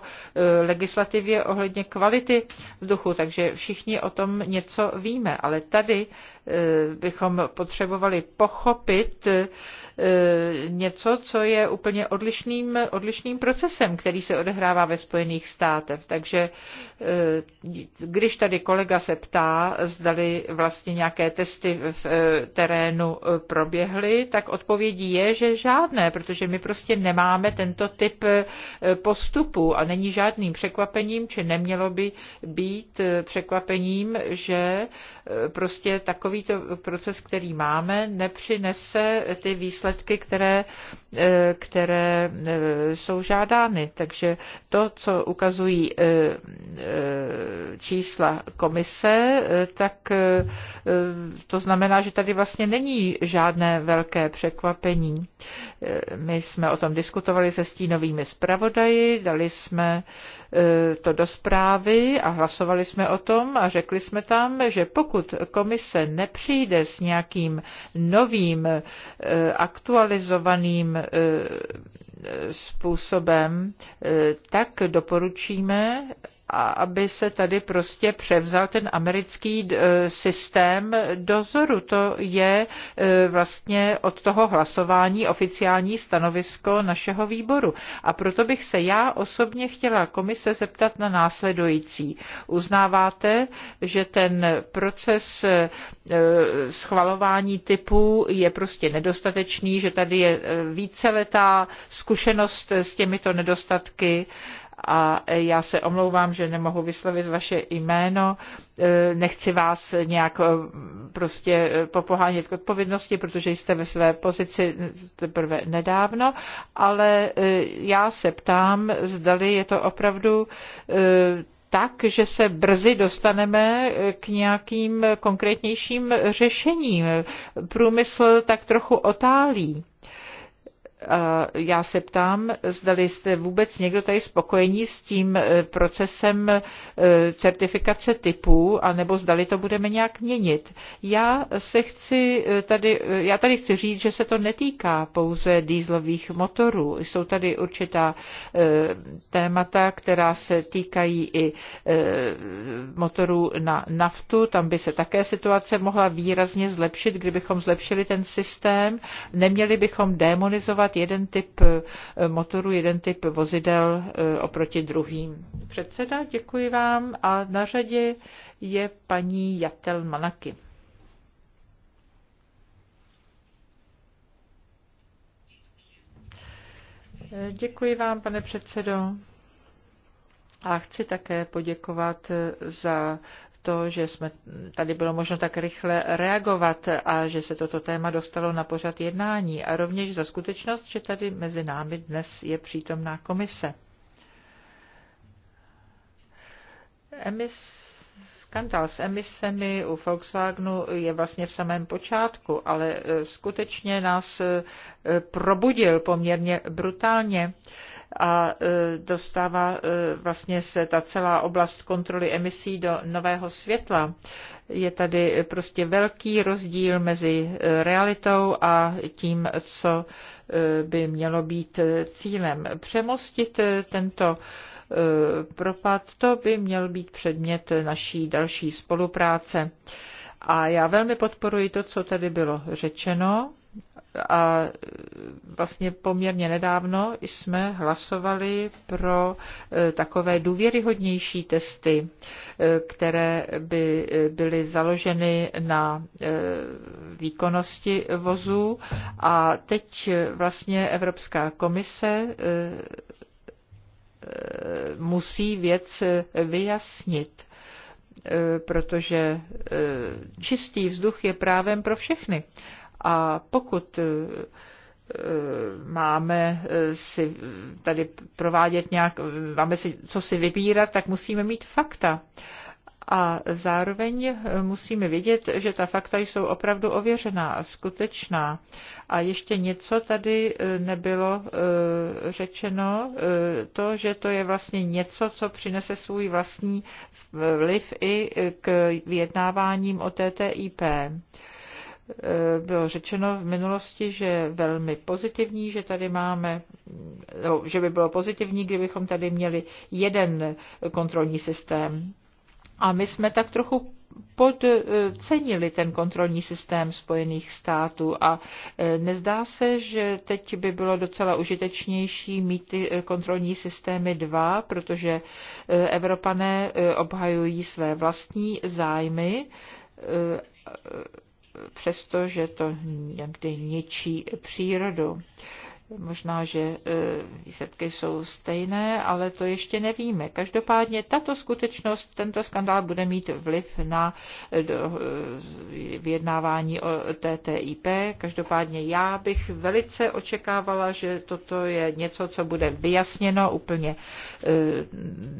legislativě ohledně kvality vzduchu, takže všichni o tom něco víme, ale tady e, bychom potřebovali pochopit, E, něco, co je úplně odlišným, odlišným procesem, který se odehrává ve Spojených státech. Takže e, když tady kolega se ptá, zdali vlastně nějaké testy v e, terénu proběhly, tak odpovědí je, že žádné, protože my prostě nemáme tento typ postupu a není žádným překvapením, či nemělo by být překvapením, že prostě takovýto proces, který máme, nepřinese ty výsledky výsledky, které, eh, které eh, jsou žádány. Takže to, co ukazují eh, čísla komise, tak to znamená, že tady vlastně není žádné velké překvapení. My jsme o tom diskutovali se stínovými zpravodaji, dali jsme e, to do zprávy a hlasovali jsme o tom a řekli jsme tam, že pokud komise nepřijde s nějakým novým e, aktualizovaným e, způsobem, tak doporučíme, a aby se tady prostě převzal ten americký eh, systém dozoru. To je eh, vlastně od toho hlasování oficiální stanovisko našeho výboru. A proto bych se já osobně chtěla komise zeptat na následující. Uznáváte, že ten proces eh, schvalování typů je prostě nedostatečný, že tady je víceletá zkušenost s těmito nedostatky a já se omlouvám, že nemohu vyslovit vaše jméno. E, nechci vás nějak e, prostě e, popohánět k odpovědnosti, protože jste ve své pozici teprve nedávno, ale já se ptám, zdali je to opravdu tak, že se brzy dostaneme k nějakým konkrétnějším řešením. Průmysl tak trochu otálí já se ptám, zdali jste vůbec někdo tady spokojení s tím e, procesem e, certifikace typů, anebo zdali to budeme nějak měnit. Já se chci e, tady, já tady chci říct, že se to netýká pouze dýzlových motorů. Jsou tady určitá témata, která se týkají i motorů na naftu. Tam by se také situace mohla výrazně zlepšit, kdybychom zlepšili ten systém. Neměli bychom demonizovat používat jeden typ eh, motoru, jeden typ vozidel eh, oproti druhým. Předseda, děkuji vám a na řadě je paní Jatel Manaky. Eh, děkuji vám, pane předsedo. A chci také poděkovat za to, že jsme, tady bylo možno tak rychle reagovat a že se toto téma dostalo na pořad jednání a rovněž za skutečnost, že tady mezi námi dnes je přítomná komise. Emis skandal s emisemi u Volkswagenu je vlastně v samém počátku, ale eh, skutečně nás eh, probudil poměrně brutálně a e, dostává e, vlastně se ta celá oblast kontroly emisí do nového světla. Je tady prostě velký rozdíl mezi e, realitou a tím, co by mělo být cílem. Přemostit tento propad, to by měl být předmět naší další spolupráce. A já velmi podporuji to, co tady bylo řečeno a vlastně poměrně nedávno jsme hlasovali pro e, takové důvěryhodnější testy, e, které by e, byly založeny na výkonnosti vozů. A teď vlastně Evropská komise musí věc vyjasnit protože čistý vzduch je právem pro všechny. A pokud e, e, máme e, si tady provádět nějak, máme si co si vybírat, tak musíme mít fakta. A zároveň musíme vědět, že ta fakta jsou opravdu ověřená a skutečná. A ještě něco tady nebylo řečeno, to, že to je vlastně něco, co přinese svůj vlastní vliv i k vyjednáváním o TTIP. Eh, bylo řečeno v minulosti, že je velmi pozitivní, že tady máme, no, že by bylo pozitivní, kdybychom tady měli jeden kontrolní systém. A my jsme tak trochu podcenili ten kontrolní systém Spojených států a eh, nezdá se, že teď by bylo docela užitečnější mít ty eh, kontrolní systémy dva, protože Evropané obhajují své vlastní zájmy přestože to někdy ničí přírodu. Možná, že e, výsledky jsou stejné, ale to ještě nevíme. Každopádně tato skutečnost, tento skandál bude mít vliv na e, e, vyjednávání o TTIP. Každopádně já bych velice očekávala, že toto je něco, co bude vyjasněno úplně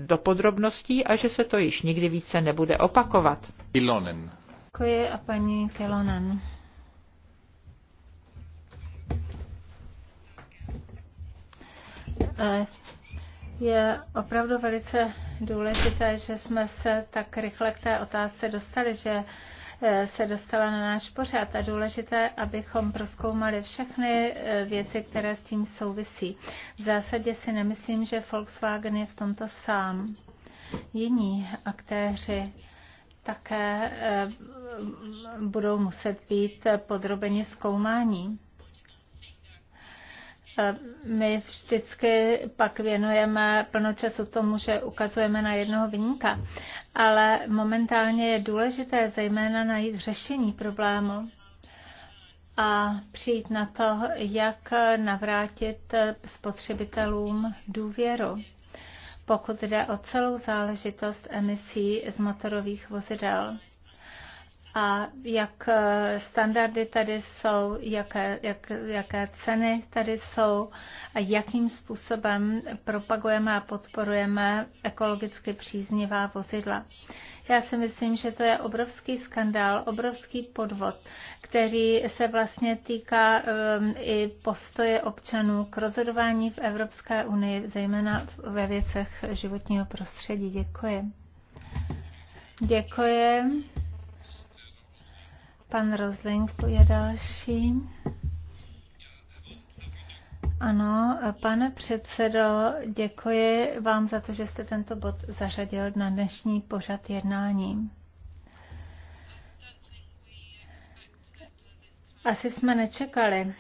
do podrobností a že se to již nikdy více nebude opakovat. Ilonen. Děkuji a paní Kelonen. Eh, je opravdu velice důležité, že jsme se tak rychle k té otázce dostali, že eh, se dostala na náš pořád a důležité, abychom proskoumali všechny eh, věci, které s tím souvisí. V zásadě si nemyslím, že Volkswagen je v tomto sám. Jiní aktéři také eh, budou muset být podrobeně zkoumání. Eh, my vždycky pak věnujeme plno času tomu, že ukazujeme na jednoho vyníka, ale momentálně je důležité zejména najít řešení problému a přijít na to, jak navrátit spotřebitelům důvěru pokud jde o celou záležitost emisí z motorových vozidel. A jak eh, standardy tady jsou, jaké, jak, jaké ceny tady jsou a jakým způsobem propagujeme a podporujeme ekologicky příznivá vozidla. Já si myslím, že to je obrovský skandál, obrovský podvod, který se vlastně týká um, i postoje občanů k rozhodování v Evropské unii, zejména ve věcech životního prostředí. Děkuji. Děkuji. Pan Rozling je další. Ano, pane předsedo, děkuji vám za to, že jste tento bod zařadil na dnešní pořad jednání. Asi jsme nečekali,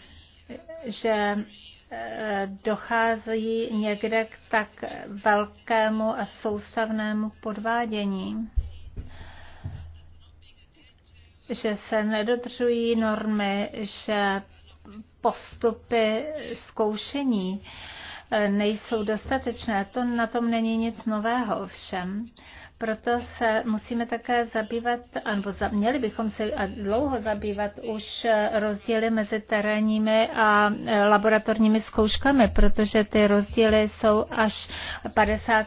že eh, dochází někde k tak velkému a soustavnému podvádění, že se nedodržují normy, že postupy zkoušení eh, nejsou dostatečné. To na tom není nic nového všem. Proto se musíme také zabývat, nebo za, měli bychom se dlouho zabývat už eh, rozdíly mezi terénními a eh, laboratorními zkouškami, protože ty rozdíly jsou až 50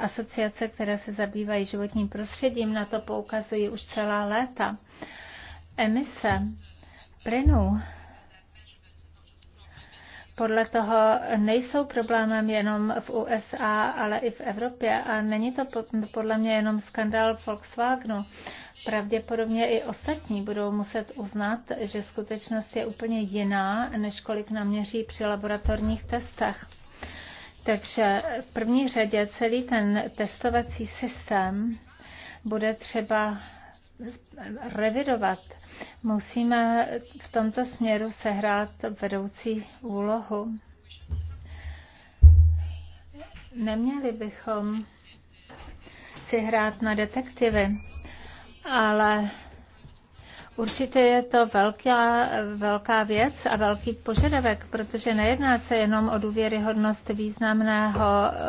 Asociace, které se zabývají životním prostředím, na to poukazují už celá léta. Emise plynů podle toho nejsou problémem jenom v USA, ale i v Evropě. A není to podle mě jenom skandál Volkswagenu. Pravděpodobně i ostatní budou muset uznat, že skutečnost je úplně jiná, než kolik naměří při laboratorních testech. Takže v první řadě celý ten testovací systém bude třeba revidovat. Musíme v tomto směru sehrát vedoucí úlohu. Neměli bychom si hrát na detektivy, ale Určitě je to velká, velká věc a velký požadavek, protože nejedná se jenom o důvěryhodnost významného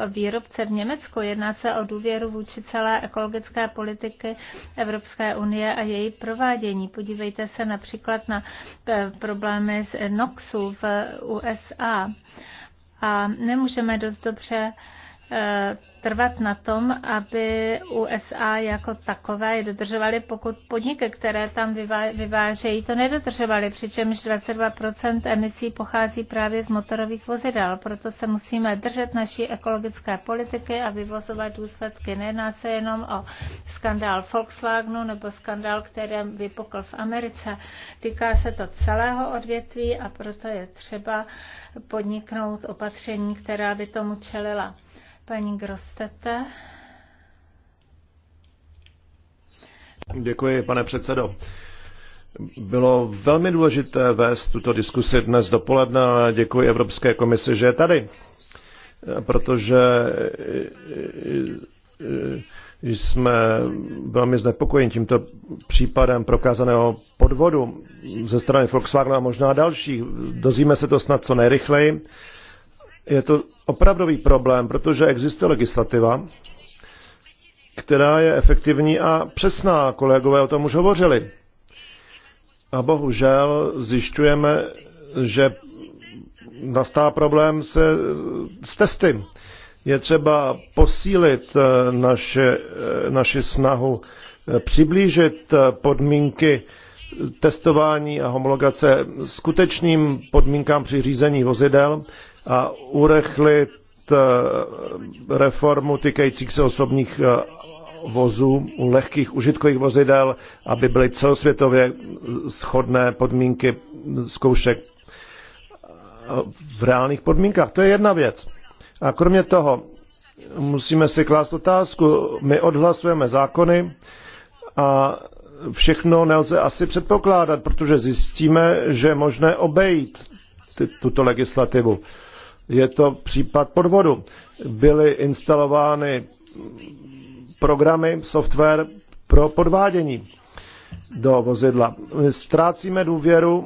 výrobce v Německu, jedná se o důvěru vůči celé ekologické politiky Evropské unie a její provádění. Podívejte se například na eh, problémy s NOXu v USA. A nemůžeme dost dobře uh, Eh, trvat na tom, aby USA jako takové je dodržovaly, pokud podniky, které tam vyvážejí, to nedodržovaly, přičemž 22% emisí pochází právě z motorových vozidel. Proto se musíme držet naší ekologické politiky a vyvozovat důsledky. Nejedná se jenom o skandál Volkswagenu nebo skandál, který vypukl v Americe. Týká se to celého odvětví a proto je třeba podniknout opatření, která by tomu čelila. Paní Grostete. Děkuji, pane předsedo. Bylo velmi důležité vést tuto diskusi dnes dopoledne a děkuji Evropské komisi, že je tady, protože eh, eh, jsme velmi znepokojeni tímto případem prokázaného podvodu ze strany Volkswagenu a možná dalších. Dozíme se to snad co nejrychleji je to opravdový problém, protože existuje legislativa, která je efektivní a přesná. Kolegové o tom už hovořili. A bohužel zjišťujeme, že nastává problém se, s testy. Je třeba posílit eh, naše, eh, naši snahu eh, přiblížit podmínky testování a homologace skutečným podmínkám při řízení vozidel a urychlit eh, reformu týkajících se osobních eh, vozů, u lehkých užitkových vozidel, aby byly celosvětově schodné podmínky zkoušek eh, v reálných podmínkách. To je jedna věc. A kromě toho musíme si klást otázku. My odhlasujeme zákony a všechno nelze asi předpokládat, protože zjistíme, že je možné obejít tuto legislativu je to případ podvodu. Byly instalovány programy, software pro podvádění do vozidla. Ztrácíme důvěru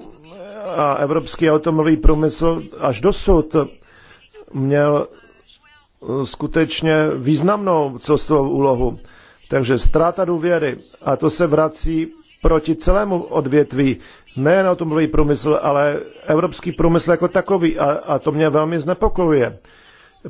a evropský automobilový průmysl až dosud měl skutečně významnou celostovou úlohu. Takže ztráta důvěry a to se vrací proti celému odvětví nejen automobilový průmysl, ale evropský průmysl jako takový. A, a to mě velmi znepokojuje,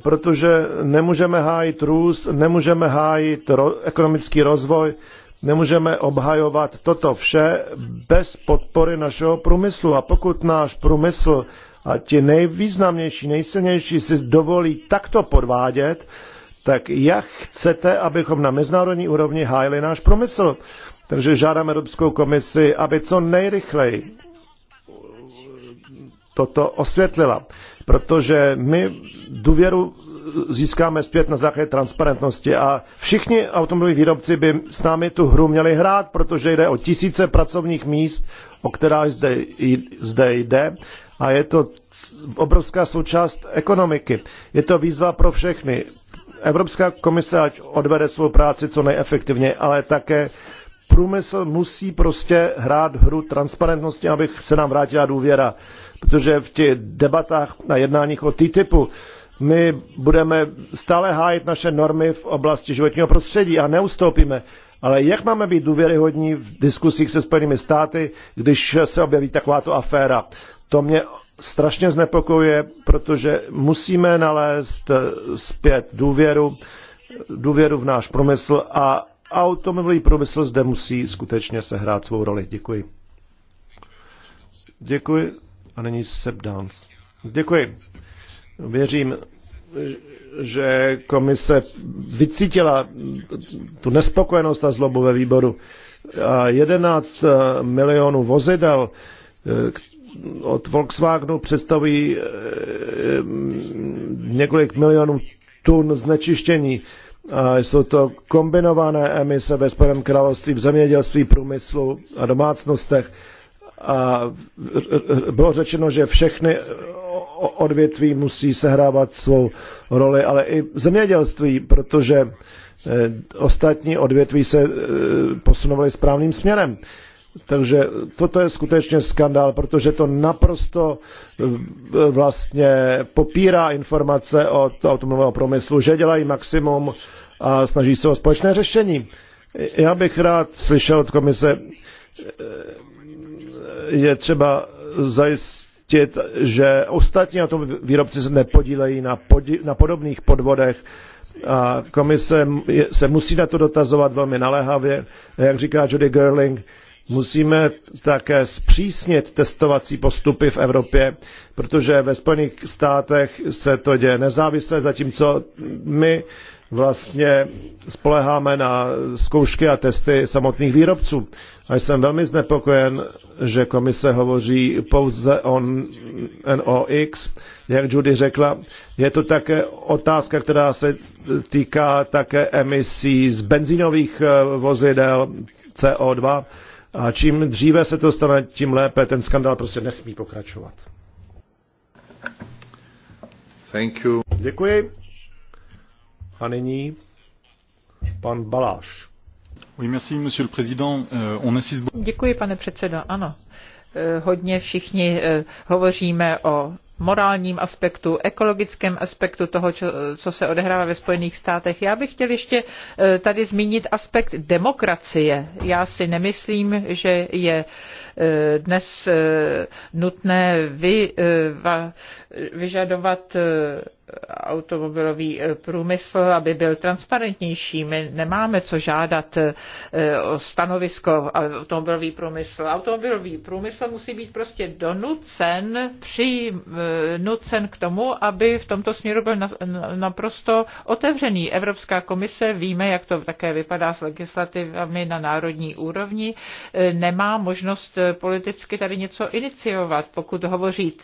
protože nemůžeme hájit růst, nemůžeme hájit ro, ekonomický rozvoj, nemůžeme obhajovat toto vše bez podpory našeho průmyslu. A pokud náš průmysl a ti nejvýznamnější, nejsilnější si dovolí takto podvádět, tak jak chcete, abychom na mezinárodní úrovni hájili náš průmysl? Takže žádám Evropskou komisi, aby co nejrychleji toto osvětlila, protože my důvěru získáme zpět na základě transparentnosti a všichni automobiloví výrobci by s námi tu hru měli hrát, protože jde o tisíce pracovních míst, o která zde, zde jde a je to obrovská součást ekonomiky. Je to výzva pro všechny. Evropská komise ať odvede svou práci co nejefektivně, ale také průmysl musí prostě hrát hru transparentnosti, aby se nám vrátila důvěra. Protože v těch debatách na jednáních o TTIPu my budeme stále hájit naše normy v oblasti životního prostředí a neustoupíme. Ale jak máme být důvěryhodní v diskusích se Spojenými státy, když se objeví takováto aféra? To mě strašně znepokojuje, protože musíme nalézt zpět důvěru, důvěru v náš promysl a automobilový průmysl zde musí skutečně sehrát svou roli. Děkuji. Děkuji. A nyní Seb Dance. Děkuji. Věřím, že komise vycítila tu nespokojenost a zlobu ve výboru. A 11 milionů vozidel eh, od Volkswagenu představují eh, několik milionů tun znečištění jsou to kombinované emise ve Spojeném království v zemědělství, průmyslu a domácnostech. A bylo řečeno, že všechny odvětví musí sehrávat svou roli, ale i v zemědělství, protože eh, ostatní odvětví se eh, posunovaly správným směrem. Takže toto je skutečně skandál, protože to naprosto eh, vlastně popírá informace od automobilového promyslu, že dělají maximum a snaží se o společné řešení. Já bych rád slyšel od komise, eh, je třeba zajistit, že ostatní výrobci se nepodílejí na, podi- na podobných podvodech. A komise se musí na to dotazovat velmi naléhavě. Jak říká Judy Gerling, Musíme také zpřísnit testovací postupy v Evropě, protože ve Spojených státech se to děje nezávisle, zatímco my vlastně spoleháme na zkoušky a testy samotných výrobců. A jsem velmi znepokojen, že komise hovoří pouze o NOx, jak Judy řekla. Je to také otázka, která se týká také emisí z benzínových eh, vozidel CO2 a čím dříve se to stane, tím lépe. Ten skandál prostě nesmí pokračovat. Thank you. Děkuji. A nyní pan Baláš. Oui, merci, monsieur le président. Euh, on assiste... Děkuji, pane předsedo. Ano, eh, hodně všichni eh, hovoříme o morálním aspektu, ekologickém aspektu toho, co se odehrává ve Spojených státech. Já bych chtěl ještě eh, tady zmínit aspekt demokracie. Já si nemyslím, že je eh, dnes eh, nutné vy, vyžadovat automobilový eh, průmysl, aby byl transparentnější. My nemáme co žádat eh, o stanovisko automobilový průmysl. Automobilový průmysl musí být prostě donucen, přinucen eh, k tomu, aby v tomto směru byl naprosto otevřený. Evropská komise, víme, jak to také vypadá s legislativami na národní úrovni, nemá možnost politicky tady něco iniciovat. Pokud hovoří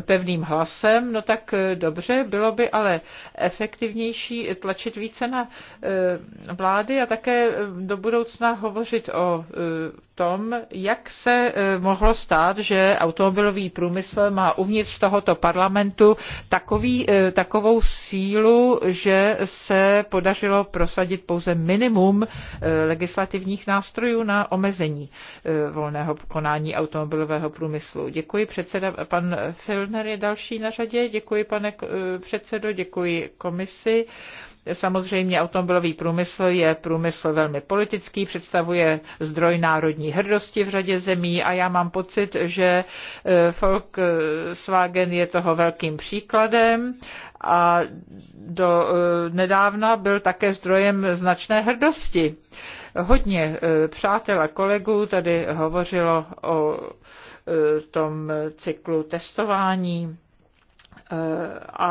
pevným hlasem, no tak dobře, bylo by ale efektivnější tlačit více na eh, vlády a také eh, do budoucna hovořit o eh, tom, jak se mohlo stát, že automobilový průmysl má uvnitř tohoto parlamentu takový, takovou sílu, že se podařilo prosadit pouze minimum legislativních nástrojů na omezení volného konání automobilového průmyslu. Děkuji předseda, pan Filner je další na řadě. Děkuji pane předsedo, děkuji komisi. Samozřejmě automobilový průmysl je průmysl velmi politický, představuje zdroj národní hrdosti v řadě zemí a já mám pocit, že eh, Volkswagen je toho velkým příkladem a do eh, nedávna byl také zdrojem značné hrdosti. Hodně eh, přátel a kolegů tady hovořilo o tom cyklu testování Eh, a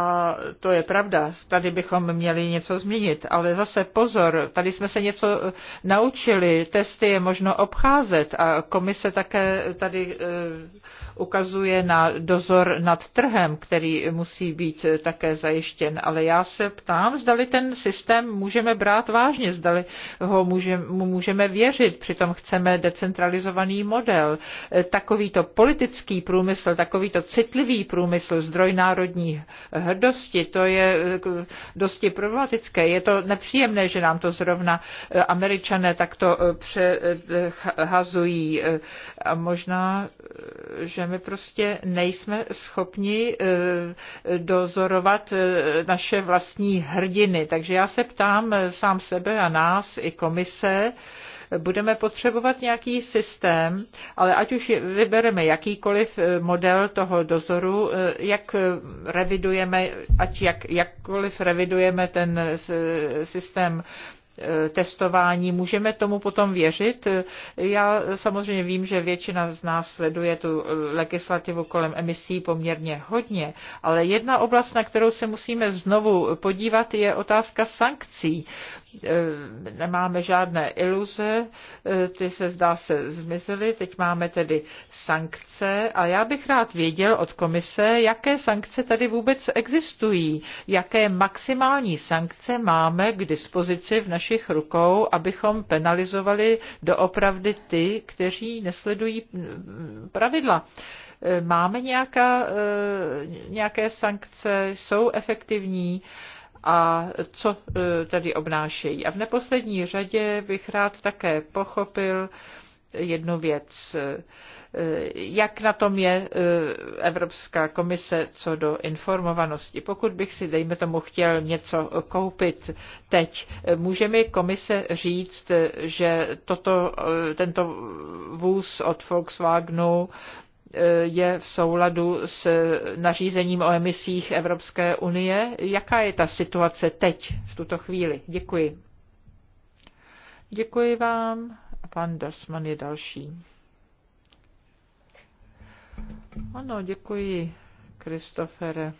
to je pravda, tady bychom měli něco změnit, ale zase pozor, tady jsme se něco eh, naučili, testy je možno obcházet a komise také tady eh, ukazuje na dozor nad trhem, který musí být také zajištěn. Ale já se ptám, zdali ten systém můžeme brát vážně, zdali ho můžeme, můžeme věřit, přitom chceme decentralizovaný model. Takovýto politický průmysl, takovýto citlivý průmysl, zdroj národní hrdosti, to je eh, dosti problematické. Je to nepříjemné, že nám to zrovna eh, američané takto eh, přehazují. A možná, že my prostě nejsme schopni e, e, dozorovat e, naše vlastní hrdiny. Takže já se ptám sám sebe a nás i komise, budeme potřebovat nějaký systém, ale ať už vybereme jakýkoliv model toho dozoru, jak revidujeme, ať jak, jakkoliv revidujeme ten systém Eh, testování. Můžeme tomu potom věřit? Já samozřejmě vím, že většina z nás sleduje tu eh, legislativu kolem emisí poměrně hodně, ale jedna oblast, na kterou se musíme znovu podívat, je otázka sankcí. Eh, nemáme žádné iluze, eh, ty se zdá se zmizely, teď máme tedy sankce a já bych rád věděl od komise, jaké sankce tady vůbec existují, jaké maximální sankce máme k dispozici v našich rukou, abychom penalizovali doopravdy ty, kteří nesledují mm, pravidla. Eh, máme nějaká, nějaké sankce, jsou efektivní, a co e, tady obnášejí. A v neposlední řadě bych rád také pochopil jednu věc. E, jak na tom je e, Evropská komise co do informovanosti? Pokud bych si, dejme tomu, chtěl něco koupit teď, může mi komise říct, že toto, tento vůz od Volkswagenu Eh, je v souladu s nařízením o emisích Evropské unie. Jaká je ta situace teď, v tuto chvíli? Děkuji. Děkuji vám. A pan Dersman, je další. Ano, děkuji, Kristofere.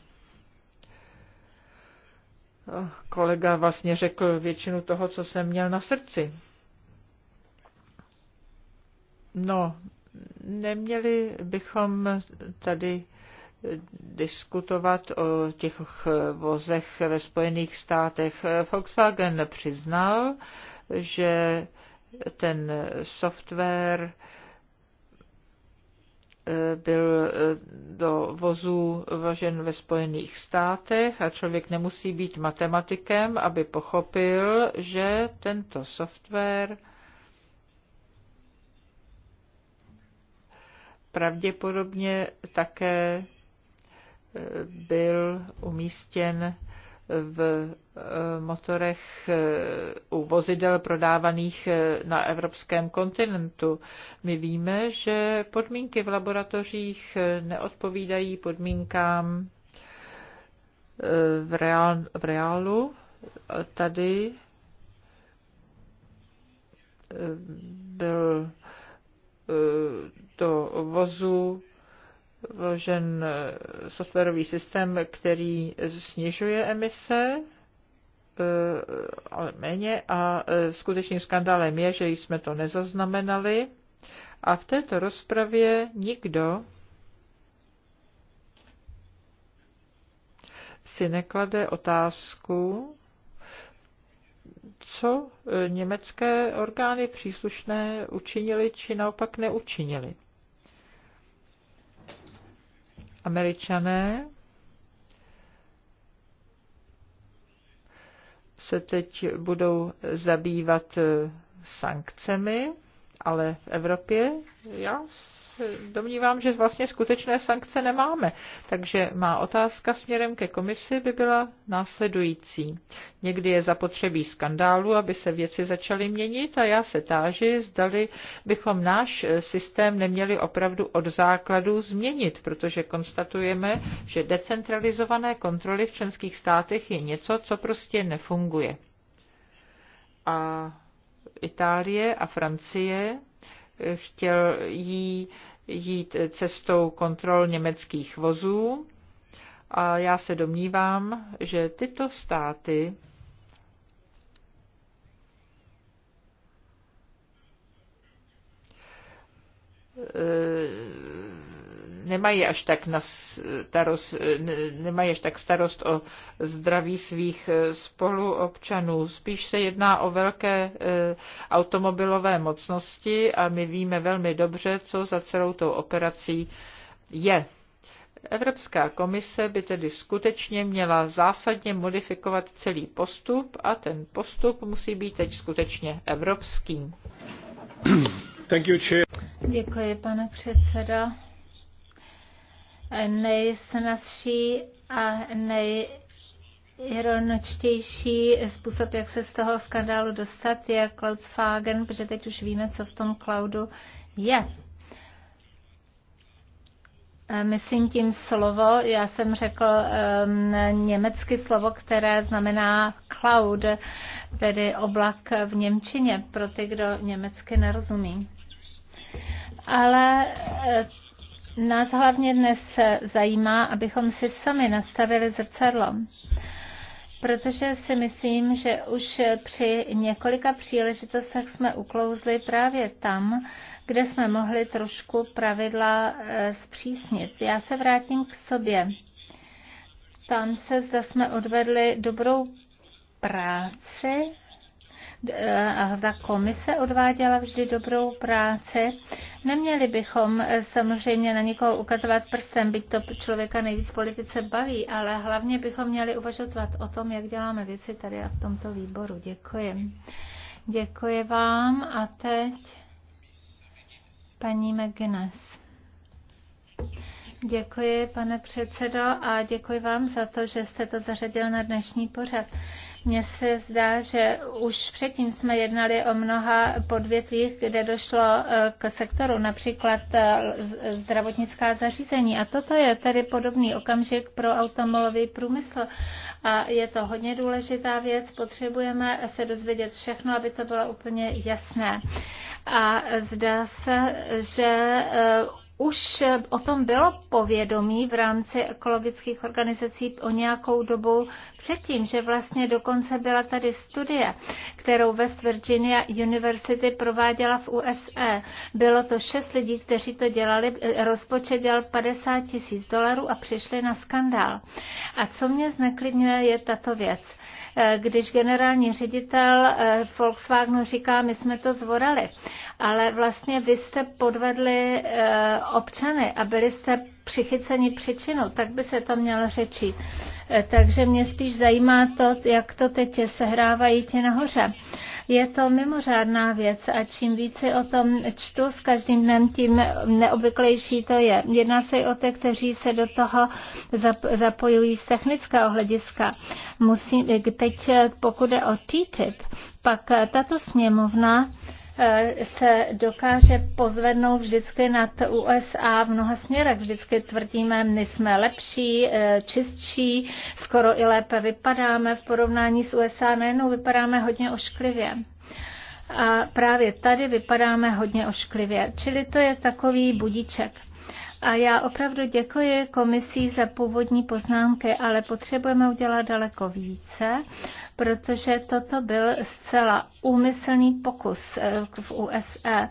Eh, kolega vlastně řekl většinu toho, co jsem měl na srdci. No, Neměli bychom tady diskutovat o těch vozech ve Spojených státech. Volkswagen přiznal, že ten software byl do vozů vložen ve Spojených státech a člověk nemusí být matematikem, aby pochopil, že tento software pravděpodobně také eh, byl umístěn v eh, motorech eh, u vozidel prodávaných na evropském kontinentu. My víme, že podmínky v laboratořích neodpovídají podmínkám v, reál, v reálu. Tady byl do vozu vložen eh, softwarový systém, který snižuje emise, eh, ale méně a eh, skutečným skandálem je, že jsme to nezaznamenali a v této rozpravě nikdo si neklade otázku, co německé orgány příslušné učinili či naopak neučinili. Američané se teď budou zabývat sankcemi, ale v Evropě já domnívám, že vlastně skutečné sankce nemáme. Takže má otázka směrem ke komisi by byla následující. Někdy je zapotřebí skandálu, aby se věci začaly měnit a já se táži, zdali bychom náš eh, systém neměli opravdu od základů změnit, protože konstatujeme, že decentralizované kontroly v členských státech je něco, co prostě nefunguje. A Itálie a Francie chtěl jí jít cestou kontrol německých vozů. A já se domnívám, že tyto státy nemají až tak, na starost, nemají až tak starost o zdraví svých e, spoluobčanů. Spíš se jedná o velké e, automobilové mocnosti a my víme velmi dobře, co za celou tou operací je. Evropská komise by tedy skutečně měla zásadně modifikovat celý postup a ten postup musí být teď skutečně evropský. Thank you, Děkuji, pane předseda nejsnazší a nejironočtější způsob, jak se z toho skandálu dostat, je Cloudsfagen, protože teď už víme, co v tom cloudu je. Eh, myslím tím slovo, já jsem řekl um, německy slovo, které znamená cloud, tedy oblak v Němčině, pro ty, kdo německy nerozumí. Ale eh, Nás hlavně dnes zajímá, abychom si sami nastavili zrcadlo protože si myslím, že už při několika příležitostech jsme uklouzli právě tam, kde jsme mohli trošku pravidla eh, zpřísnit. Já se vrátím k sobě. Tam se, zda jsme odvedli dobrou práci a eh, ta komise odváděla vždy dobrou práci. Neměli bychom eh, samozřejmě na někoho ukazovat prstem, byť to člověka nejvíc politice baví, ale hlavně bychom měli uvažovat o tom, jak děláme věci tady a v tomto výboru. Děkuji. Děkuji vám a teď paní McGuinness. Děkuji, pane předsedo, a děkuji vám za to, že jste to zařadil na dnešní pořad. Mně se zdá, že už předtím jsme jednali o mnoha podvětvích, kde došlo e, k sektoru, například e, zdravotnická zařízení. A toto je tedy podobný okamžik pro automobilový průmysl. A je to hodně důležitá věc, potřebujeme se dozvědět všechno, aby to bylo úplně jasné. A zdá se, že e, už eh, o tom bylo povědomí v rámci ekologických organizací o nějakou dobu předtím, že vlastně dokonce byla tady studie, kterou West Virginia University prováděla v USA. Bylo to šest lidí, kteří to dělali, eh, rozpočet dělal 50 tisíc dolarů a přišli na skandál. A co mě zneklidňuje, je tato věc eh, když generální ředitel Volkswagenu říká, my jsme to zvorali ale vlastně vy jste podvedli eh, občany a byli jste přichyceni přičinou, tak by se to mělo řečit. Eh, takže mě spíš zajímá to, jak to teď sehrávají ti nahoře. Je to mimořádná věc a čím více o tom čtu s každým dnem, tím neobvyklejší to je. Jedná se i o ty, kteří se do toho zapojují z technického hlediska. Musím, teď eh, pokud je o TTIP, pak tato sněmovna se dokáže pozvednout vždycky nad USA v mnoha směrech. Vždycky tvrdíme, my jsme lepší, eh, čistší, skoro i lépe vypadáme v porovnání s USA, nejenom vypadáme hodně ošklivě. A právě tady vypadáme hodně ošklivě. Čili to je takový budíček. A já opravdu děkuji komisí za původní poznámky, ale potřebujeme udělat daleko více, protože toto byl zcela úmyslný pokus eh, v USA e.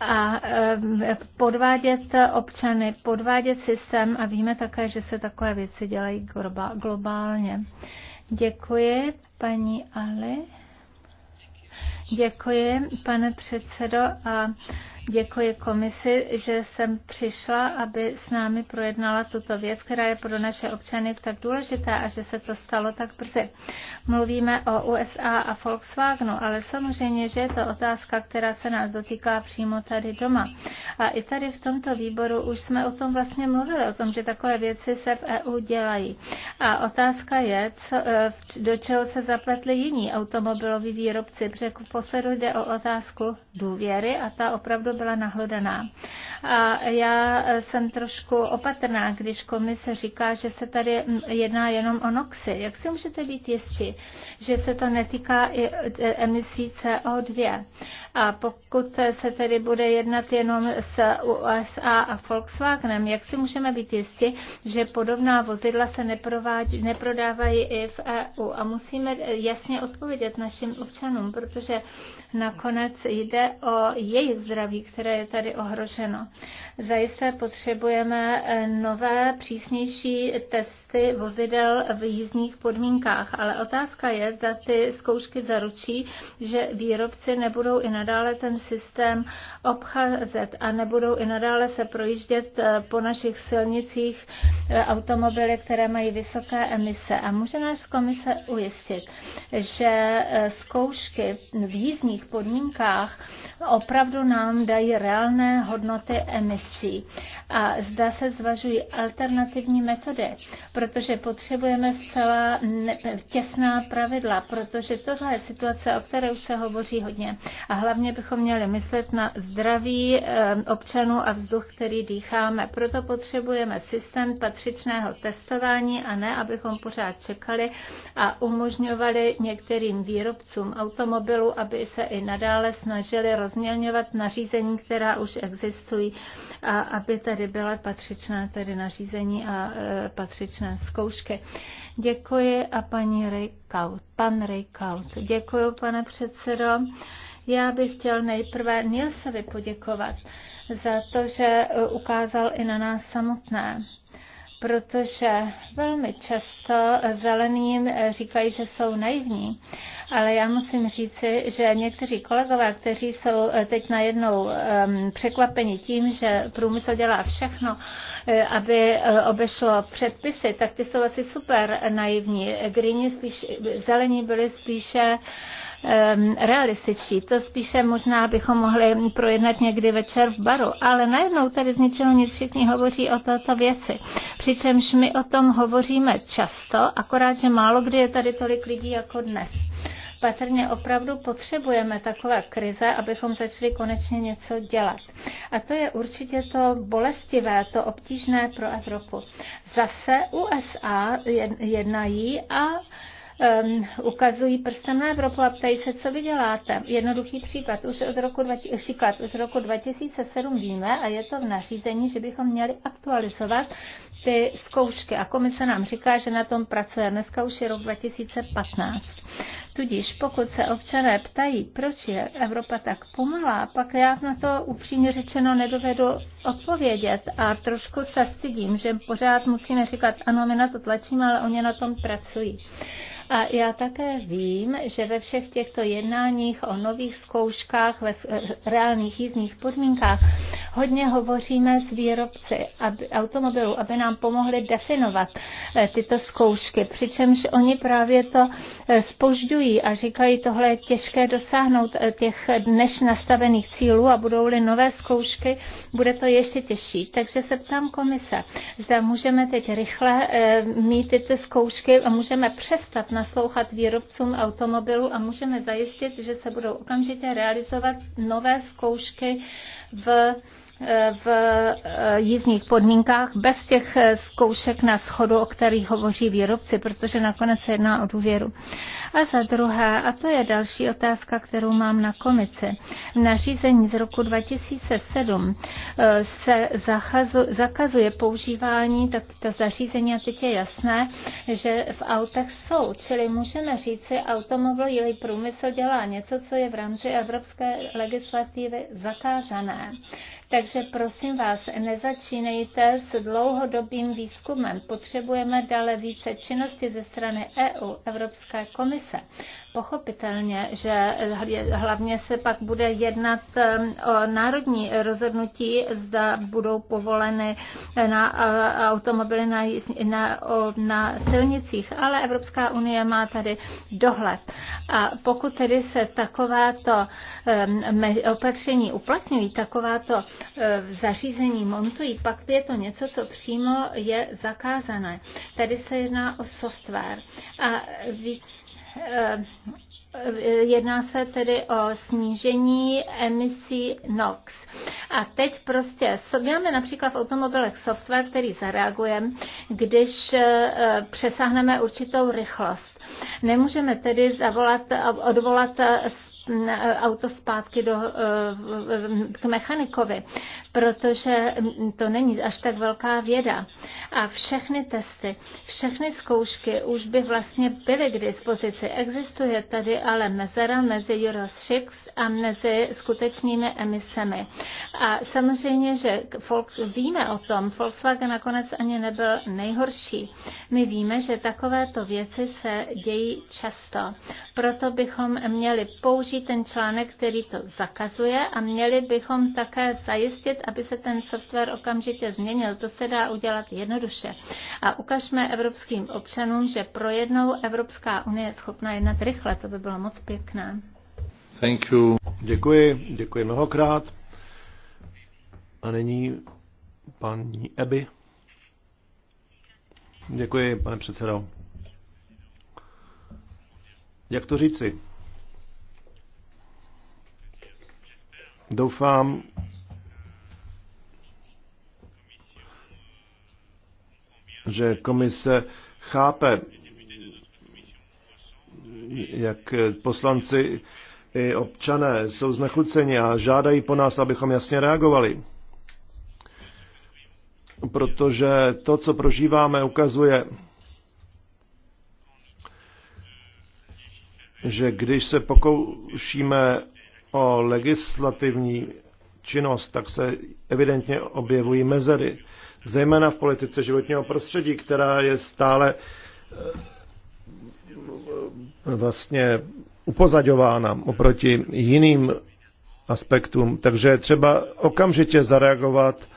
a eh, podvádět občany, podvádět systém a víme také, že se takové věci dělají globálně. Děkuji, paní Ali. Děkuji, pane předsedo. A Děkuji komisi, že jsem přišla, aby s námi projednala tuto věc, která je pro naše občany tak důležitá a že se to stalo tak brzy. Mluvíme o USA a Volkswagenu, ale samozřejmě, že je to otázka, která se nás dotýká přímo tady doma. A i tady v tomto výboru už jsme o tom vlastně mluvili, o tom, že takové věci se v EU dělají. A otázka je, co, e, do čeho se zapletli jiní automobiloví výrobci, protože v posledu jde o otázku důvěry a ta opravdu byla nahlodaná. A já jsem trošku opatrná, když komise říká, že se tady jedná jenom o noxy. Jak si můžete být jistí, že se to netýká i e, emisí CO2? A pokud se tedy bude jednat jenom s USA a Volkswagenem, jak si můžeme být jistí, že podobná vozidla se neprovádí, neprodávají i v EU? A musíme jasně odpovědět našim občanům, protože nakonec jde o jejich zdraví, které je tady ohroženo. Zajisté potřebujeme eh, nové, přísnější testy vozidel v jízdních podmínkách, ale otázka je, zda ty zkoušky zaručí, že výrobci nebudou i nadále ten systém obcházet a nebudou i nadále se projíždět eh, po našich silnicích eh, automobily, které mají vysoké emise. A může náš komise ujistit, že zkoušky v jízdních podmínkách opravdu nám dají reálné hodnoty emisí a zda se zvažují alternativní metody, protože potřebujeme zcela těsná pravidla, protože tohle je situace, o které už se hovoří hodně. A hlavně bychom měli myslet na zdraví eh, občanů a vzduch, který dýcháme. Proto potřebujeme systém patřičného testování a ne, abychom pořád čekali a umožňovali některým výrobcům automobilů, aby se i nadále snažili rozmělňovat nařízení nařízení, která už existují, a aby tady byla patřičná tady nařízení a e, patřičné zkoušky. Děkuji a paní Rejkaut, pan Rejkaut. Děkuji, pane předsedo. Já bych chtěl nejprve Nilsovi poděkovat za to, že e, ukázal i na nás samotné protože velmi často zeleným eh, říkají, že jsou naivní. Ale já musím říci, že někteří kolegové, kteří jsou eh, teď najednou ehm, překvapeni tím, že průmysl dělá všechno, eh, aby obešlo předpisy, tak ty jsou asi super naivní. Greeni spíš, zelení byli spíše Ehm, realističtí. To spíše možná bychom mohli projednat někdy večer v baru, ale najednou tady z ničeho nic všichni hovoří o této věci. Přičemž my o tom hovoříme často, akorát, že málo kdy je tady tolik lidí jako dnes patrně opravdu potřebujeme takové krize, abychom začali konečně něco dělat. A to je určitě to bolestivé, to obtížné pro Evropu. Zase USA jednají a um, ukazují prstem na Evropu a ptají se, co vy děláte. Jednoduchý případ Už od roku, příklad, už roku 2007 víme, a je to v nařízení, že bychom měli aktualizovat ty zkoušky a komise nám říká, že na tom pracuje. Dneska už je rok 2015. Tudíž pokud se občané ptají, proč je Evropa tak pomalá, pak já na to upřímně řečeno nedovedu odpovědět a trošku se stydím, že pořád musíme říkat, ano, my na to tlačíme, ale oni na tom pracují. A já také vím, že ve všech těchto jednáních o nových zkouškách ve reálných jízdních podmínkách hodně hovoříme s výrobci aby, automobilů, aby nám pomohli definovat eh, tyto zkoušky, přičemž oni právě to spožďují eh, a říkají, tohle je těžké dosáhnout eh, těch dneš nastavených cílů a budou-li nové zkoušky, bude to ještě těžší. Takže se ptám komise, zda můžeme teď rychle mít tyto zkoušky a můžeme přestat na naslouchat výrobcům automobilů a můžeme zajistit, že se budou okamžitě realizovat nové zkoušky v eh, v eh, jízdních podmínkách bez těch eh, zkoušek na schodu, o kterých hovoří výrobci, protože nakonec se jedná o důvěru. A za druhé, a to je další otázka, kterou mám na komici, v nařízení z roku 2007 eh, se zachazu, zakazuje používání Tak to zařízení a teď je jasné, že v autech jsou, čili můžeme říci, automobilový průmysl dělá něco, co je v rámci evropské legislativy zakázané. Takže prosím vás, nezačínejte s dlouhodobým výzkumem. Potřebujeme dále více činnosti ze strany EU, Evropské komise. Pochopitelně, že hlavně se pak bude jednat um, o národní rozhodnutí, zda budou povoleny na uh, automobily na, na, na silnicích, ale Evropská unie má tady dohled. A pokud tedy se takováto um, opatření uplatňují, takováto uh, zařízení montují, pak je to něco, co přímo je zakázané. Tady se jedná o software. A víc Eh, jedná se tedy o snížení emisí NOx. A teď prostě máme například v automobilech software, který zareaguje, když eh, přesáhneme určitou rychlost. Nemůžeme tedy zavolat, eh, odvolat E, auto zpátky do, e, k mechanikovi, protože to není až tak velká věda. A všechny testy, všechny zkoušky už by vlastně byly k dispozici. Existuje tady ale mezera mezi Euro 6 a mezi skutečnými emisemi. A samozřejmě, že Volks, víme o tom, Volkswagen nakonec ani nebyl nejhorší. My víme, že takovéto věci se dějí často. Proto bychom měli použít ten článek, který to zakazuje a měli bychom také zajistit, aby se ten software okamžitě změnil. To se dá udělat jednoduše. A ukažme evropským občanům, že pro jednou Evropská unie je schopna jednat rychle. To by bylo moc pěkné. Thank you. Děkuji, děkuji mnohokrát. A nyní paní Eby. Děkuji, pane předsedo. Jak to říci? Doufám, že komise chápe, jak poslanci i občané jsou znechuceni a žádají po nás, abychom jasně reagovali. Protože to, co prožíváme, ukazuje, že když se pokoušíme o legislativní činnost, tak se evidentně objevují mezery, zejména v politice životního prostředí, která je stále eh, vlastně upozaďována oproti jiným aspektům. Takže je třeba okamžitě zareagovat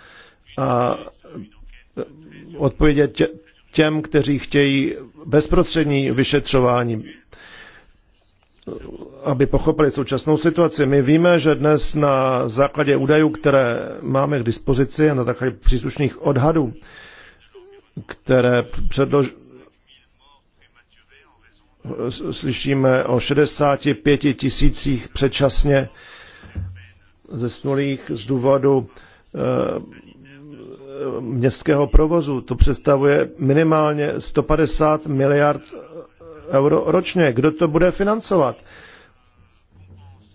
a eh, odpovědět těm, kteří chtějí bezprostřední vyšetřování aby pochopili současnou situaci. My víme, že dnes na základě údajů, které máme k dispozici a na základě příslušných odhadů, které předlož... slyšíme o 65 tisících předčasně zesnulých z důvodu eh, městského provozu. To představuje minimálně 150 miliard euro ročně. Kdo to bude financovat?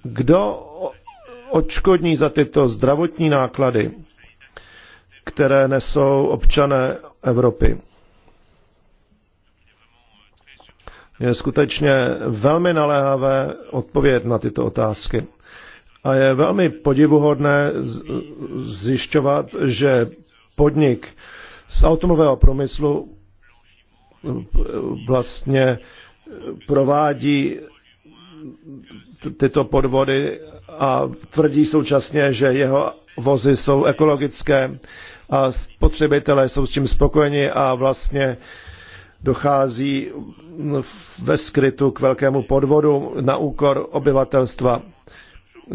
Kdo odškodní za tyto zdravotní náklady, které nesou občané Evropy? Je skutečně velmi naléhavé odpovědět na tyto otázky. A je velmi podivuhodné zjišťovat, že podnik z automového průmyslu vlastně provádí tyto podvody a tvrdí současně, že jeho vozy jsou ekologické a spotřebitelé jsou s tím spokojeni a vlastně dochází ve skrytu k velkému podvodu na úkor obyvatelstva.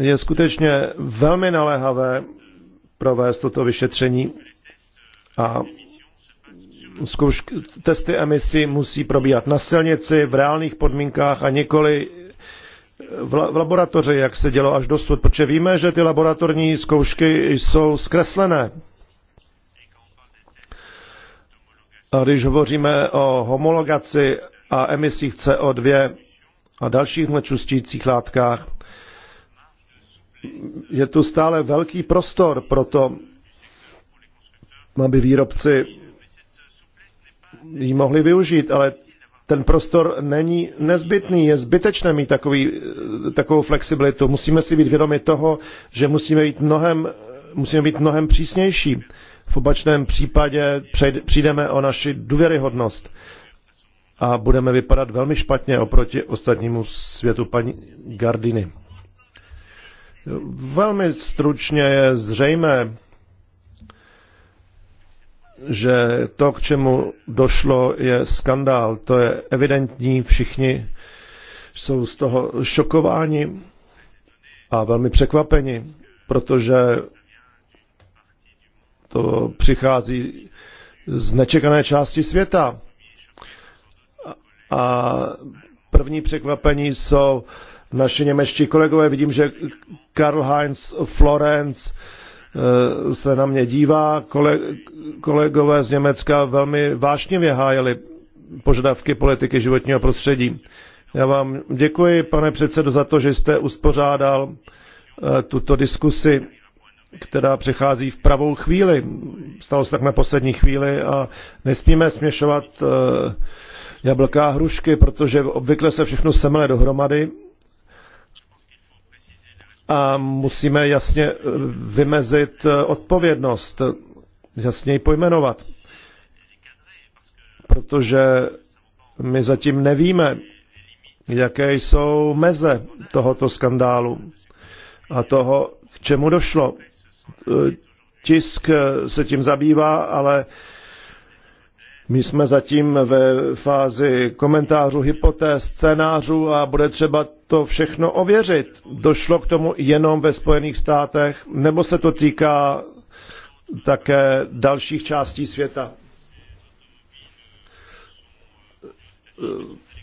Je skutečně velmi naléhavé provést toto vyšetření a zkoušky, testy emisí musí probíhat na silnici, v reálných podmínkách a nikoli eh, v, la, v laboratoři, jak se dělo až dosud, protože víme, že ty laboratorní zkoušky jsou zkreslené. A když hovoříme o homologaci a emisích CO2 a dalších nečustících látkách, je tu stále velký prostor pro to, aby výrobci ji mohli využít, ale ten prostor není nezbytný, je zbytečné mít takový, takovou flexibilitu. Musíme si být vědomi toho, že musíme být mnohem, musíme být mnohem přísnější. V obačném případě přijdeme o naši důvěryhodnost a budeme vypadat velmi špatně oproti ostatnímu světu paní Gardiny. Velmi stručně je zřejmé, že to, k čemu došlo, je skandál. To je evidentní, všichni jsou z toho šokováni a velmi překvapeni, protože to přichází z nečekané části světa. A první překvapení jsou naši němečtí kolegové. Vidím, že Karl Heinz Florenz Eh, se na mě dívá. Kolegové z Německa velmi vážně vyhájeli požadavky politiky životního prostředí. Já vám děkuji, pane předsedo, za to, že jste uspořádal eh, tuto diskusi, která přechází v pravou chvíli. Stalo se tak na poslední chvíli a nesmíme směšovat eh, jablka a hrušky, protože obvykle se všechno semele dohromady a musíme jasně eh, vymezit eh, odpovědnost, jasně ji pojmenovat. Protože my zatím nevíme, jaké jsou meze tohoto skandálu a toho, k čemu došlo. Eh, tisk se tím zabývá, ale my jsme zatím ve fázi komentářů, hypotéz, scénářů a bude třeba to všechno ověřit. Došlo k tomu jenom ve Spojených státech, nebo se to týká také dalších částí světa?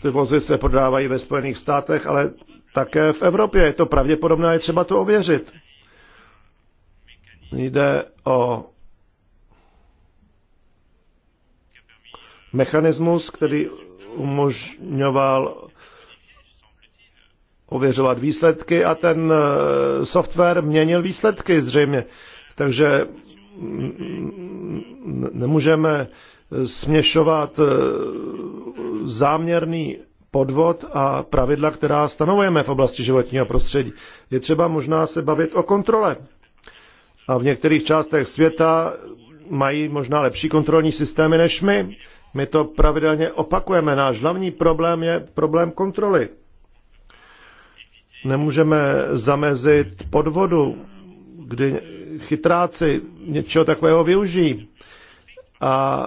Ty vozy se prodávají ve Spojených státech, ale také v Evropě. Je to pravděpodobné, je třeba to ověřit. Jde o mechanismus, který umožňoval ověřovat výsledky a ten eh, software měnil výsledky zřejmě. Takže mm, mm, nemůžeme eh, směšovat eh, záměrný podvod a pravidla, která stanovujeme v oblasti životního prostředí. Je třeba možná se bavit o kontrole. A v některých částech světa mají možná lepší kontrolní systémy než my. My to pravidelně opakujeme. Náš hlavní problém je problém kontroly. Nemůžeme zamezit podvodu, kdy chytráci něčeho takového využijí. A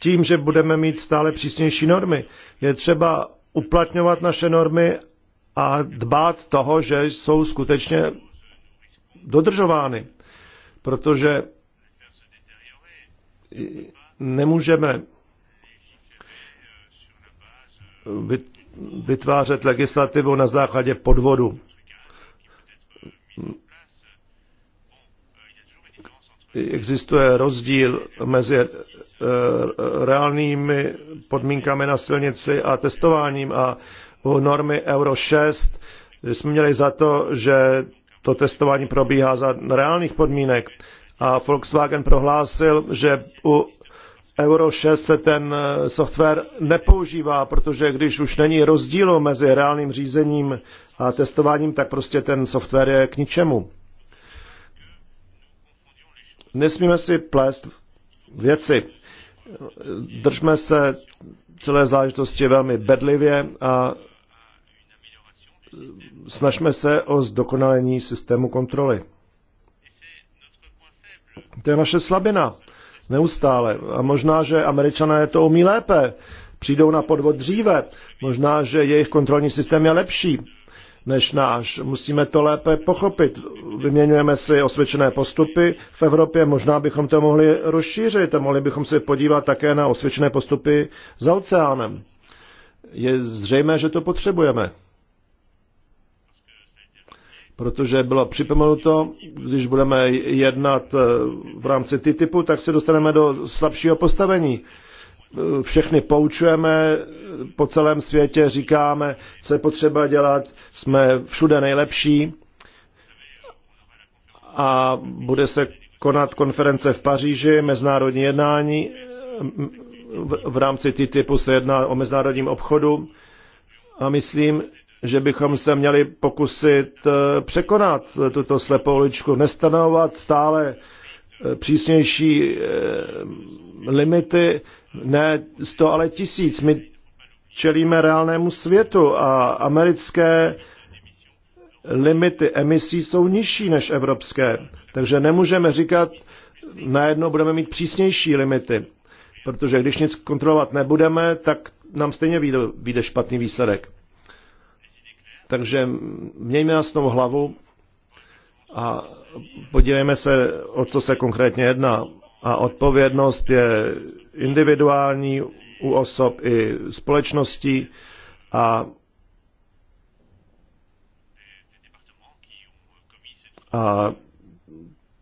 tím, že budeme mít stále přísnější normy, je třeba uplatňovat naše normy a dbát toho, že jsou skutečně dodržovány. Protože nemůžeme vytvářet legislativu na základě podvodu. Existuje rozdíl mezi eh, reálnými podmínkami na silnici a testováním a u normy Euro 6 jsme měli za to, že to testování probíhá za reálných podmínek a Volkswagen prohlásil, že u Euro 6 se ten eh, software nepoužívá, protože když už není rozdíl mezi reálným řízením a testováním, tak prostě ten software je k ničemu. Nesmíme si plést věci. Držme se celé záležitosti velmi bedlivě a snažme se o zdokonalení systému kontroly. To je naše slabina. Neustále. A možná, že američané to umí lépe. Přijdou na podvod dříve. Možná, že jejich kontrolní systém je lepší než náš. Musíme to lépe pochopit. Vyměňujeme si osvědčené postupy v Evropě, možná bychom to mohli rozšířit a mohli bychom se podívat také na osvědčené postupy za oceánem. Je zřejmé, že to potřebujeme protože bylo připomenuto, když budeme jednat eh, v rámci TTIPu, tak se dostaneme do slabšího postavení. Eh, všechny poučujeme eh, po celém světě, říkáme, co je potřeba dělat, jsme všude nejlepší a bude se konat konference v Paříži, mezinárodní jednání. V rámci TTIPu se jedná o mezinárodním obchodu a myslím, že bychom se měli pokusit eh, překonat tuto slepou uličku, nestanovat stále eh, přísnější eh, limity, ne 100, ale tisíc. My čelíme reálnému světu a americké limity emisí jsou nižší než evropské. Takže nemůžeme říkat, najednou budeme mít přísnější limity. Protože když nic kontrolovat nebudeme, tak nám stejně vyjde, vyjde špatný výsledek. Takže mějme jasnou hlavu a podívejme se, o co se konkrétně jedná. A odpovědnost je individuální u osob i společností a a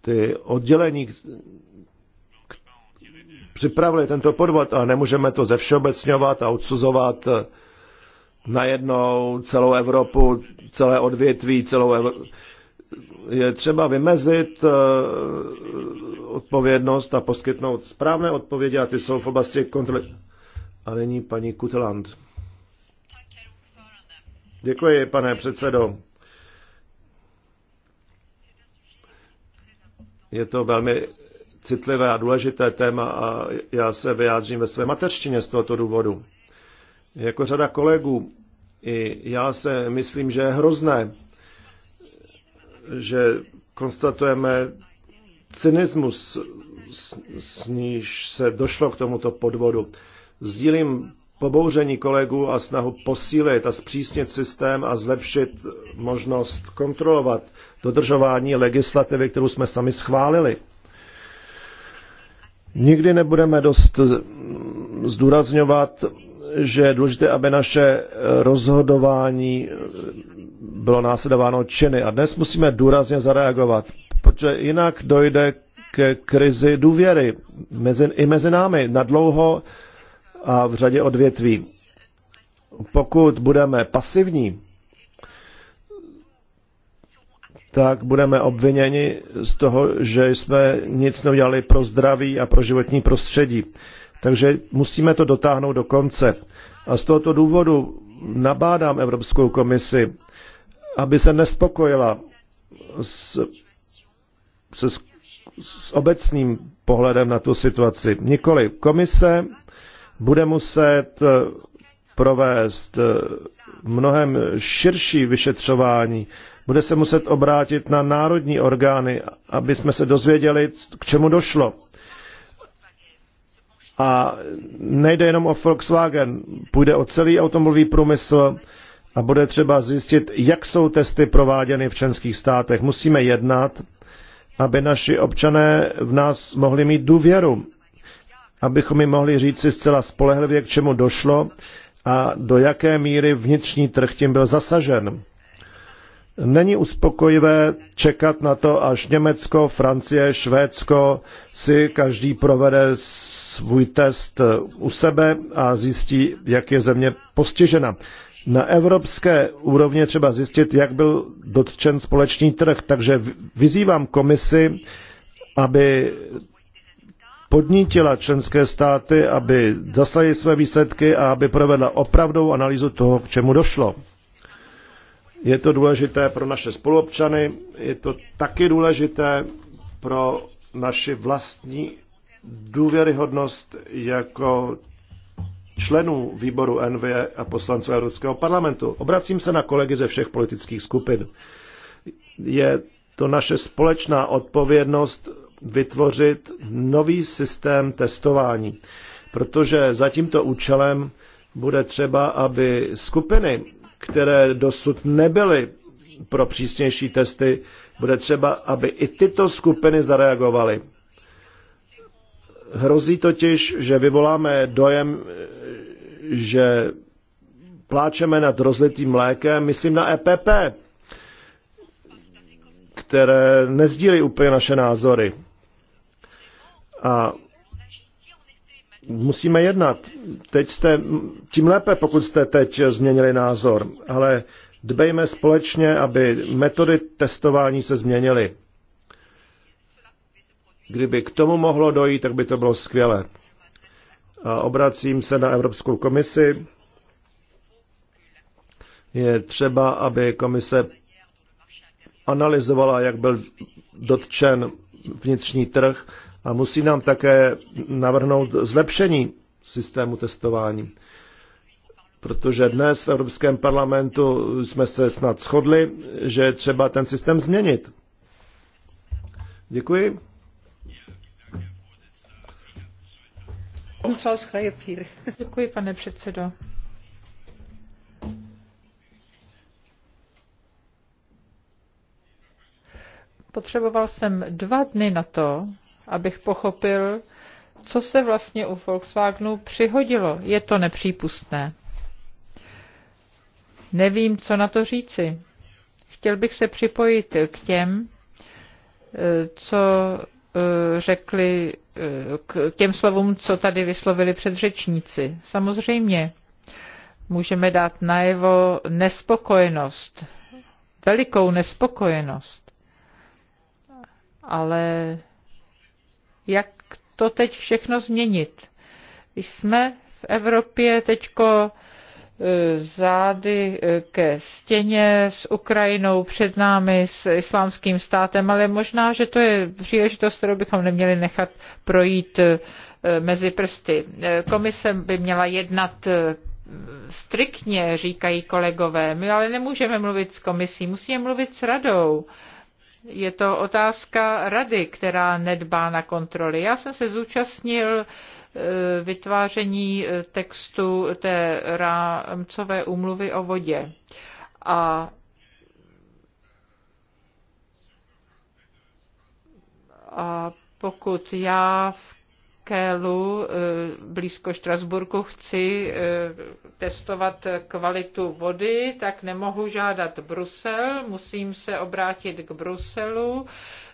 ty oddělení připravili tento podvod a nemůžeme to zevšeobecňovat a odsuzovat najednou celou Evropu, celé odvětví, celou Evro... je třeba vymezit eh, odpovědnost a poskytnout správné odpovědi a ty jsou v oblasti kontroly. A nyní paní Kuteland. Děkuji, pane předsedo. Je to velmi citlivé a důležité téma a já se vyjádřím ve své mateřštině z tohoto důvodu. Jako řada kolegů i já se myslím, že je hrozné, že konstatujeme cynismus, s, s níž se došlo k tomuto podvodu. Sdílím pobouření kolegů a snahu posílit a zpřísnit systém a zlepšit možnost kontrolovat dodržování legislativy, kterou jsme sami schválili. Nikdy nebudeme dost zdůrazňovat že je důležité, aby naše eh, rozhodování eh, bylo následováno činy. A dnes musíme důrazně zareagovat, protože jinak dojde k krizi důvěry mezi, i mezi námi na dlouho a v řadě odvětví. Pokud budeme pasivní, tak budeme obviněni z toho, že jsme nic neudělali pro zdraví a pro životní prostředí. Takže musíme to dotáhnout do konce. A z tohoto důvodu nabádám Evropskou komisi, aby se nespokojila s, se, s obecným pohledem na tu situaci. Nikoli komise bude muset eh, provést eh, mnohem širší vyšetřování. Bude se muset obrátit na národní orgány, aby jsme se dozvěděli, k čemu došlo a nejde jenom o Volkswagen, půjde o celý automobilový průmysl a bude třeba zjistit, jak jsou testy prováděny v členských státech. Musíme jednat, aby naši občané v nás mohli mít důvěru, abychom jim mohli říct si zcela spolehlivě, k čemu došlo a do jaké míry vnitřní trh tím byl zasažen. Není uspokojivé čekat na to, až Německo, Francie, Švédsko si každý provede svůj test eh, u sebe a zjistí, jak je země postižena. Na evropské úrovně třeba zjistit, jak byl dotčen společný trh, takže vyzývám komisi, aby podnítila členské státy, aby zaslali své výsledky a aby provedla opravdou analýzu toho, k čemu došlo. Je to důležité pro naše spoluobčany, je to taky důležité pro naši vlastní důvěryhodnost jako členů výboru NV a poslanců Evropského parlamentu. Obracím se na kolegy ze všech politických skupin. Je to naše společná odpovědnost vytvořit nový systém testování, protože za tímto účelem bude třeba, aby skupiny, které dosud nebyly pro přísnější testy, bude třeba, aby i tyto skupiny zareagovaly Hrozí totiž, že vyvoláme dojem, že pláčeme nad rozlitým mlékem, myslím na EPP, které nezdílí úplně naše názory. A musíme jednat. Teď jste, tím lépe, pokud jste teď změnili názor, ale dbejme společně, aby metody testování se změnily. Kdyby k tomu mohlo dojít, tak by to bylo skvělé. A obracím se na Evropskou komisi. Je třeba, aby komise analyzovala, jak byl dotčen vnitřní trh a musí nám také navrhnout zlepšení systému testování. Protože dnes v Evropském parlamentu jsme se snad shodli, že je třeba ten systém změnit. Děkuji. Děkuji, pane předsedo. Potřeboval jsem dva dny na to, abych pochopil, co se vlastně u Volkswagenu přihodilo. Je to nepřípustné. Nevím, co na to říci. Chtěl bych se připojit k těm, eh, co Eh, řekli eh, k těm slovům, co tady vyslovili předřečníci. Samozřejmě můžeme dát najevo nespokojenost, velikou nespokojenost. Ale jak to teď všechno změnit? Jsme v Evropě teďko zády eh, ke stěně s Ukrajinou, před námi s islámským státem, ale možná, že to je příležitost, kterou bychom neměli nechat projít eh, mezi prsty. Eh, komise by měla jednat striktně, říkají kolegové. My ale nemůžeme mluvit s komisí, musíme mluvit s radou. Je to otázka rady, která nedbá na kontroly. Já jsem se zúčastnil e, vytváření e, textu té rámcové úmluvy o vodě. A a pokud já v Kélu eh, blízko Štrasburku chci eh, testovat kvalitu vody, tak nemohu žádat Brusel, musím se obrátit k Bruselu.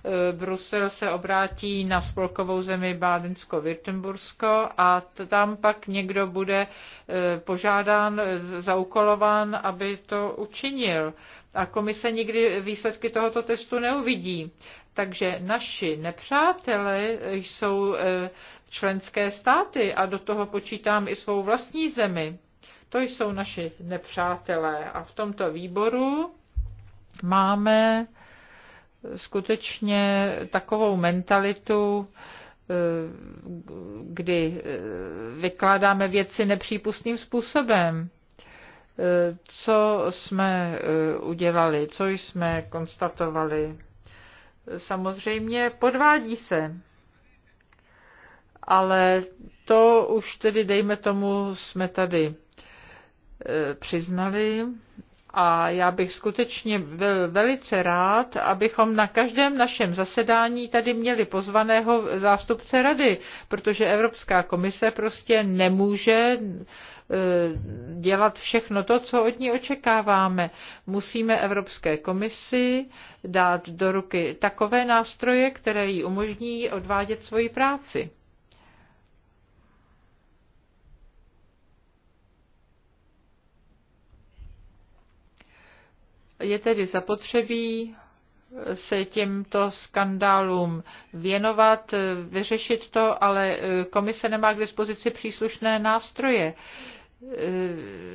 Eh, Brusel se obrátí na spolkovou zemi Bádensko-Württembursko a tam pak někdo bude požádán, zaukolován, aby to učinil a komise nikdy výsledky tohoto testu neuvidí. Takže naši nepřátelé jsou e, členské státy a do toho počítám i svou vlastní zemi. To jsou naši nepřátelé a v tomto výboru máme skutečně takovou mentalitu, e, kdy e, vykládáme věci nepřípustným způsobem. Co jsme udělali, co jsme konstatovali? samozřejmě podvádí se. Ale to už tedy, dejme tomu, jsme tady e, přiznali. A já bych skutečně byl velice rád, abychom na každém našem zasedání tady měli pozvaného zástupce rady, protože Evropská komise prostě nemůže Eh, dělat všechno to, co od ní očekáváme. Musíme Evropské komisi dát do ruky takové nástroje, které jí umožní odvádět svoji práci. Je tedy zapotřebí se těmto skandálům věnovat, vyřešit to, ale eh, komise nemá k dispozici příslušné nástroje eh,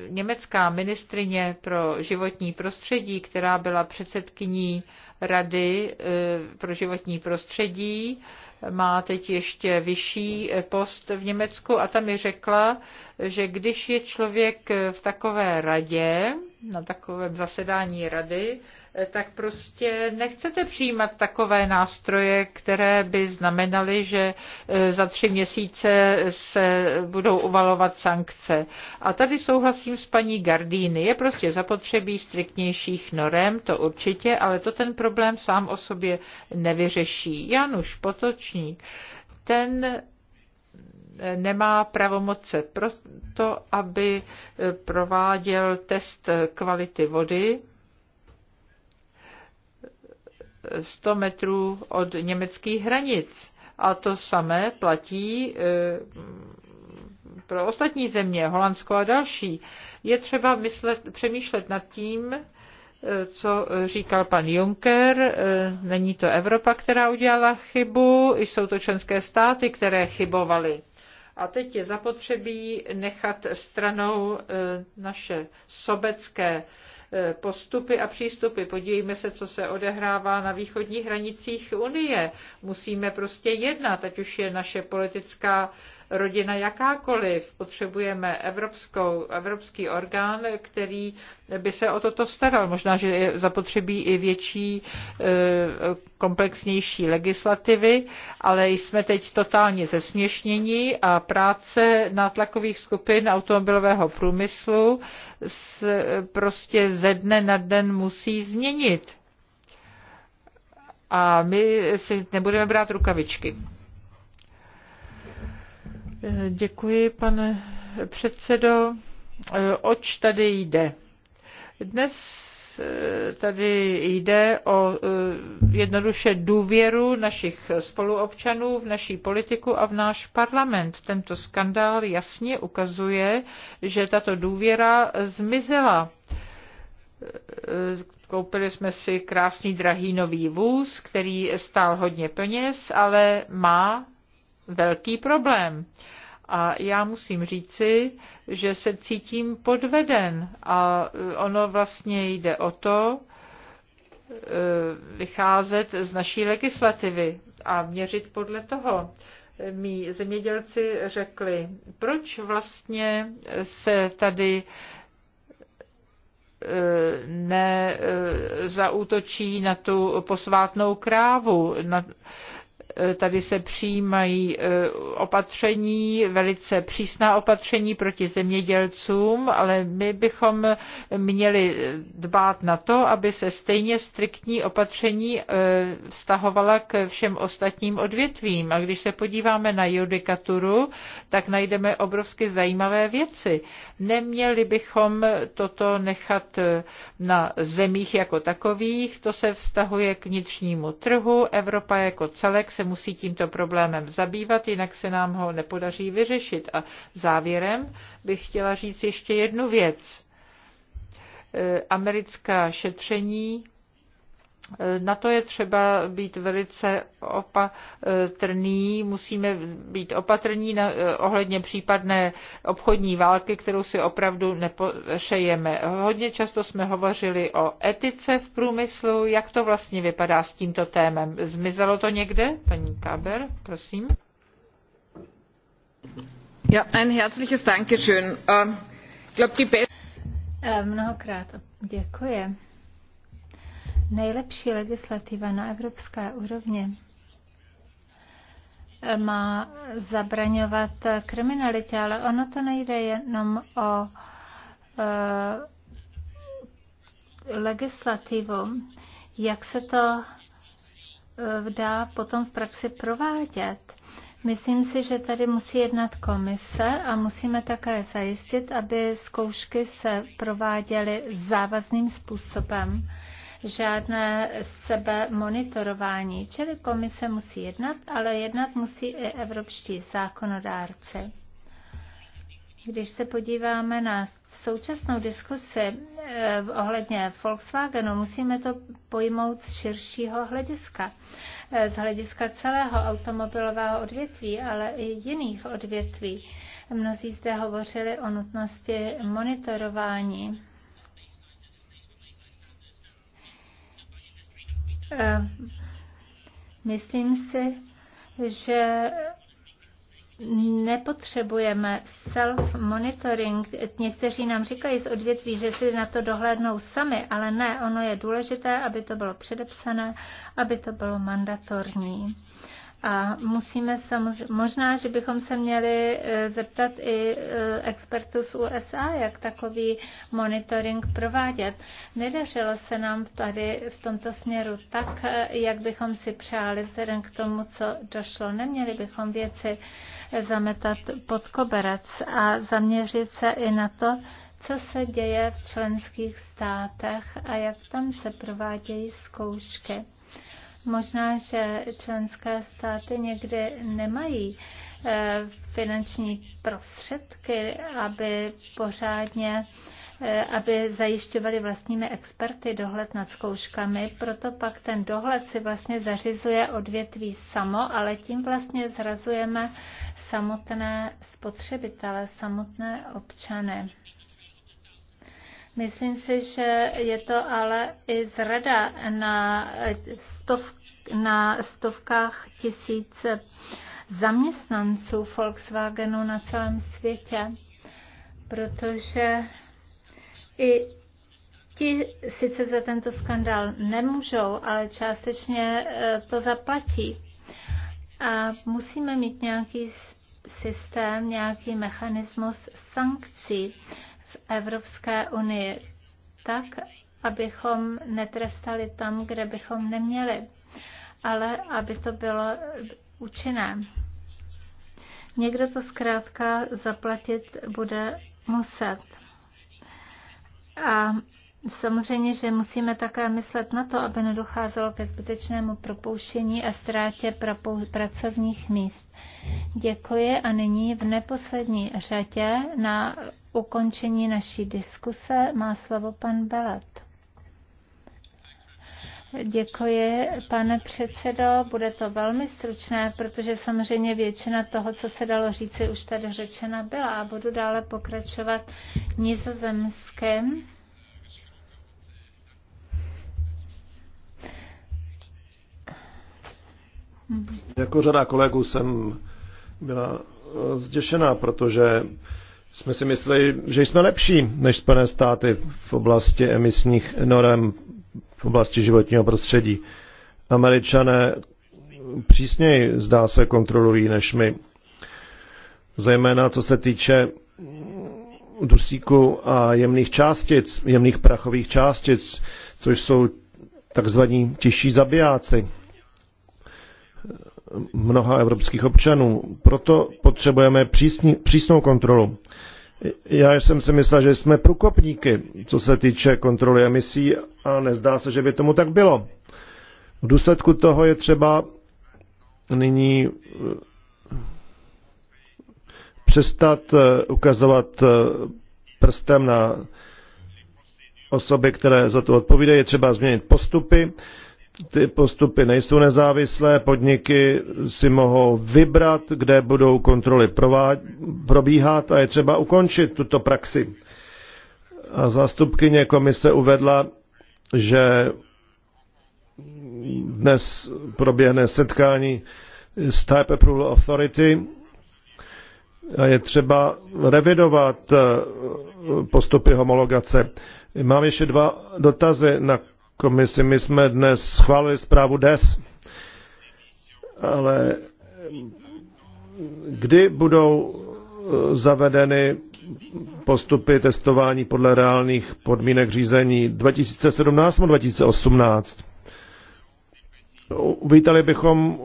německá ministrině pro životní prostředí, která byla předsedkyní Rady eh, pro životní prostředí, má teď ještě vyšší post v Německu a tam mi řekla, že když je člověk v takové radě, na takovém zasedání rady, eh, tak prostě nechcete přijímat takové nástroje, které by znamenaly, že eh, za tři měsíce se budou uvalovat sankce. A tady souhlasím s paní Gardíny. Je prostě zapotřebí striktnějších norem, to určitě, ale to ten problém sám o sobě nevyřeší. Januš Potočník, ten nemá pravomoce proto, aby eh, prováděl test kvality vody 100 metrů od německých hranic. A to samé platí eh, pro ostatní země, Holandsko a další. Je třeba myslet, přemýšlet nad tím, eh, co říkal pan Juncker, není to Evropa, která udělala chybu, jsou to členské státy, které chybovaly. A teď je zapotřebí nechat stranou e, naše sobecké e, postupy a přístupy. Podívejme se, co se odehrává na východních hranicích Unie. Musíme prostě jednat, ať už je naše politická rodina jakákoliv. Potřebujeme evropskou, evropský orgán, který by se o toto staral. Možná, že je zapotřebí i větší, e, komplexnější legislativy, ale jsme teď totálně zesměšnění a práce nátlakových skupin automobilového průmyslu prostě ze dne na den musí změnit a my si nebudeme brát rukavičky. Děkuji, pane předsedo. Oč tady jde? Dnes eh, tady jde o eh, jednoduše důvěru našich spoluobčanů v naší politiku a v náš parlament. Tento skandál jasně ukazuje, že tato důvěra zmizela. Eh, koupili jsme si krásný drahý nový vůz, který stál hodně peněz, ale má velký problém. A já musím říci, že se cítím podveden a eh, ono vlastně jde o to, eh, vycházet z naší legislativy a měřit podle toho. Mí zemědělci řekli, proč vlastně se tady eh, nezaútočí na tu posvátnou krávu, na Eh, tady se přijímají eh, opatření, velice přísná opatření proti zemědělcům, ale my bychom měli dbát na to, aby se stejně striktní opatření eh, vztahovala k všem ostatním odvětvím. A když se podíváme na judikaturu, tak najdeme obrovsky zajímavé věci. Neměli bychom toto nechat na zemích jako takových, to se vztahuje k vnitřnímu trhu, Evropa jako celek se musí tímto problémem zabývat, jinak se nám ho nepodaří vyřešit. A závěrem bych chtěla říct ještě jednu věc. E, americká šetření na to je třeba být velice opatrný. Musíme být opatrní na, eh, ohledně případné obchodní války, kterou si opravdu nepošejeme. Hodně často jsme hovořili o etice v průmyslu. Jak to vlastně vypadá s tímto témem? Zmizelo to někde? Paní Kaber, prosím. Ja, ein herzliches Dankeschön. Uh, glaub, die Be eh, Mnohokrát děkuji nejlepší legislativa na evropské úrovni eh, má zabraňovat kriminalitě, ale ono to nejde jenom o e, legislativu, jak se to eh, dá potom v praxi provádět. Myslím si, že tady musí jednat komise a musíme také zajistit, aby zkoušky se prováděly závazným způsobem žádné sebemonitorování. Čili komise musí jednat, ale jednat musí i evropští zákonodárci. Když se podíváme na současnou diskusi eh, ohledně Volkswagenu, musíme to pojmout z širšího hlediska. Eh, z hlediska celého automobilového odvětví, ale i jiných odvětví. Mnozí zde hovořili o nutnosti monitorování Eh, myslím si, že nepotřebujeme self-monitoring. Někteří nám říkají z odvětví, že si na to dohlédnou sami, ale ne, ono je důležité, aby to bylo předepsané, aby to bylo mandatorní. A musíme samozřejmě, možná, že bychom se měli e, zeptat i e, expertů z USA, jak takový monitoring provádět. Nedařilo se nám tady v tomto směru tak, e, jak bychom si přáli vzhledem k tomu, co došlo. Neměli bychom věci zametat pod koberec a zaměřit se i na to, co se děje v členských státech a jak tam se provádějí zkoušky. Možná, že členské státy někdy nemají eh, finanční prostředky, aby pořádně eh, aby zajišťovali vlastními experty dohled nad zkouškami, proto pak ten dohled si vlastně zařizuje odvětví samo, ale tím vlastně zrazujeme samotné spotřebitele, samotné občany. Myslím si, že je to ale i zrada na, stov, na stovkách tisíc zaměstnanců Volkswagenu na celém světě, protože i ti sice za tento skandál nemůžou, ale částečně eh, to zaplatí. A musíme mít nějaký systém, nějaký mechanismus sankcí v Evropské unii tak, abychom netrestali tam, kde bychom neměli, ale aby to bylo účinné. Někdo to zkrátka zaplatit bude muset. A Samozřejmě, že musíme také myslet na to, aby nedocházelo ke zbytečnému propouštění a ztrátě pracovních míst. Děkuji a nyní v neposlední řadě na ukončení naší diskuse má slovo pan Belet. Děkuji, pane předsedo. Bude to velmi stručné, protože samozřejmě většina toho, co se dalo říci, už tady řečena byla a budu dále pokračovat nizozemským. Mhm. Jako řada kolegů jsem byla eh, zděšená, protože jsme si mysleli, že jsme lepší než Spojené státy v oblasti emisních norem, v oblasti životního prostředí. Američané přísněji, zdá se, kontrolují než my. Zejména co se týče dusíku a jemných částic, jemných prachových částic, což jsou takzvaní těžší zabijáci mnoha evropských občanů. Proto potřebujeme přísný, přísnou kontrolu. Já jsem si myslel, že jsme průkopníky, co se týče kontroly emisí a nezdá se, že by tomu tak bylo. V důsledku toho je třeba nyní eh, přestat eh, ukazovat eh, prstem na osoby, které za to odpovídají. Je třeba změnit postupy, ty postupy nejsou nezávislé, podniky si mohou vybrat, kde budou kontroly probíhat a je třeba ukončit tuto praxi. A zástupkyně komise uvedla, že dnes proběhne setkání s Type Approval Authority a je třeba revidovat eh, postupy homologace. Mám ještě dva dotazy na komisi. My jsme dnes schválili zprávu DES, ale kdy budou eh, zavedeny postupy testování podle reálných podmínek řízení 2017 nebo 2018? Uvítali bychom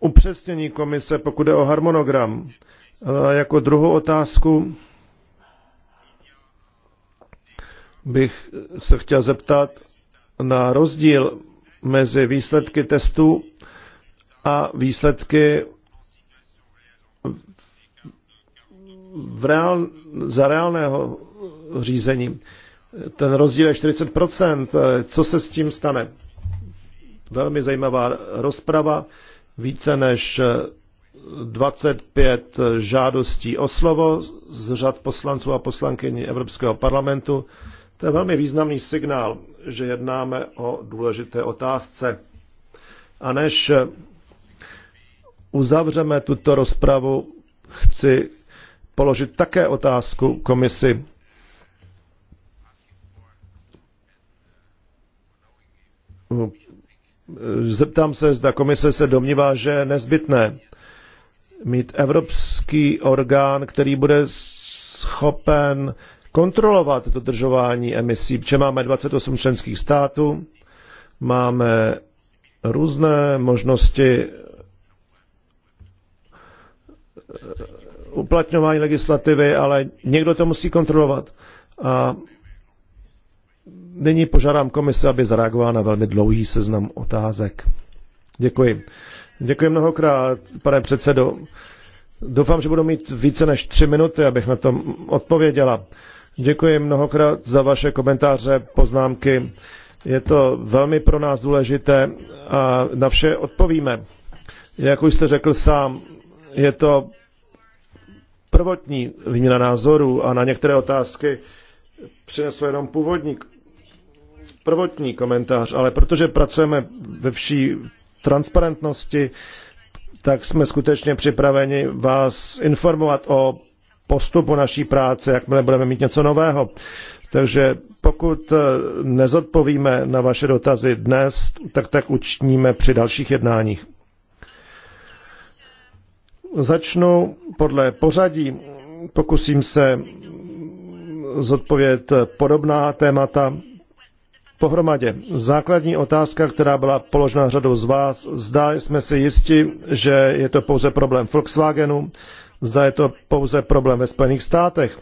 upřesnění komise, pokud je o harmonogram. A jako druhou otázku bych se chtěl zeptat, na rozdíl mezi výsledky testů a výsledky v reál, za reálného řízení. Ten rozdíl je 40%. Co se s tím stane? Velmi zajímavá rozprava. Více než 25 žádostí o slovo z řad poslanců a poslankyní Evropského parlamentu. To je velmi významný signál, že jednáme o důležité otázce. A než uzavřeme tuto rozpravu, chci položit také otázku komisi. Zeptám se, zda komise se domnívá, že je nezbytné mít evropský orgán, který bude schopen kontrolovat dodržování emisí, protože máme 28 členských států, máme různé možnosti eh, uplatňování legislativy, ale někdo to musí kontrolovat. A nyní požádám komise, aby zareagovala na velmi dlouhý seznam otázek. Děkuji. Děkuji mnohokrát, pane předsedo. Doufám, že budu mít více než tři minuty, abych na tom odpověděla. Děkuji mnohokrát za vaše komentáře, poznámky. Je to velmi pro nás důležité a na vše odpovíme. Jak už jste řekl sám, je to prvotní výměna názorů a na některé otázky přinesl jenom původní prvotní komentář, ale protože pracujeme ve vší transparentnosti, tak jsme skutečně připraveni vás informovat o postupu naší práce, jakmile budeme mít něco nového. Takže pokud eh, nezodpovíme na vaše dotazy dnes, tak tak učiníme při dalších jednáních. Začnu podle pořadí. Pokusím se zodpovědět podobná témata pohromadě. Základní otázka, která byla položena řadou z vás, zdá jsme si jisti, že je to pouze problém Volkswagenu, zda je to pouze problém ve Spojených státech.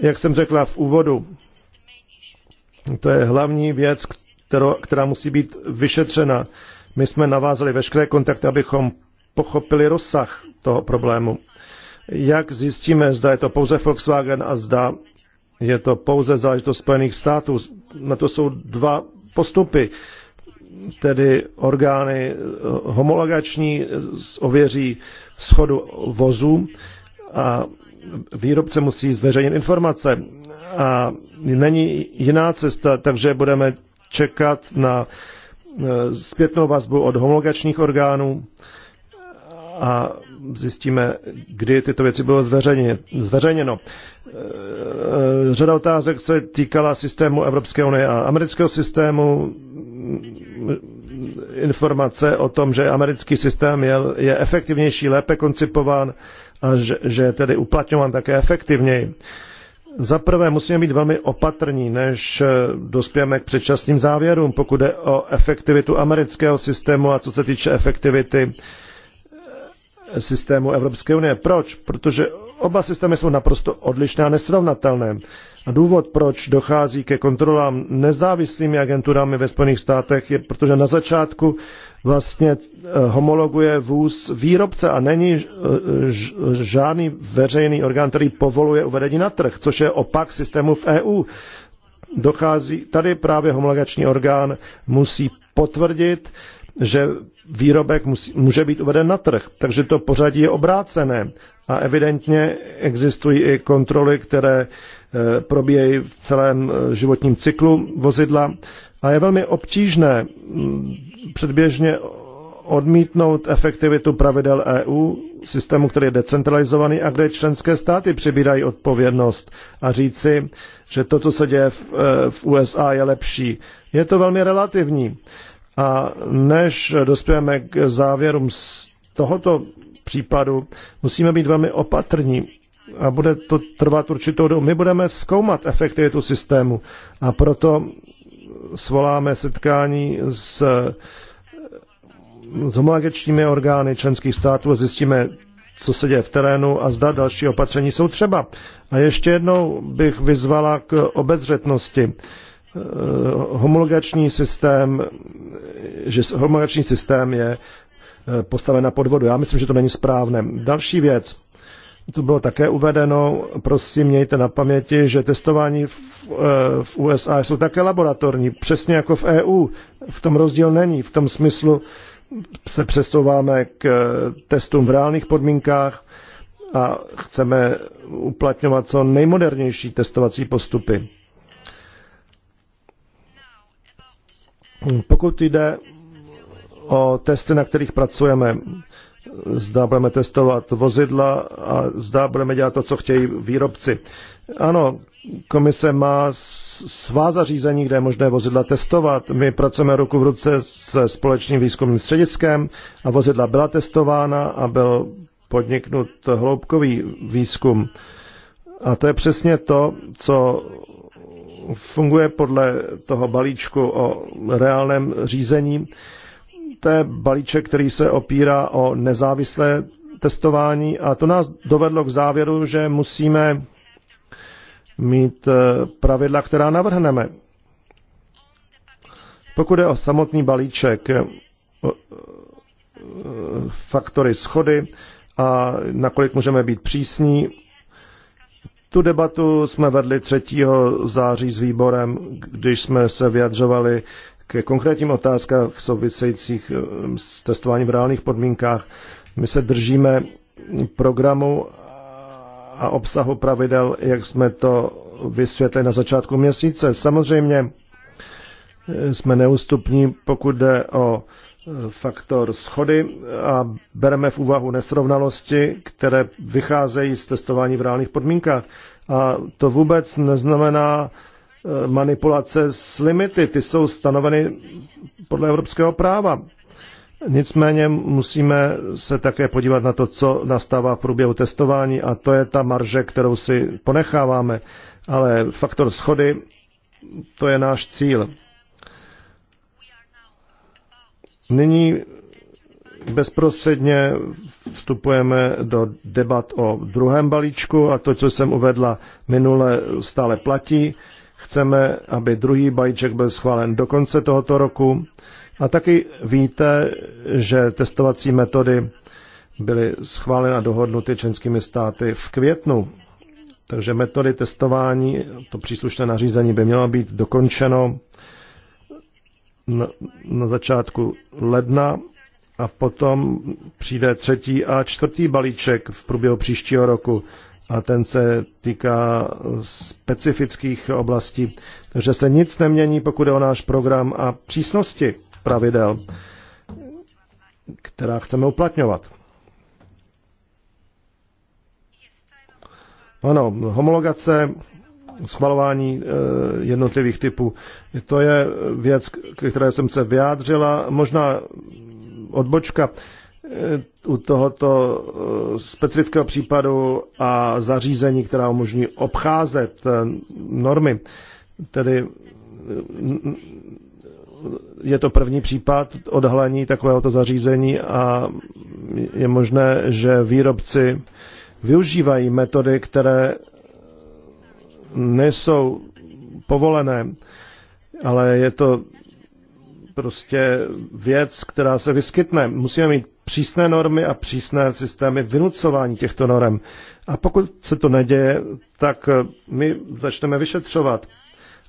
Jak jsem řekla v úvodu, to je hlavní věc, kterou, která musí být vyšetřena. My jsme navázali veškeré kontakty, abychom pochopili rozsah toho problému. Jak zjistíme, zda je to pouze Volkswagen a zda je to pouze záležitost Spojených států. Na to jsou dva postupy. Tedy orgány homologační ověří schodu vozů a výrobce musí zveřejnit informace a není jiná cesta, takže budeme čekat na e, zpětnou vazbu od homologačních orgánů a zjistíme, kdy tyto věci bylo zveřejněno. E, e, řada otázek se týkala systému Evropské unie a amerického systému informace o tom, že americký systém je, je efektivnější, lépe koncipován a že, že je tedy uplatňován také efektivněji. Za prvé musíme být velmi opatrní, než eh, dospějeme k předčasným závěrům, pokud jde o efektivitu amerického systému a co se týče efektivity uh, systému Evropské unie. Proč? Protože oba systémy jsou naprosto odlišné a nesrovnatelné. A důvod, proč dochází ke kontrolám nezávislými agenturami ve Spojených státech, je, protože na začátku vlastně eh, homologuje vůz výrobce a není eh, žádný veřejný orgán, který povoluje uvedení na trh, což je opak systému v EU. Dochází, tady právě homologační orgán musí potvrdit, že výrobek musí, může být uveden na trh. Takže to pořadí je obrácené. A evidentně existují i kontroly, které eh, probíhají v celém eh, životním cyklu vozidla. A je velmi obtížné mm, předběžně odmítnout efektivitu pravidel EU, systému, který je decentralizovaný a kde členské státy přibírají odpovědnost a říci, že to, co se děje v, eh, v USA, je lepší. Je to velmi relativní. A než dospějeme k závěrům z tohoto případu, musíme být velmi opatrní a bude to trvat určitou dobu. My budeme zkoumat efektivitu systému a proto svoláme setkání s, s homologačními orgány členských států a zjistíme, co se děje v terénu a zda další opatření jsou třeba. A ještě jednou bych vyzvala k obezřetnosti. Eh, homologační systém, že homologační systém je eh, postaven na podvodu. Já myslím, že to není správné. Další věc, to bylo také uvedeno, prosím mějte na paměti, že testování v, eh, v USA jsou také laboratorní, přesně jako v EU. V tom rozdíl není, v tom smyslu se přesouváme k testům v reálných podmínkách a chceme uplatňovat co nejmodernější testovací postupy. Pokud jde o testy, na kterých pracujeme, zda budeme testovat vozidla a zda budeme dělat to, co chtějí výrobci. Ano, komise má svá zařízení, kde je možné vozidla testovat. My pracujeme ruku v ruce se společným výzkumným střediskem a vozidla byla testována a byl podniknut hloubkový výzkum. A to je přesně to, co funguje podle toho balíčku o reálném řízení. To je balíček, který se opírá o nezávislé testování a to nás dovedlo k závěru, že musíme mít eh, pravidla, která navrhneme. Pokud je o samotný balíček, eh, eh, faktory schody a nakolik můžeme být přísní, tu debatu jsme vedli 3. září s výborem, když jsme se vyjadřovali ke konkrétním otázkám souvisejících eh, s testováním v reálných podmínkách. My se držíme programu a obsahu pravidel, jak jsme to vysvětlili na začátku měsíce. Samozřejmě eh, jsme neústupní, pokud jde o faktor schody a bereme v úvahu nesrovnalosti, které vycházejí z testování v reálných podmínkách. A to vůbec neznamená eh, manipulace s limity, ty jsou stanoveny podle evropského práva. Nicméně musíme se také podívat na to, co nastává v průběhu testování a to je ta marže, kterou si ponecháváme. Ale faktor schody, to je náš cíl. Nyní bezprostředně vstupujeme do debat o druhém balíčku a to, co jsem uvedla minule, stále platí. Chceme, aby druhý balíček byl schválen do konce tohoto roku. A taky víte, že testovací metody byly schváleny a dohodnuty členskými státy v květnu. Takže metody testování, to příslušné nařízení by mělo být dokončeno na, na začátku ledna a potom přijde třetí a čtvrtý balíček v průběhu příštího roku a ten se týká specifických oblastí. Takže se nic nemění, pokud je o náš program a přísnosti pravidel, která chceme uplatňovat. Ano, homologace schvalování eh, jednotlivých typů. To je věc, které jsem se vyjádřila. Možná odbočka eh, u tohoto eh, specifického případu a zařízení, která umožní obcházet normy. Tedy je to první případ odhalení takovéhoto zařízení a je možné, že výrobci využívají metody, které nejsou povolené, ale je to prostě věc, která se vyskytne. Musíme mít přísné normy a přísné systémy vynucování těchto norm. A pokud se to neděje, tak my začneme vyšetřovat.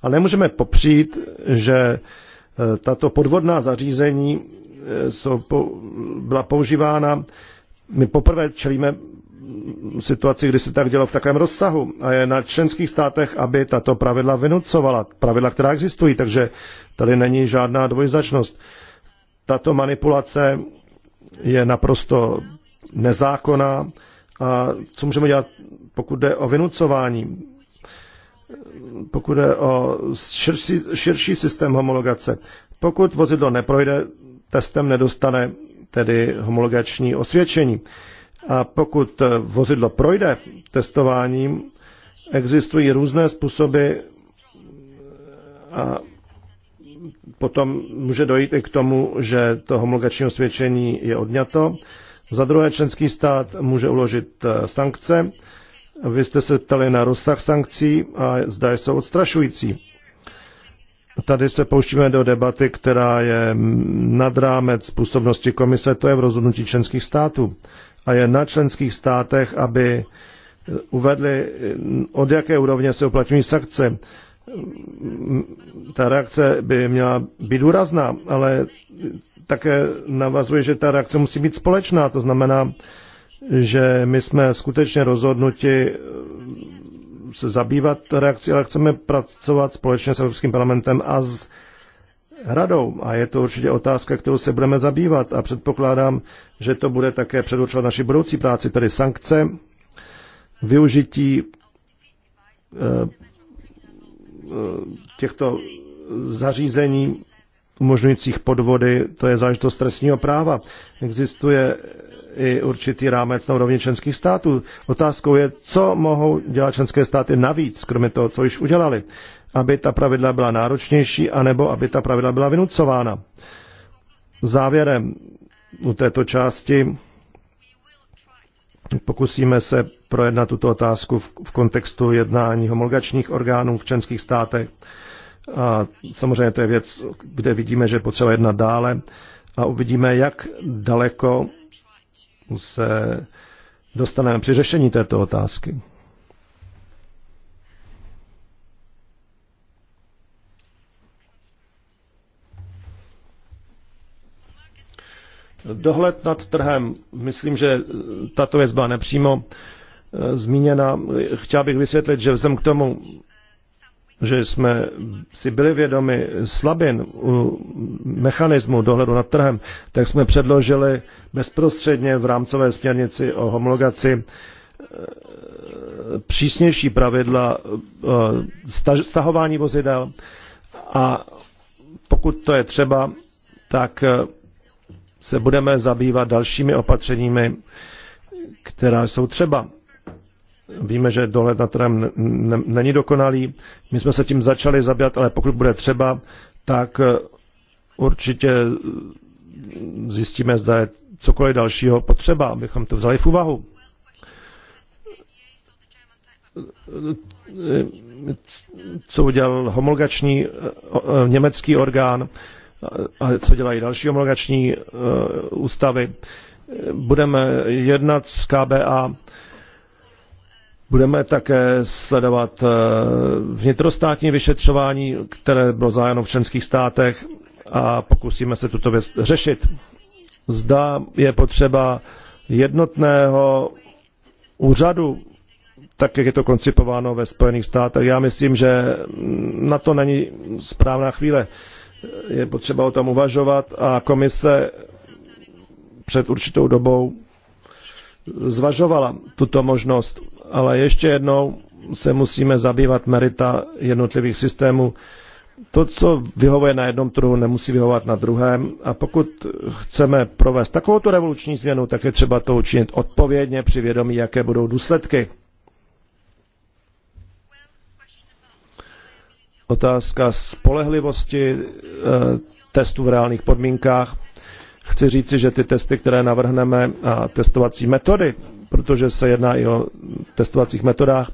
A nemůžeme popřít, že eh, tato podvodná zařízení eh, jsou, byla používána. My poprvé čelíme situaci, kdy se tak dělo v takém rozsahu a je na členských státech, aby tato pravidla vynucovala, pravidla, která existují, takže tady není žádná dvojznačnost. Tato manipulace je naprosto nezákonná a co můžeme dělat, pokud jde o vynucování, pokud jde o širší, širší systém homologace. Pokud vozidlo neprojde testem, nedostane tedy homologační osvědčení. A pokud eh, vozidlo projde testováním, existují různé způsoby eh, a potom může dojít i k tomu, že to homologační osvědčení je odňato. Za druhé členský stát může uložit eh, sankce. Vy jste se ptali na rozsah sankcí a zda jsou odstrašující. Tady se pouštíme do debaty, která je nad rámec působnosti komise, to je v rozhodnutí členských států a je na členských státech, aby uvedli, od jaké úrovně se uplatňují sankce. Ta reakce by měla být důrazná, ale také navazuje, že ta reakce musí být společná. To znamená, že my jsme skutečně rozhodnuti se zabývat reakcí, ale chceme pracovat společně s Evropským parlamentem a s radou a je to určitě otázka, kterou se budeme zabývat a předpokládám, že to bude také předurčovat naši budoucí práci, tedy sankce, využití eh, eh, těchto zařízení umožňujících podvody, to je záležitost trestního práva. Existuje i určitý rámec na úrovni členských států. Otázkou je, co mohou dělat členské státy navíc, kromě toho, co již udělali aby ta pravidla byla náročnější, anebo aby ta pravidla byla vynucována. Závěrem u této části pokusíme se projednat tuto otázku v, v kontextu jednání homologačních orgánů v členských státech. A samozřejmě to je věc, kde vidíme, že je potřeba jednat dále a uvidíme, jak daleko se dostaneme při řešení této otázky. Dohled nad trhem, myslím, že tato věc byla nepřímo eh, zmíněna. Chtěl bych vysvětlit, že vzhledem k tomu, že jsme si byli vědomi slabin u mechanismu dohledu nad trhem, tak jsme předložili bezprostředně v rámcové směrnici o homologaci eh, přísnější pravidla eh, stahování vozidel a pokud to je třeba, tak se budeme zabývat dalšími opatřeními, která jsou třeba. Víme, že dohled na trhem není dokonalý. My jsme se tím začali zabývat, ale pokud bude třeba, tak eh, určitě zjistíme, zda je cokoliv dalšího potřeba, abychom to vzali v úvahu. Eh, eh, co udělal homologační německý orgán, a co dělají další homologační eh, ústavy. Budeme jednat s KBA, budeme také sledovat eh, vnitrostátní vyšetřování, které bylo zájeno v členských státech a pokusíme se tuto věc řešit. Zda je potřeba jednotného úřadu, tak jak je to koncipováno ve Spojených státech. Já myslím, že na to není správná chvíle je potřeba o tom uvažovat a komise před určitou dobou zvažovala tuto možnost, ale ještě jednou se musíme zabývat merita jednotlivých systémů. To, co vyhovuje na jednom trhu, nemusí vyhovovat na druhém. A pokud chceme provést takovouto revoluční změnu, tak je třeba to učinit odpovědně při vědomí, jaké budou důsledky. Otázka spolehlivosti eh, testů v reálných podmínkách. Chci říci, že ty testy, které navrhneme, a testovací metody, protože se jedná i o testovacích metodách,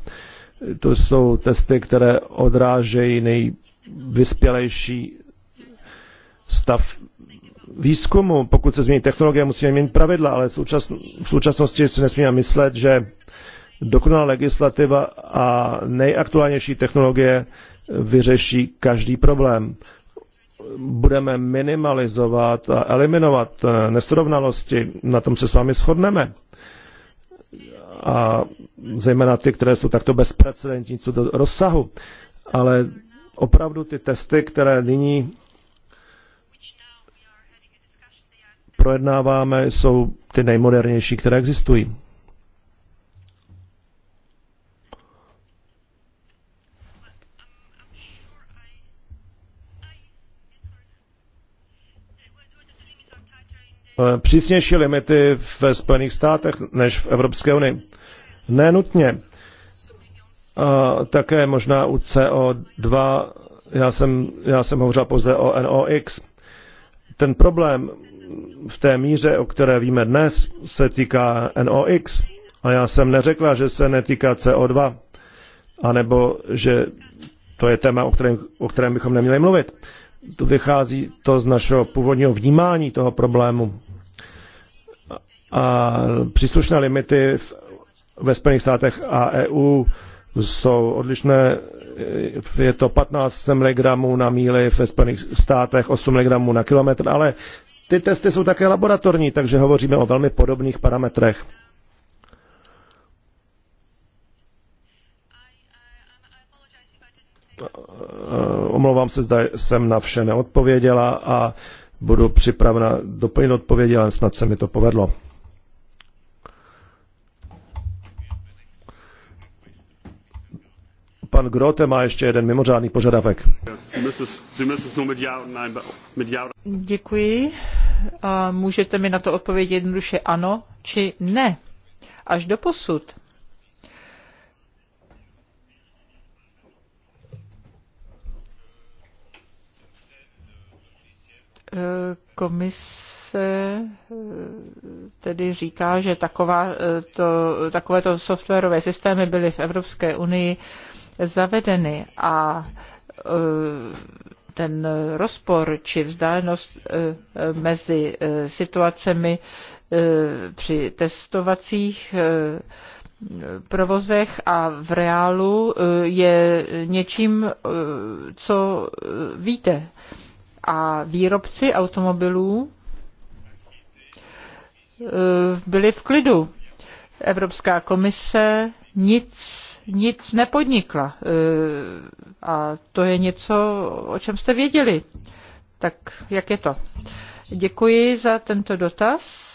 to jsou testy, které odrážejí nejvyspělejší stav výzkumu. Pokud se změní technologie, musíme měnit pravidla, ale v současnosti si nesmíme myslet, že dokonalá legislativa a nejaktuálnější technologie vyřeší každý problém. Budeme minimalizovat a eliminovat eh, nesrovnalosti, na tom se s vámi shodneme. A zejména ty, které jsou takto bezprecedentní co do rozsahu. Ale opravdu ty testy, které nyní projednáváme, jsou ty nejmodernější, které existují. Eh, přísnější limity ve Spojených státech než v Evropské unii. Nenutně. A eh, také možná u CO2, já jsem, já jsem hovořil pouze o NOx. Ten problém v té míře, o které víme dnes, se týká NOx. A já jsem neřekla, že se netýká CO2, anebo že to je téma, o kterém, o kterém bychom neměli mluvit. To vychází to z našeho původního vnímání toho problému a příslušné limity v, ve Spojených státech a EU jsou odlišné. Je to 15 mg na míli ve Spojených státech, 8 mg na kilometr, ale ty testy jsou také laboratorní, takže hovoříme o velmi podobných parametrech. Omlouvám se, zda jsem na vše neodpověděla a budu připravena doplnit odpovědi, ale snad se mi to povedlo. Pan Grote má ještě jeden mimořádný požadavek. Děkuji. A můžete mi na to odpovědět jednoduše ano či ne. Až do posud. Komise eh, tedy říká, že taková eh, to, takovéto softwarové systémy byly v Evropské unii zavedeny a e, ten rozpor či vzdálenost e, mezi e, situacemi při testovacích provozech a v reálu je něčím, co víte. A výrobci automobilů byli v klidu. Evropská komise nic nic nepodnikla. E, a to je něco, o čem jste věděli. Tak jak je to? Děkuji za tento dotaz.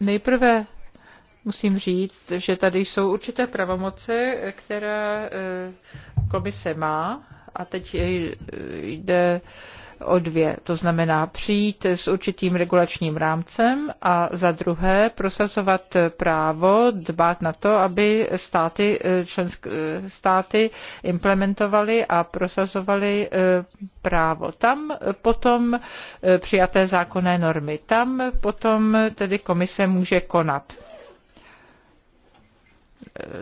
Nejprve musím říct, že tady jsou určité pravomoce, které e, komise má a teď e, jde o dvě. To znamená přijít s určitým regulačním rámcem a za druhé prosazovat právo, dbát na to, aby státy, eh, člensk, eh, státy implementovaly a prosazovaly eh, právo. Tam potom přijaté zákonné normy. Tam potom tedy komise může konat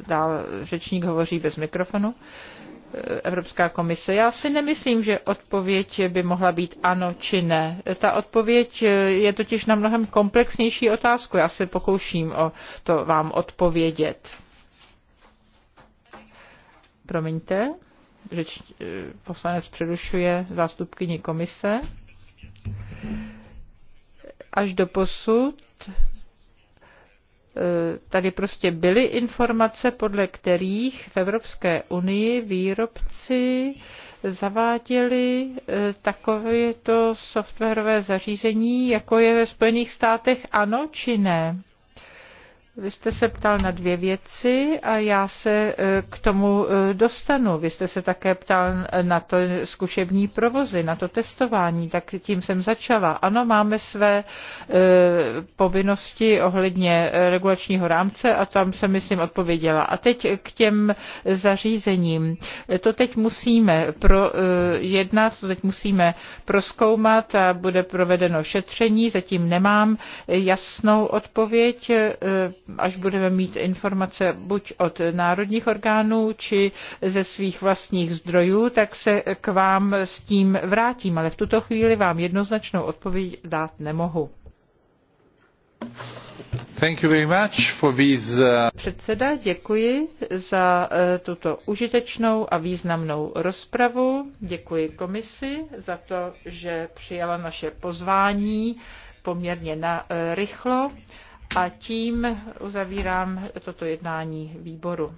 dál řečník hovoří bez mikrofonu. Evropská komise. Já si nemyslím, že odpověď by mohla být ano či ne. Ta odpověď je totiž na mnohem komplexnější otázku. Já se pokouším o to vám odpovědět. Promiňte, řeč, poslanec přerušuje zástupkyni komise. Až do posud Eh, tady prostě byly informace, podle kterých v Evropské unii výrobci zaváděli eh, takovéto softwarové zařízení, jako je ve Spojených státech, ano či ne? Vy jste se ptal na dvě věci a já se eh, k tomu eh, dostanu. Vy jste se také ptal eh, na to zkušební provozy, na to testování, tak tím jsem začala. Ano, máme své povinnosti ohledně regulačního rámce a tam jsem, myslím, odpověděla. A teď k těm zařízením. To teď musíme projednat, to teď musíme proskoumat a bude provedeno šetření. Zatím nemám jasnou odpověď až budeme mít informace buď od národních orgánů, či ze svých vlastních zdrojů, tak se k vám s tím vrátím, ale v tuto chvíli vám jednoznačnou odpověď dát nemohu. Thank you very much for these, uh... Předseda, děkuji za uh, tuto užitečnou a významnou rozpravu. Děkuji komisi za to, že přijala naše pozvání poměrně na, uh, rychlo a tím uzavírám toto jednání výboru.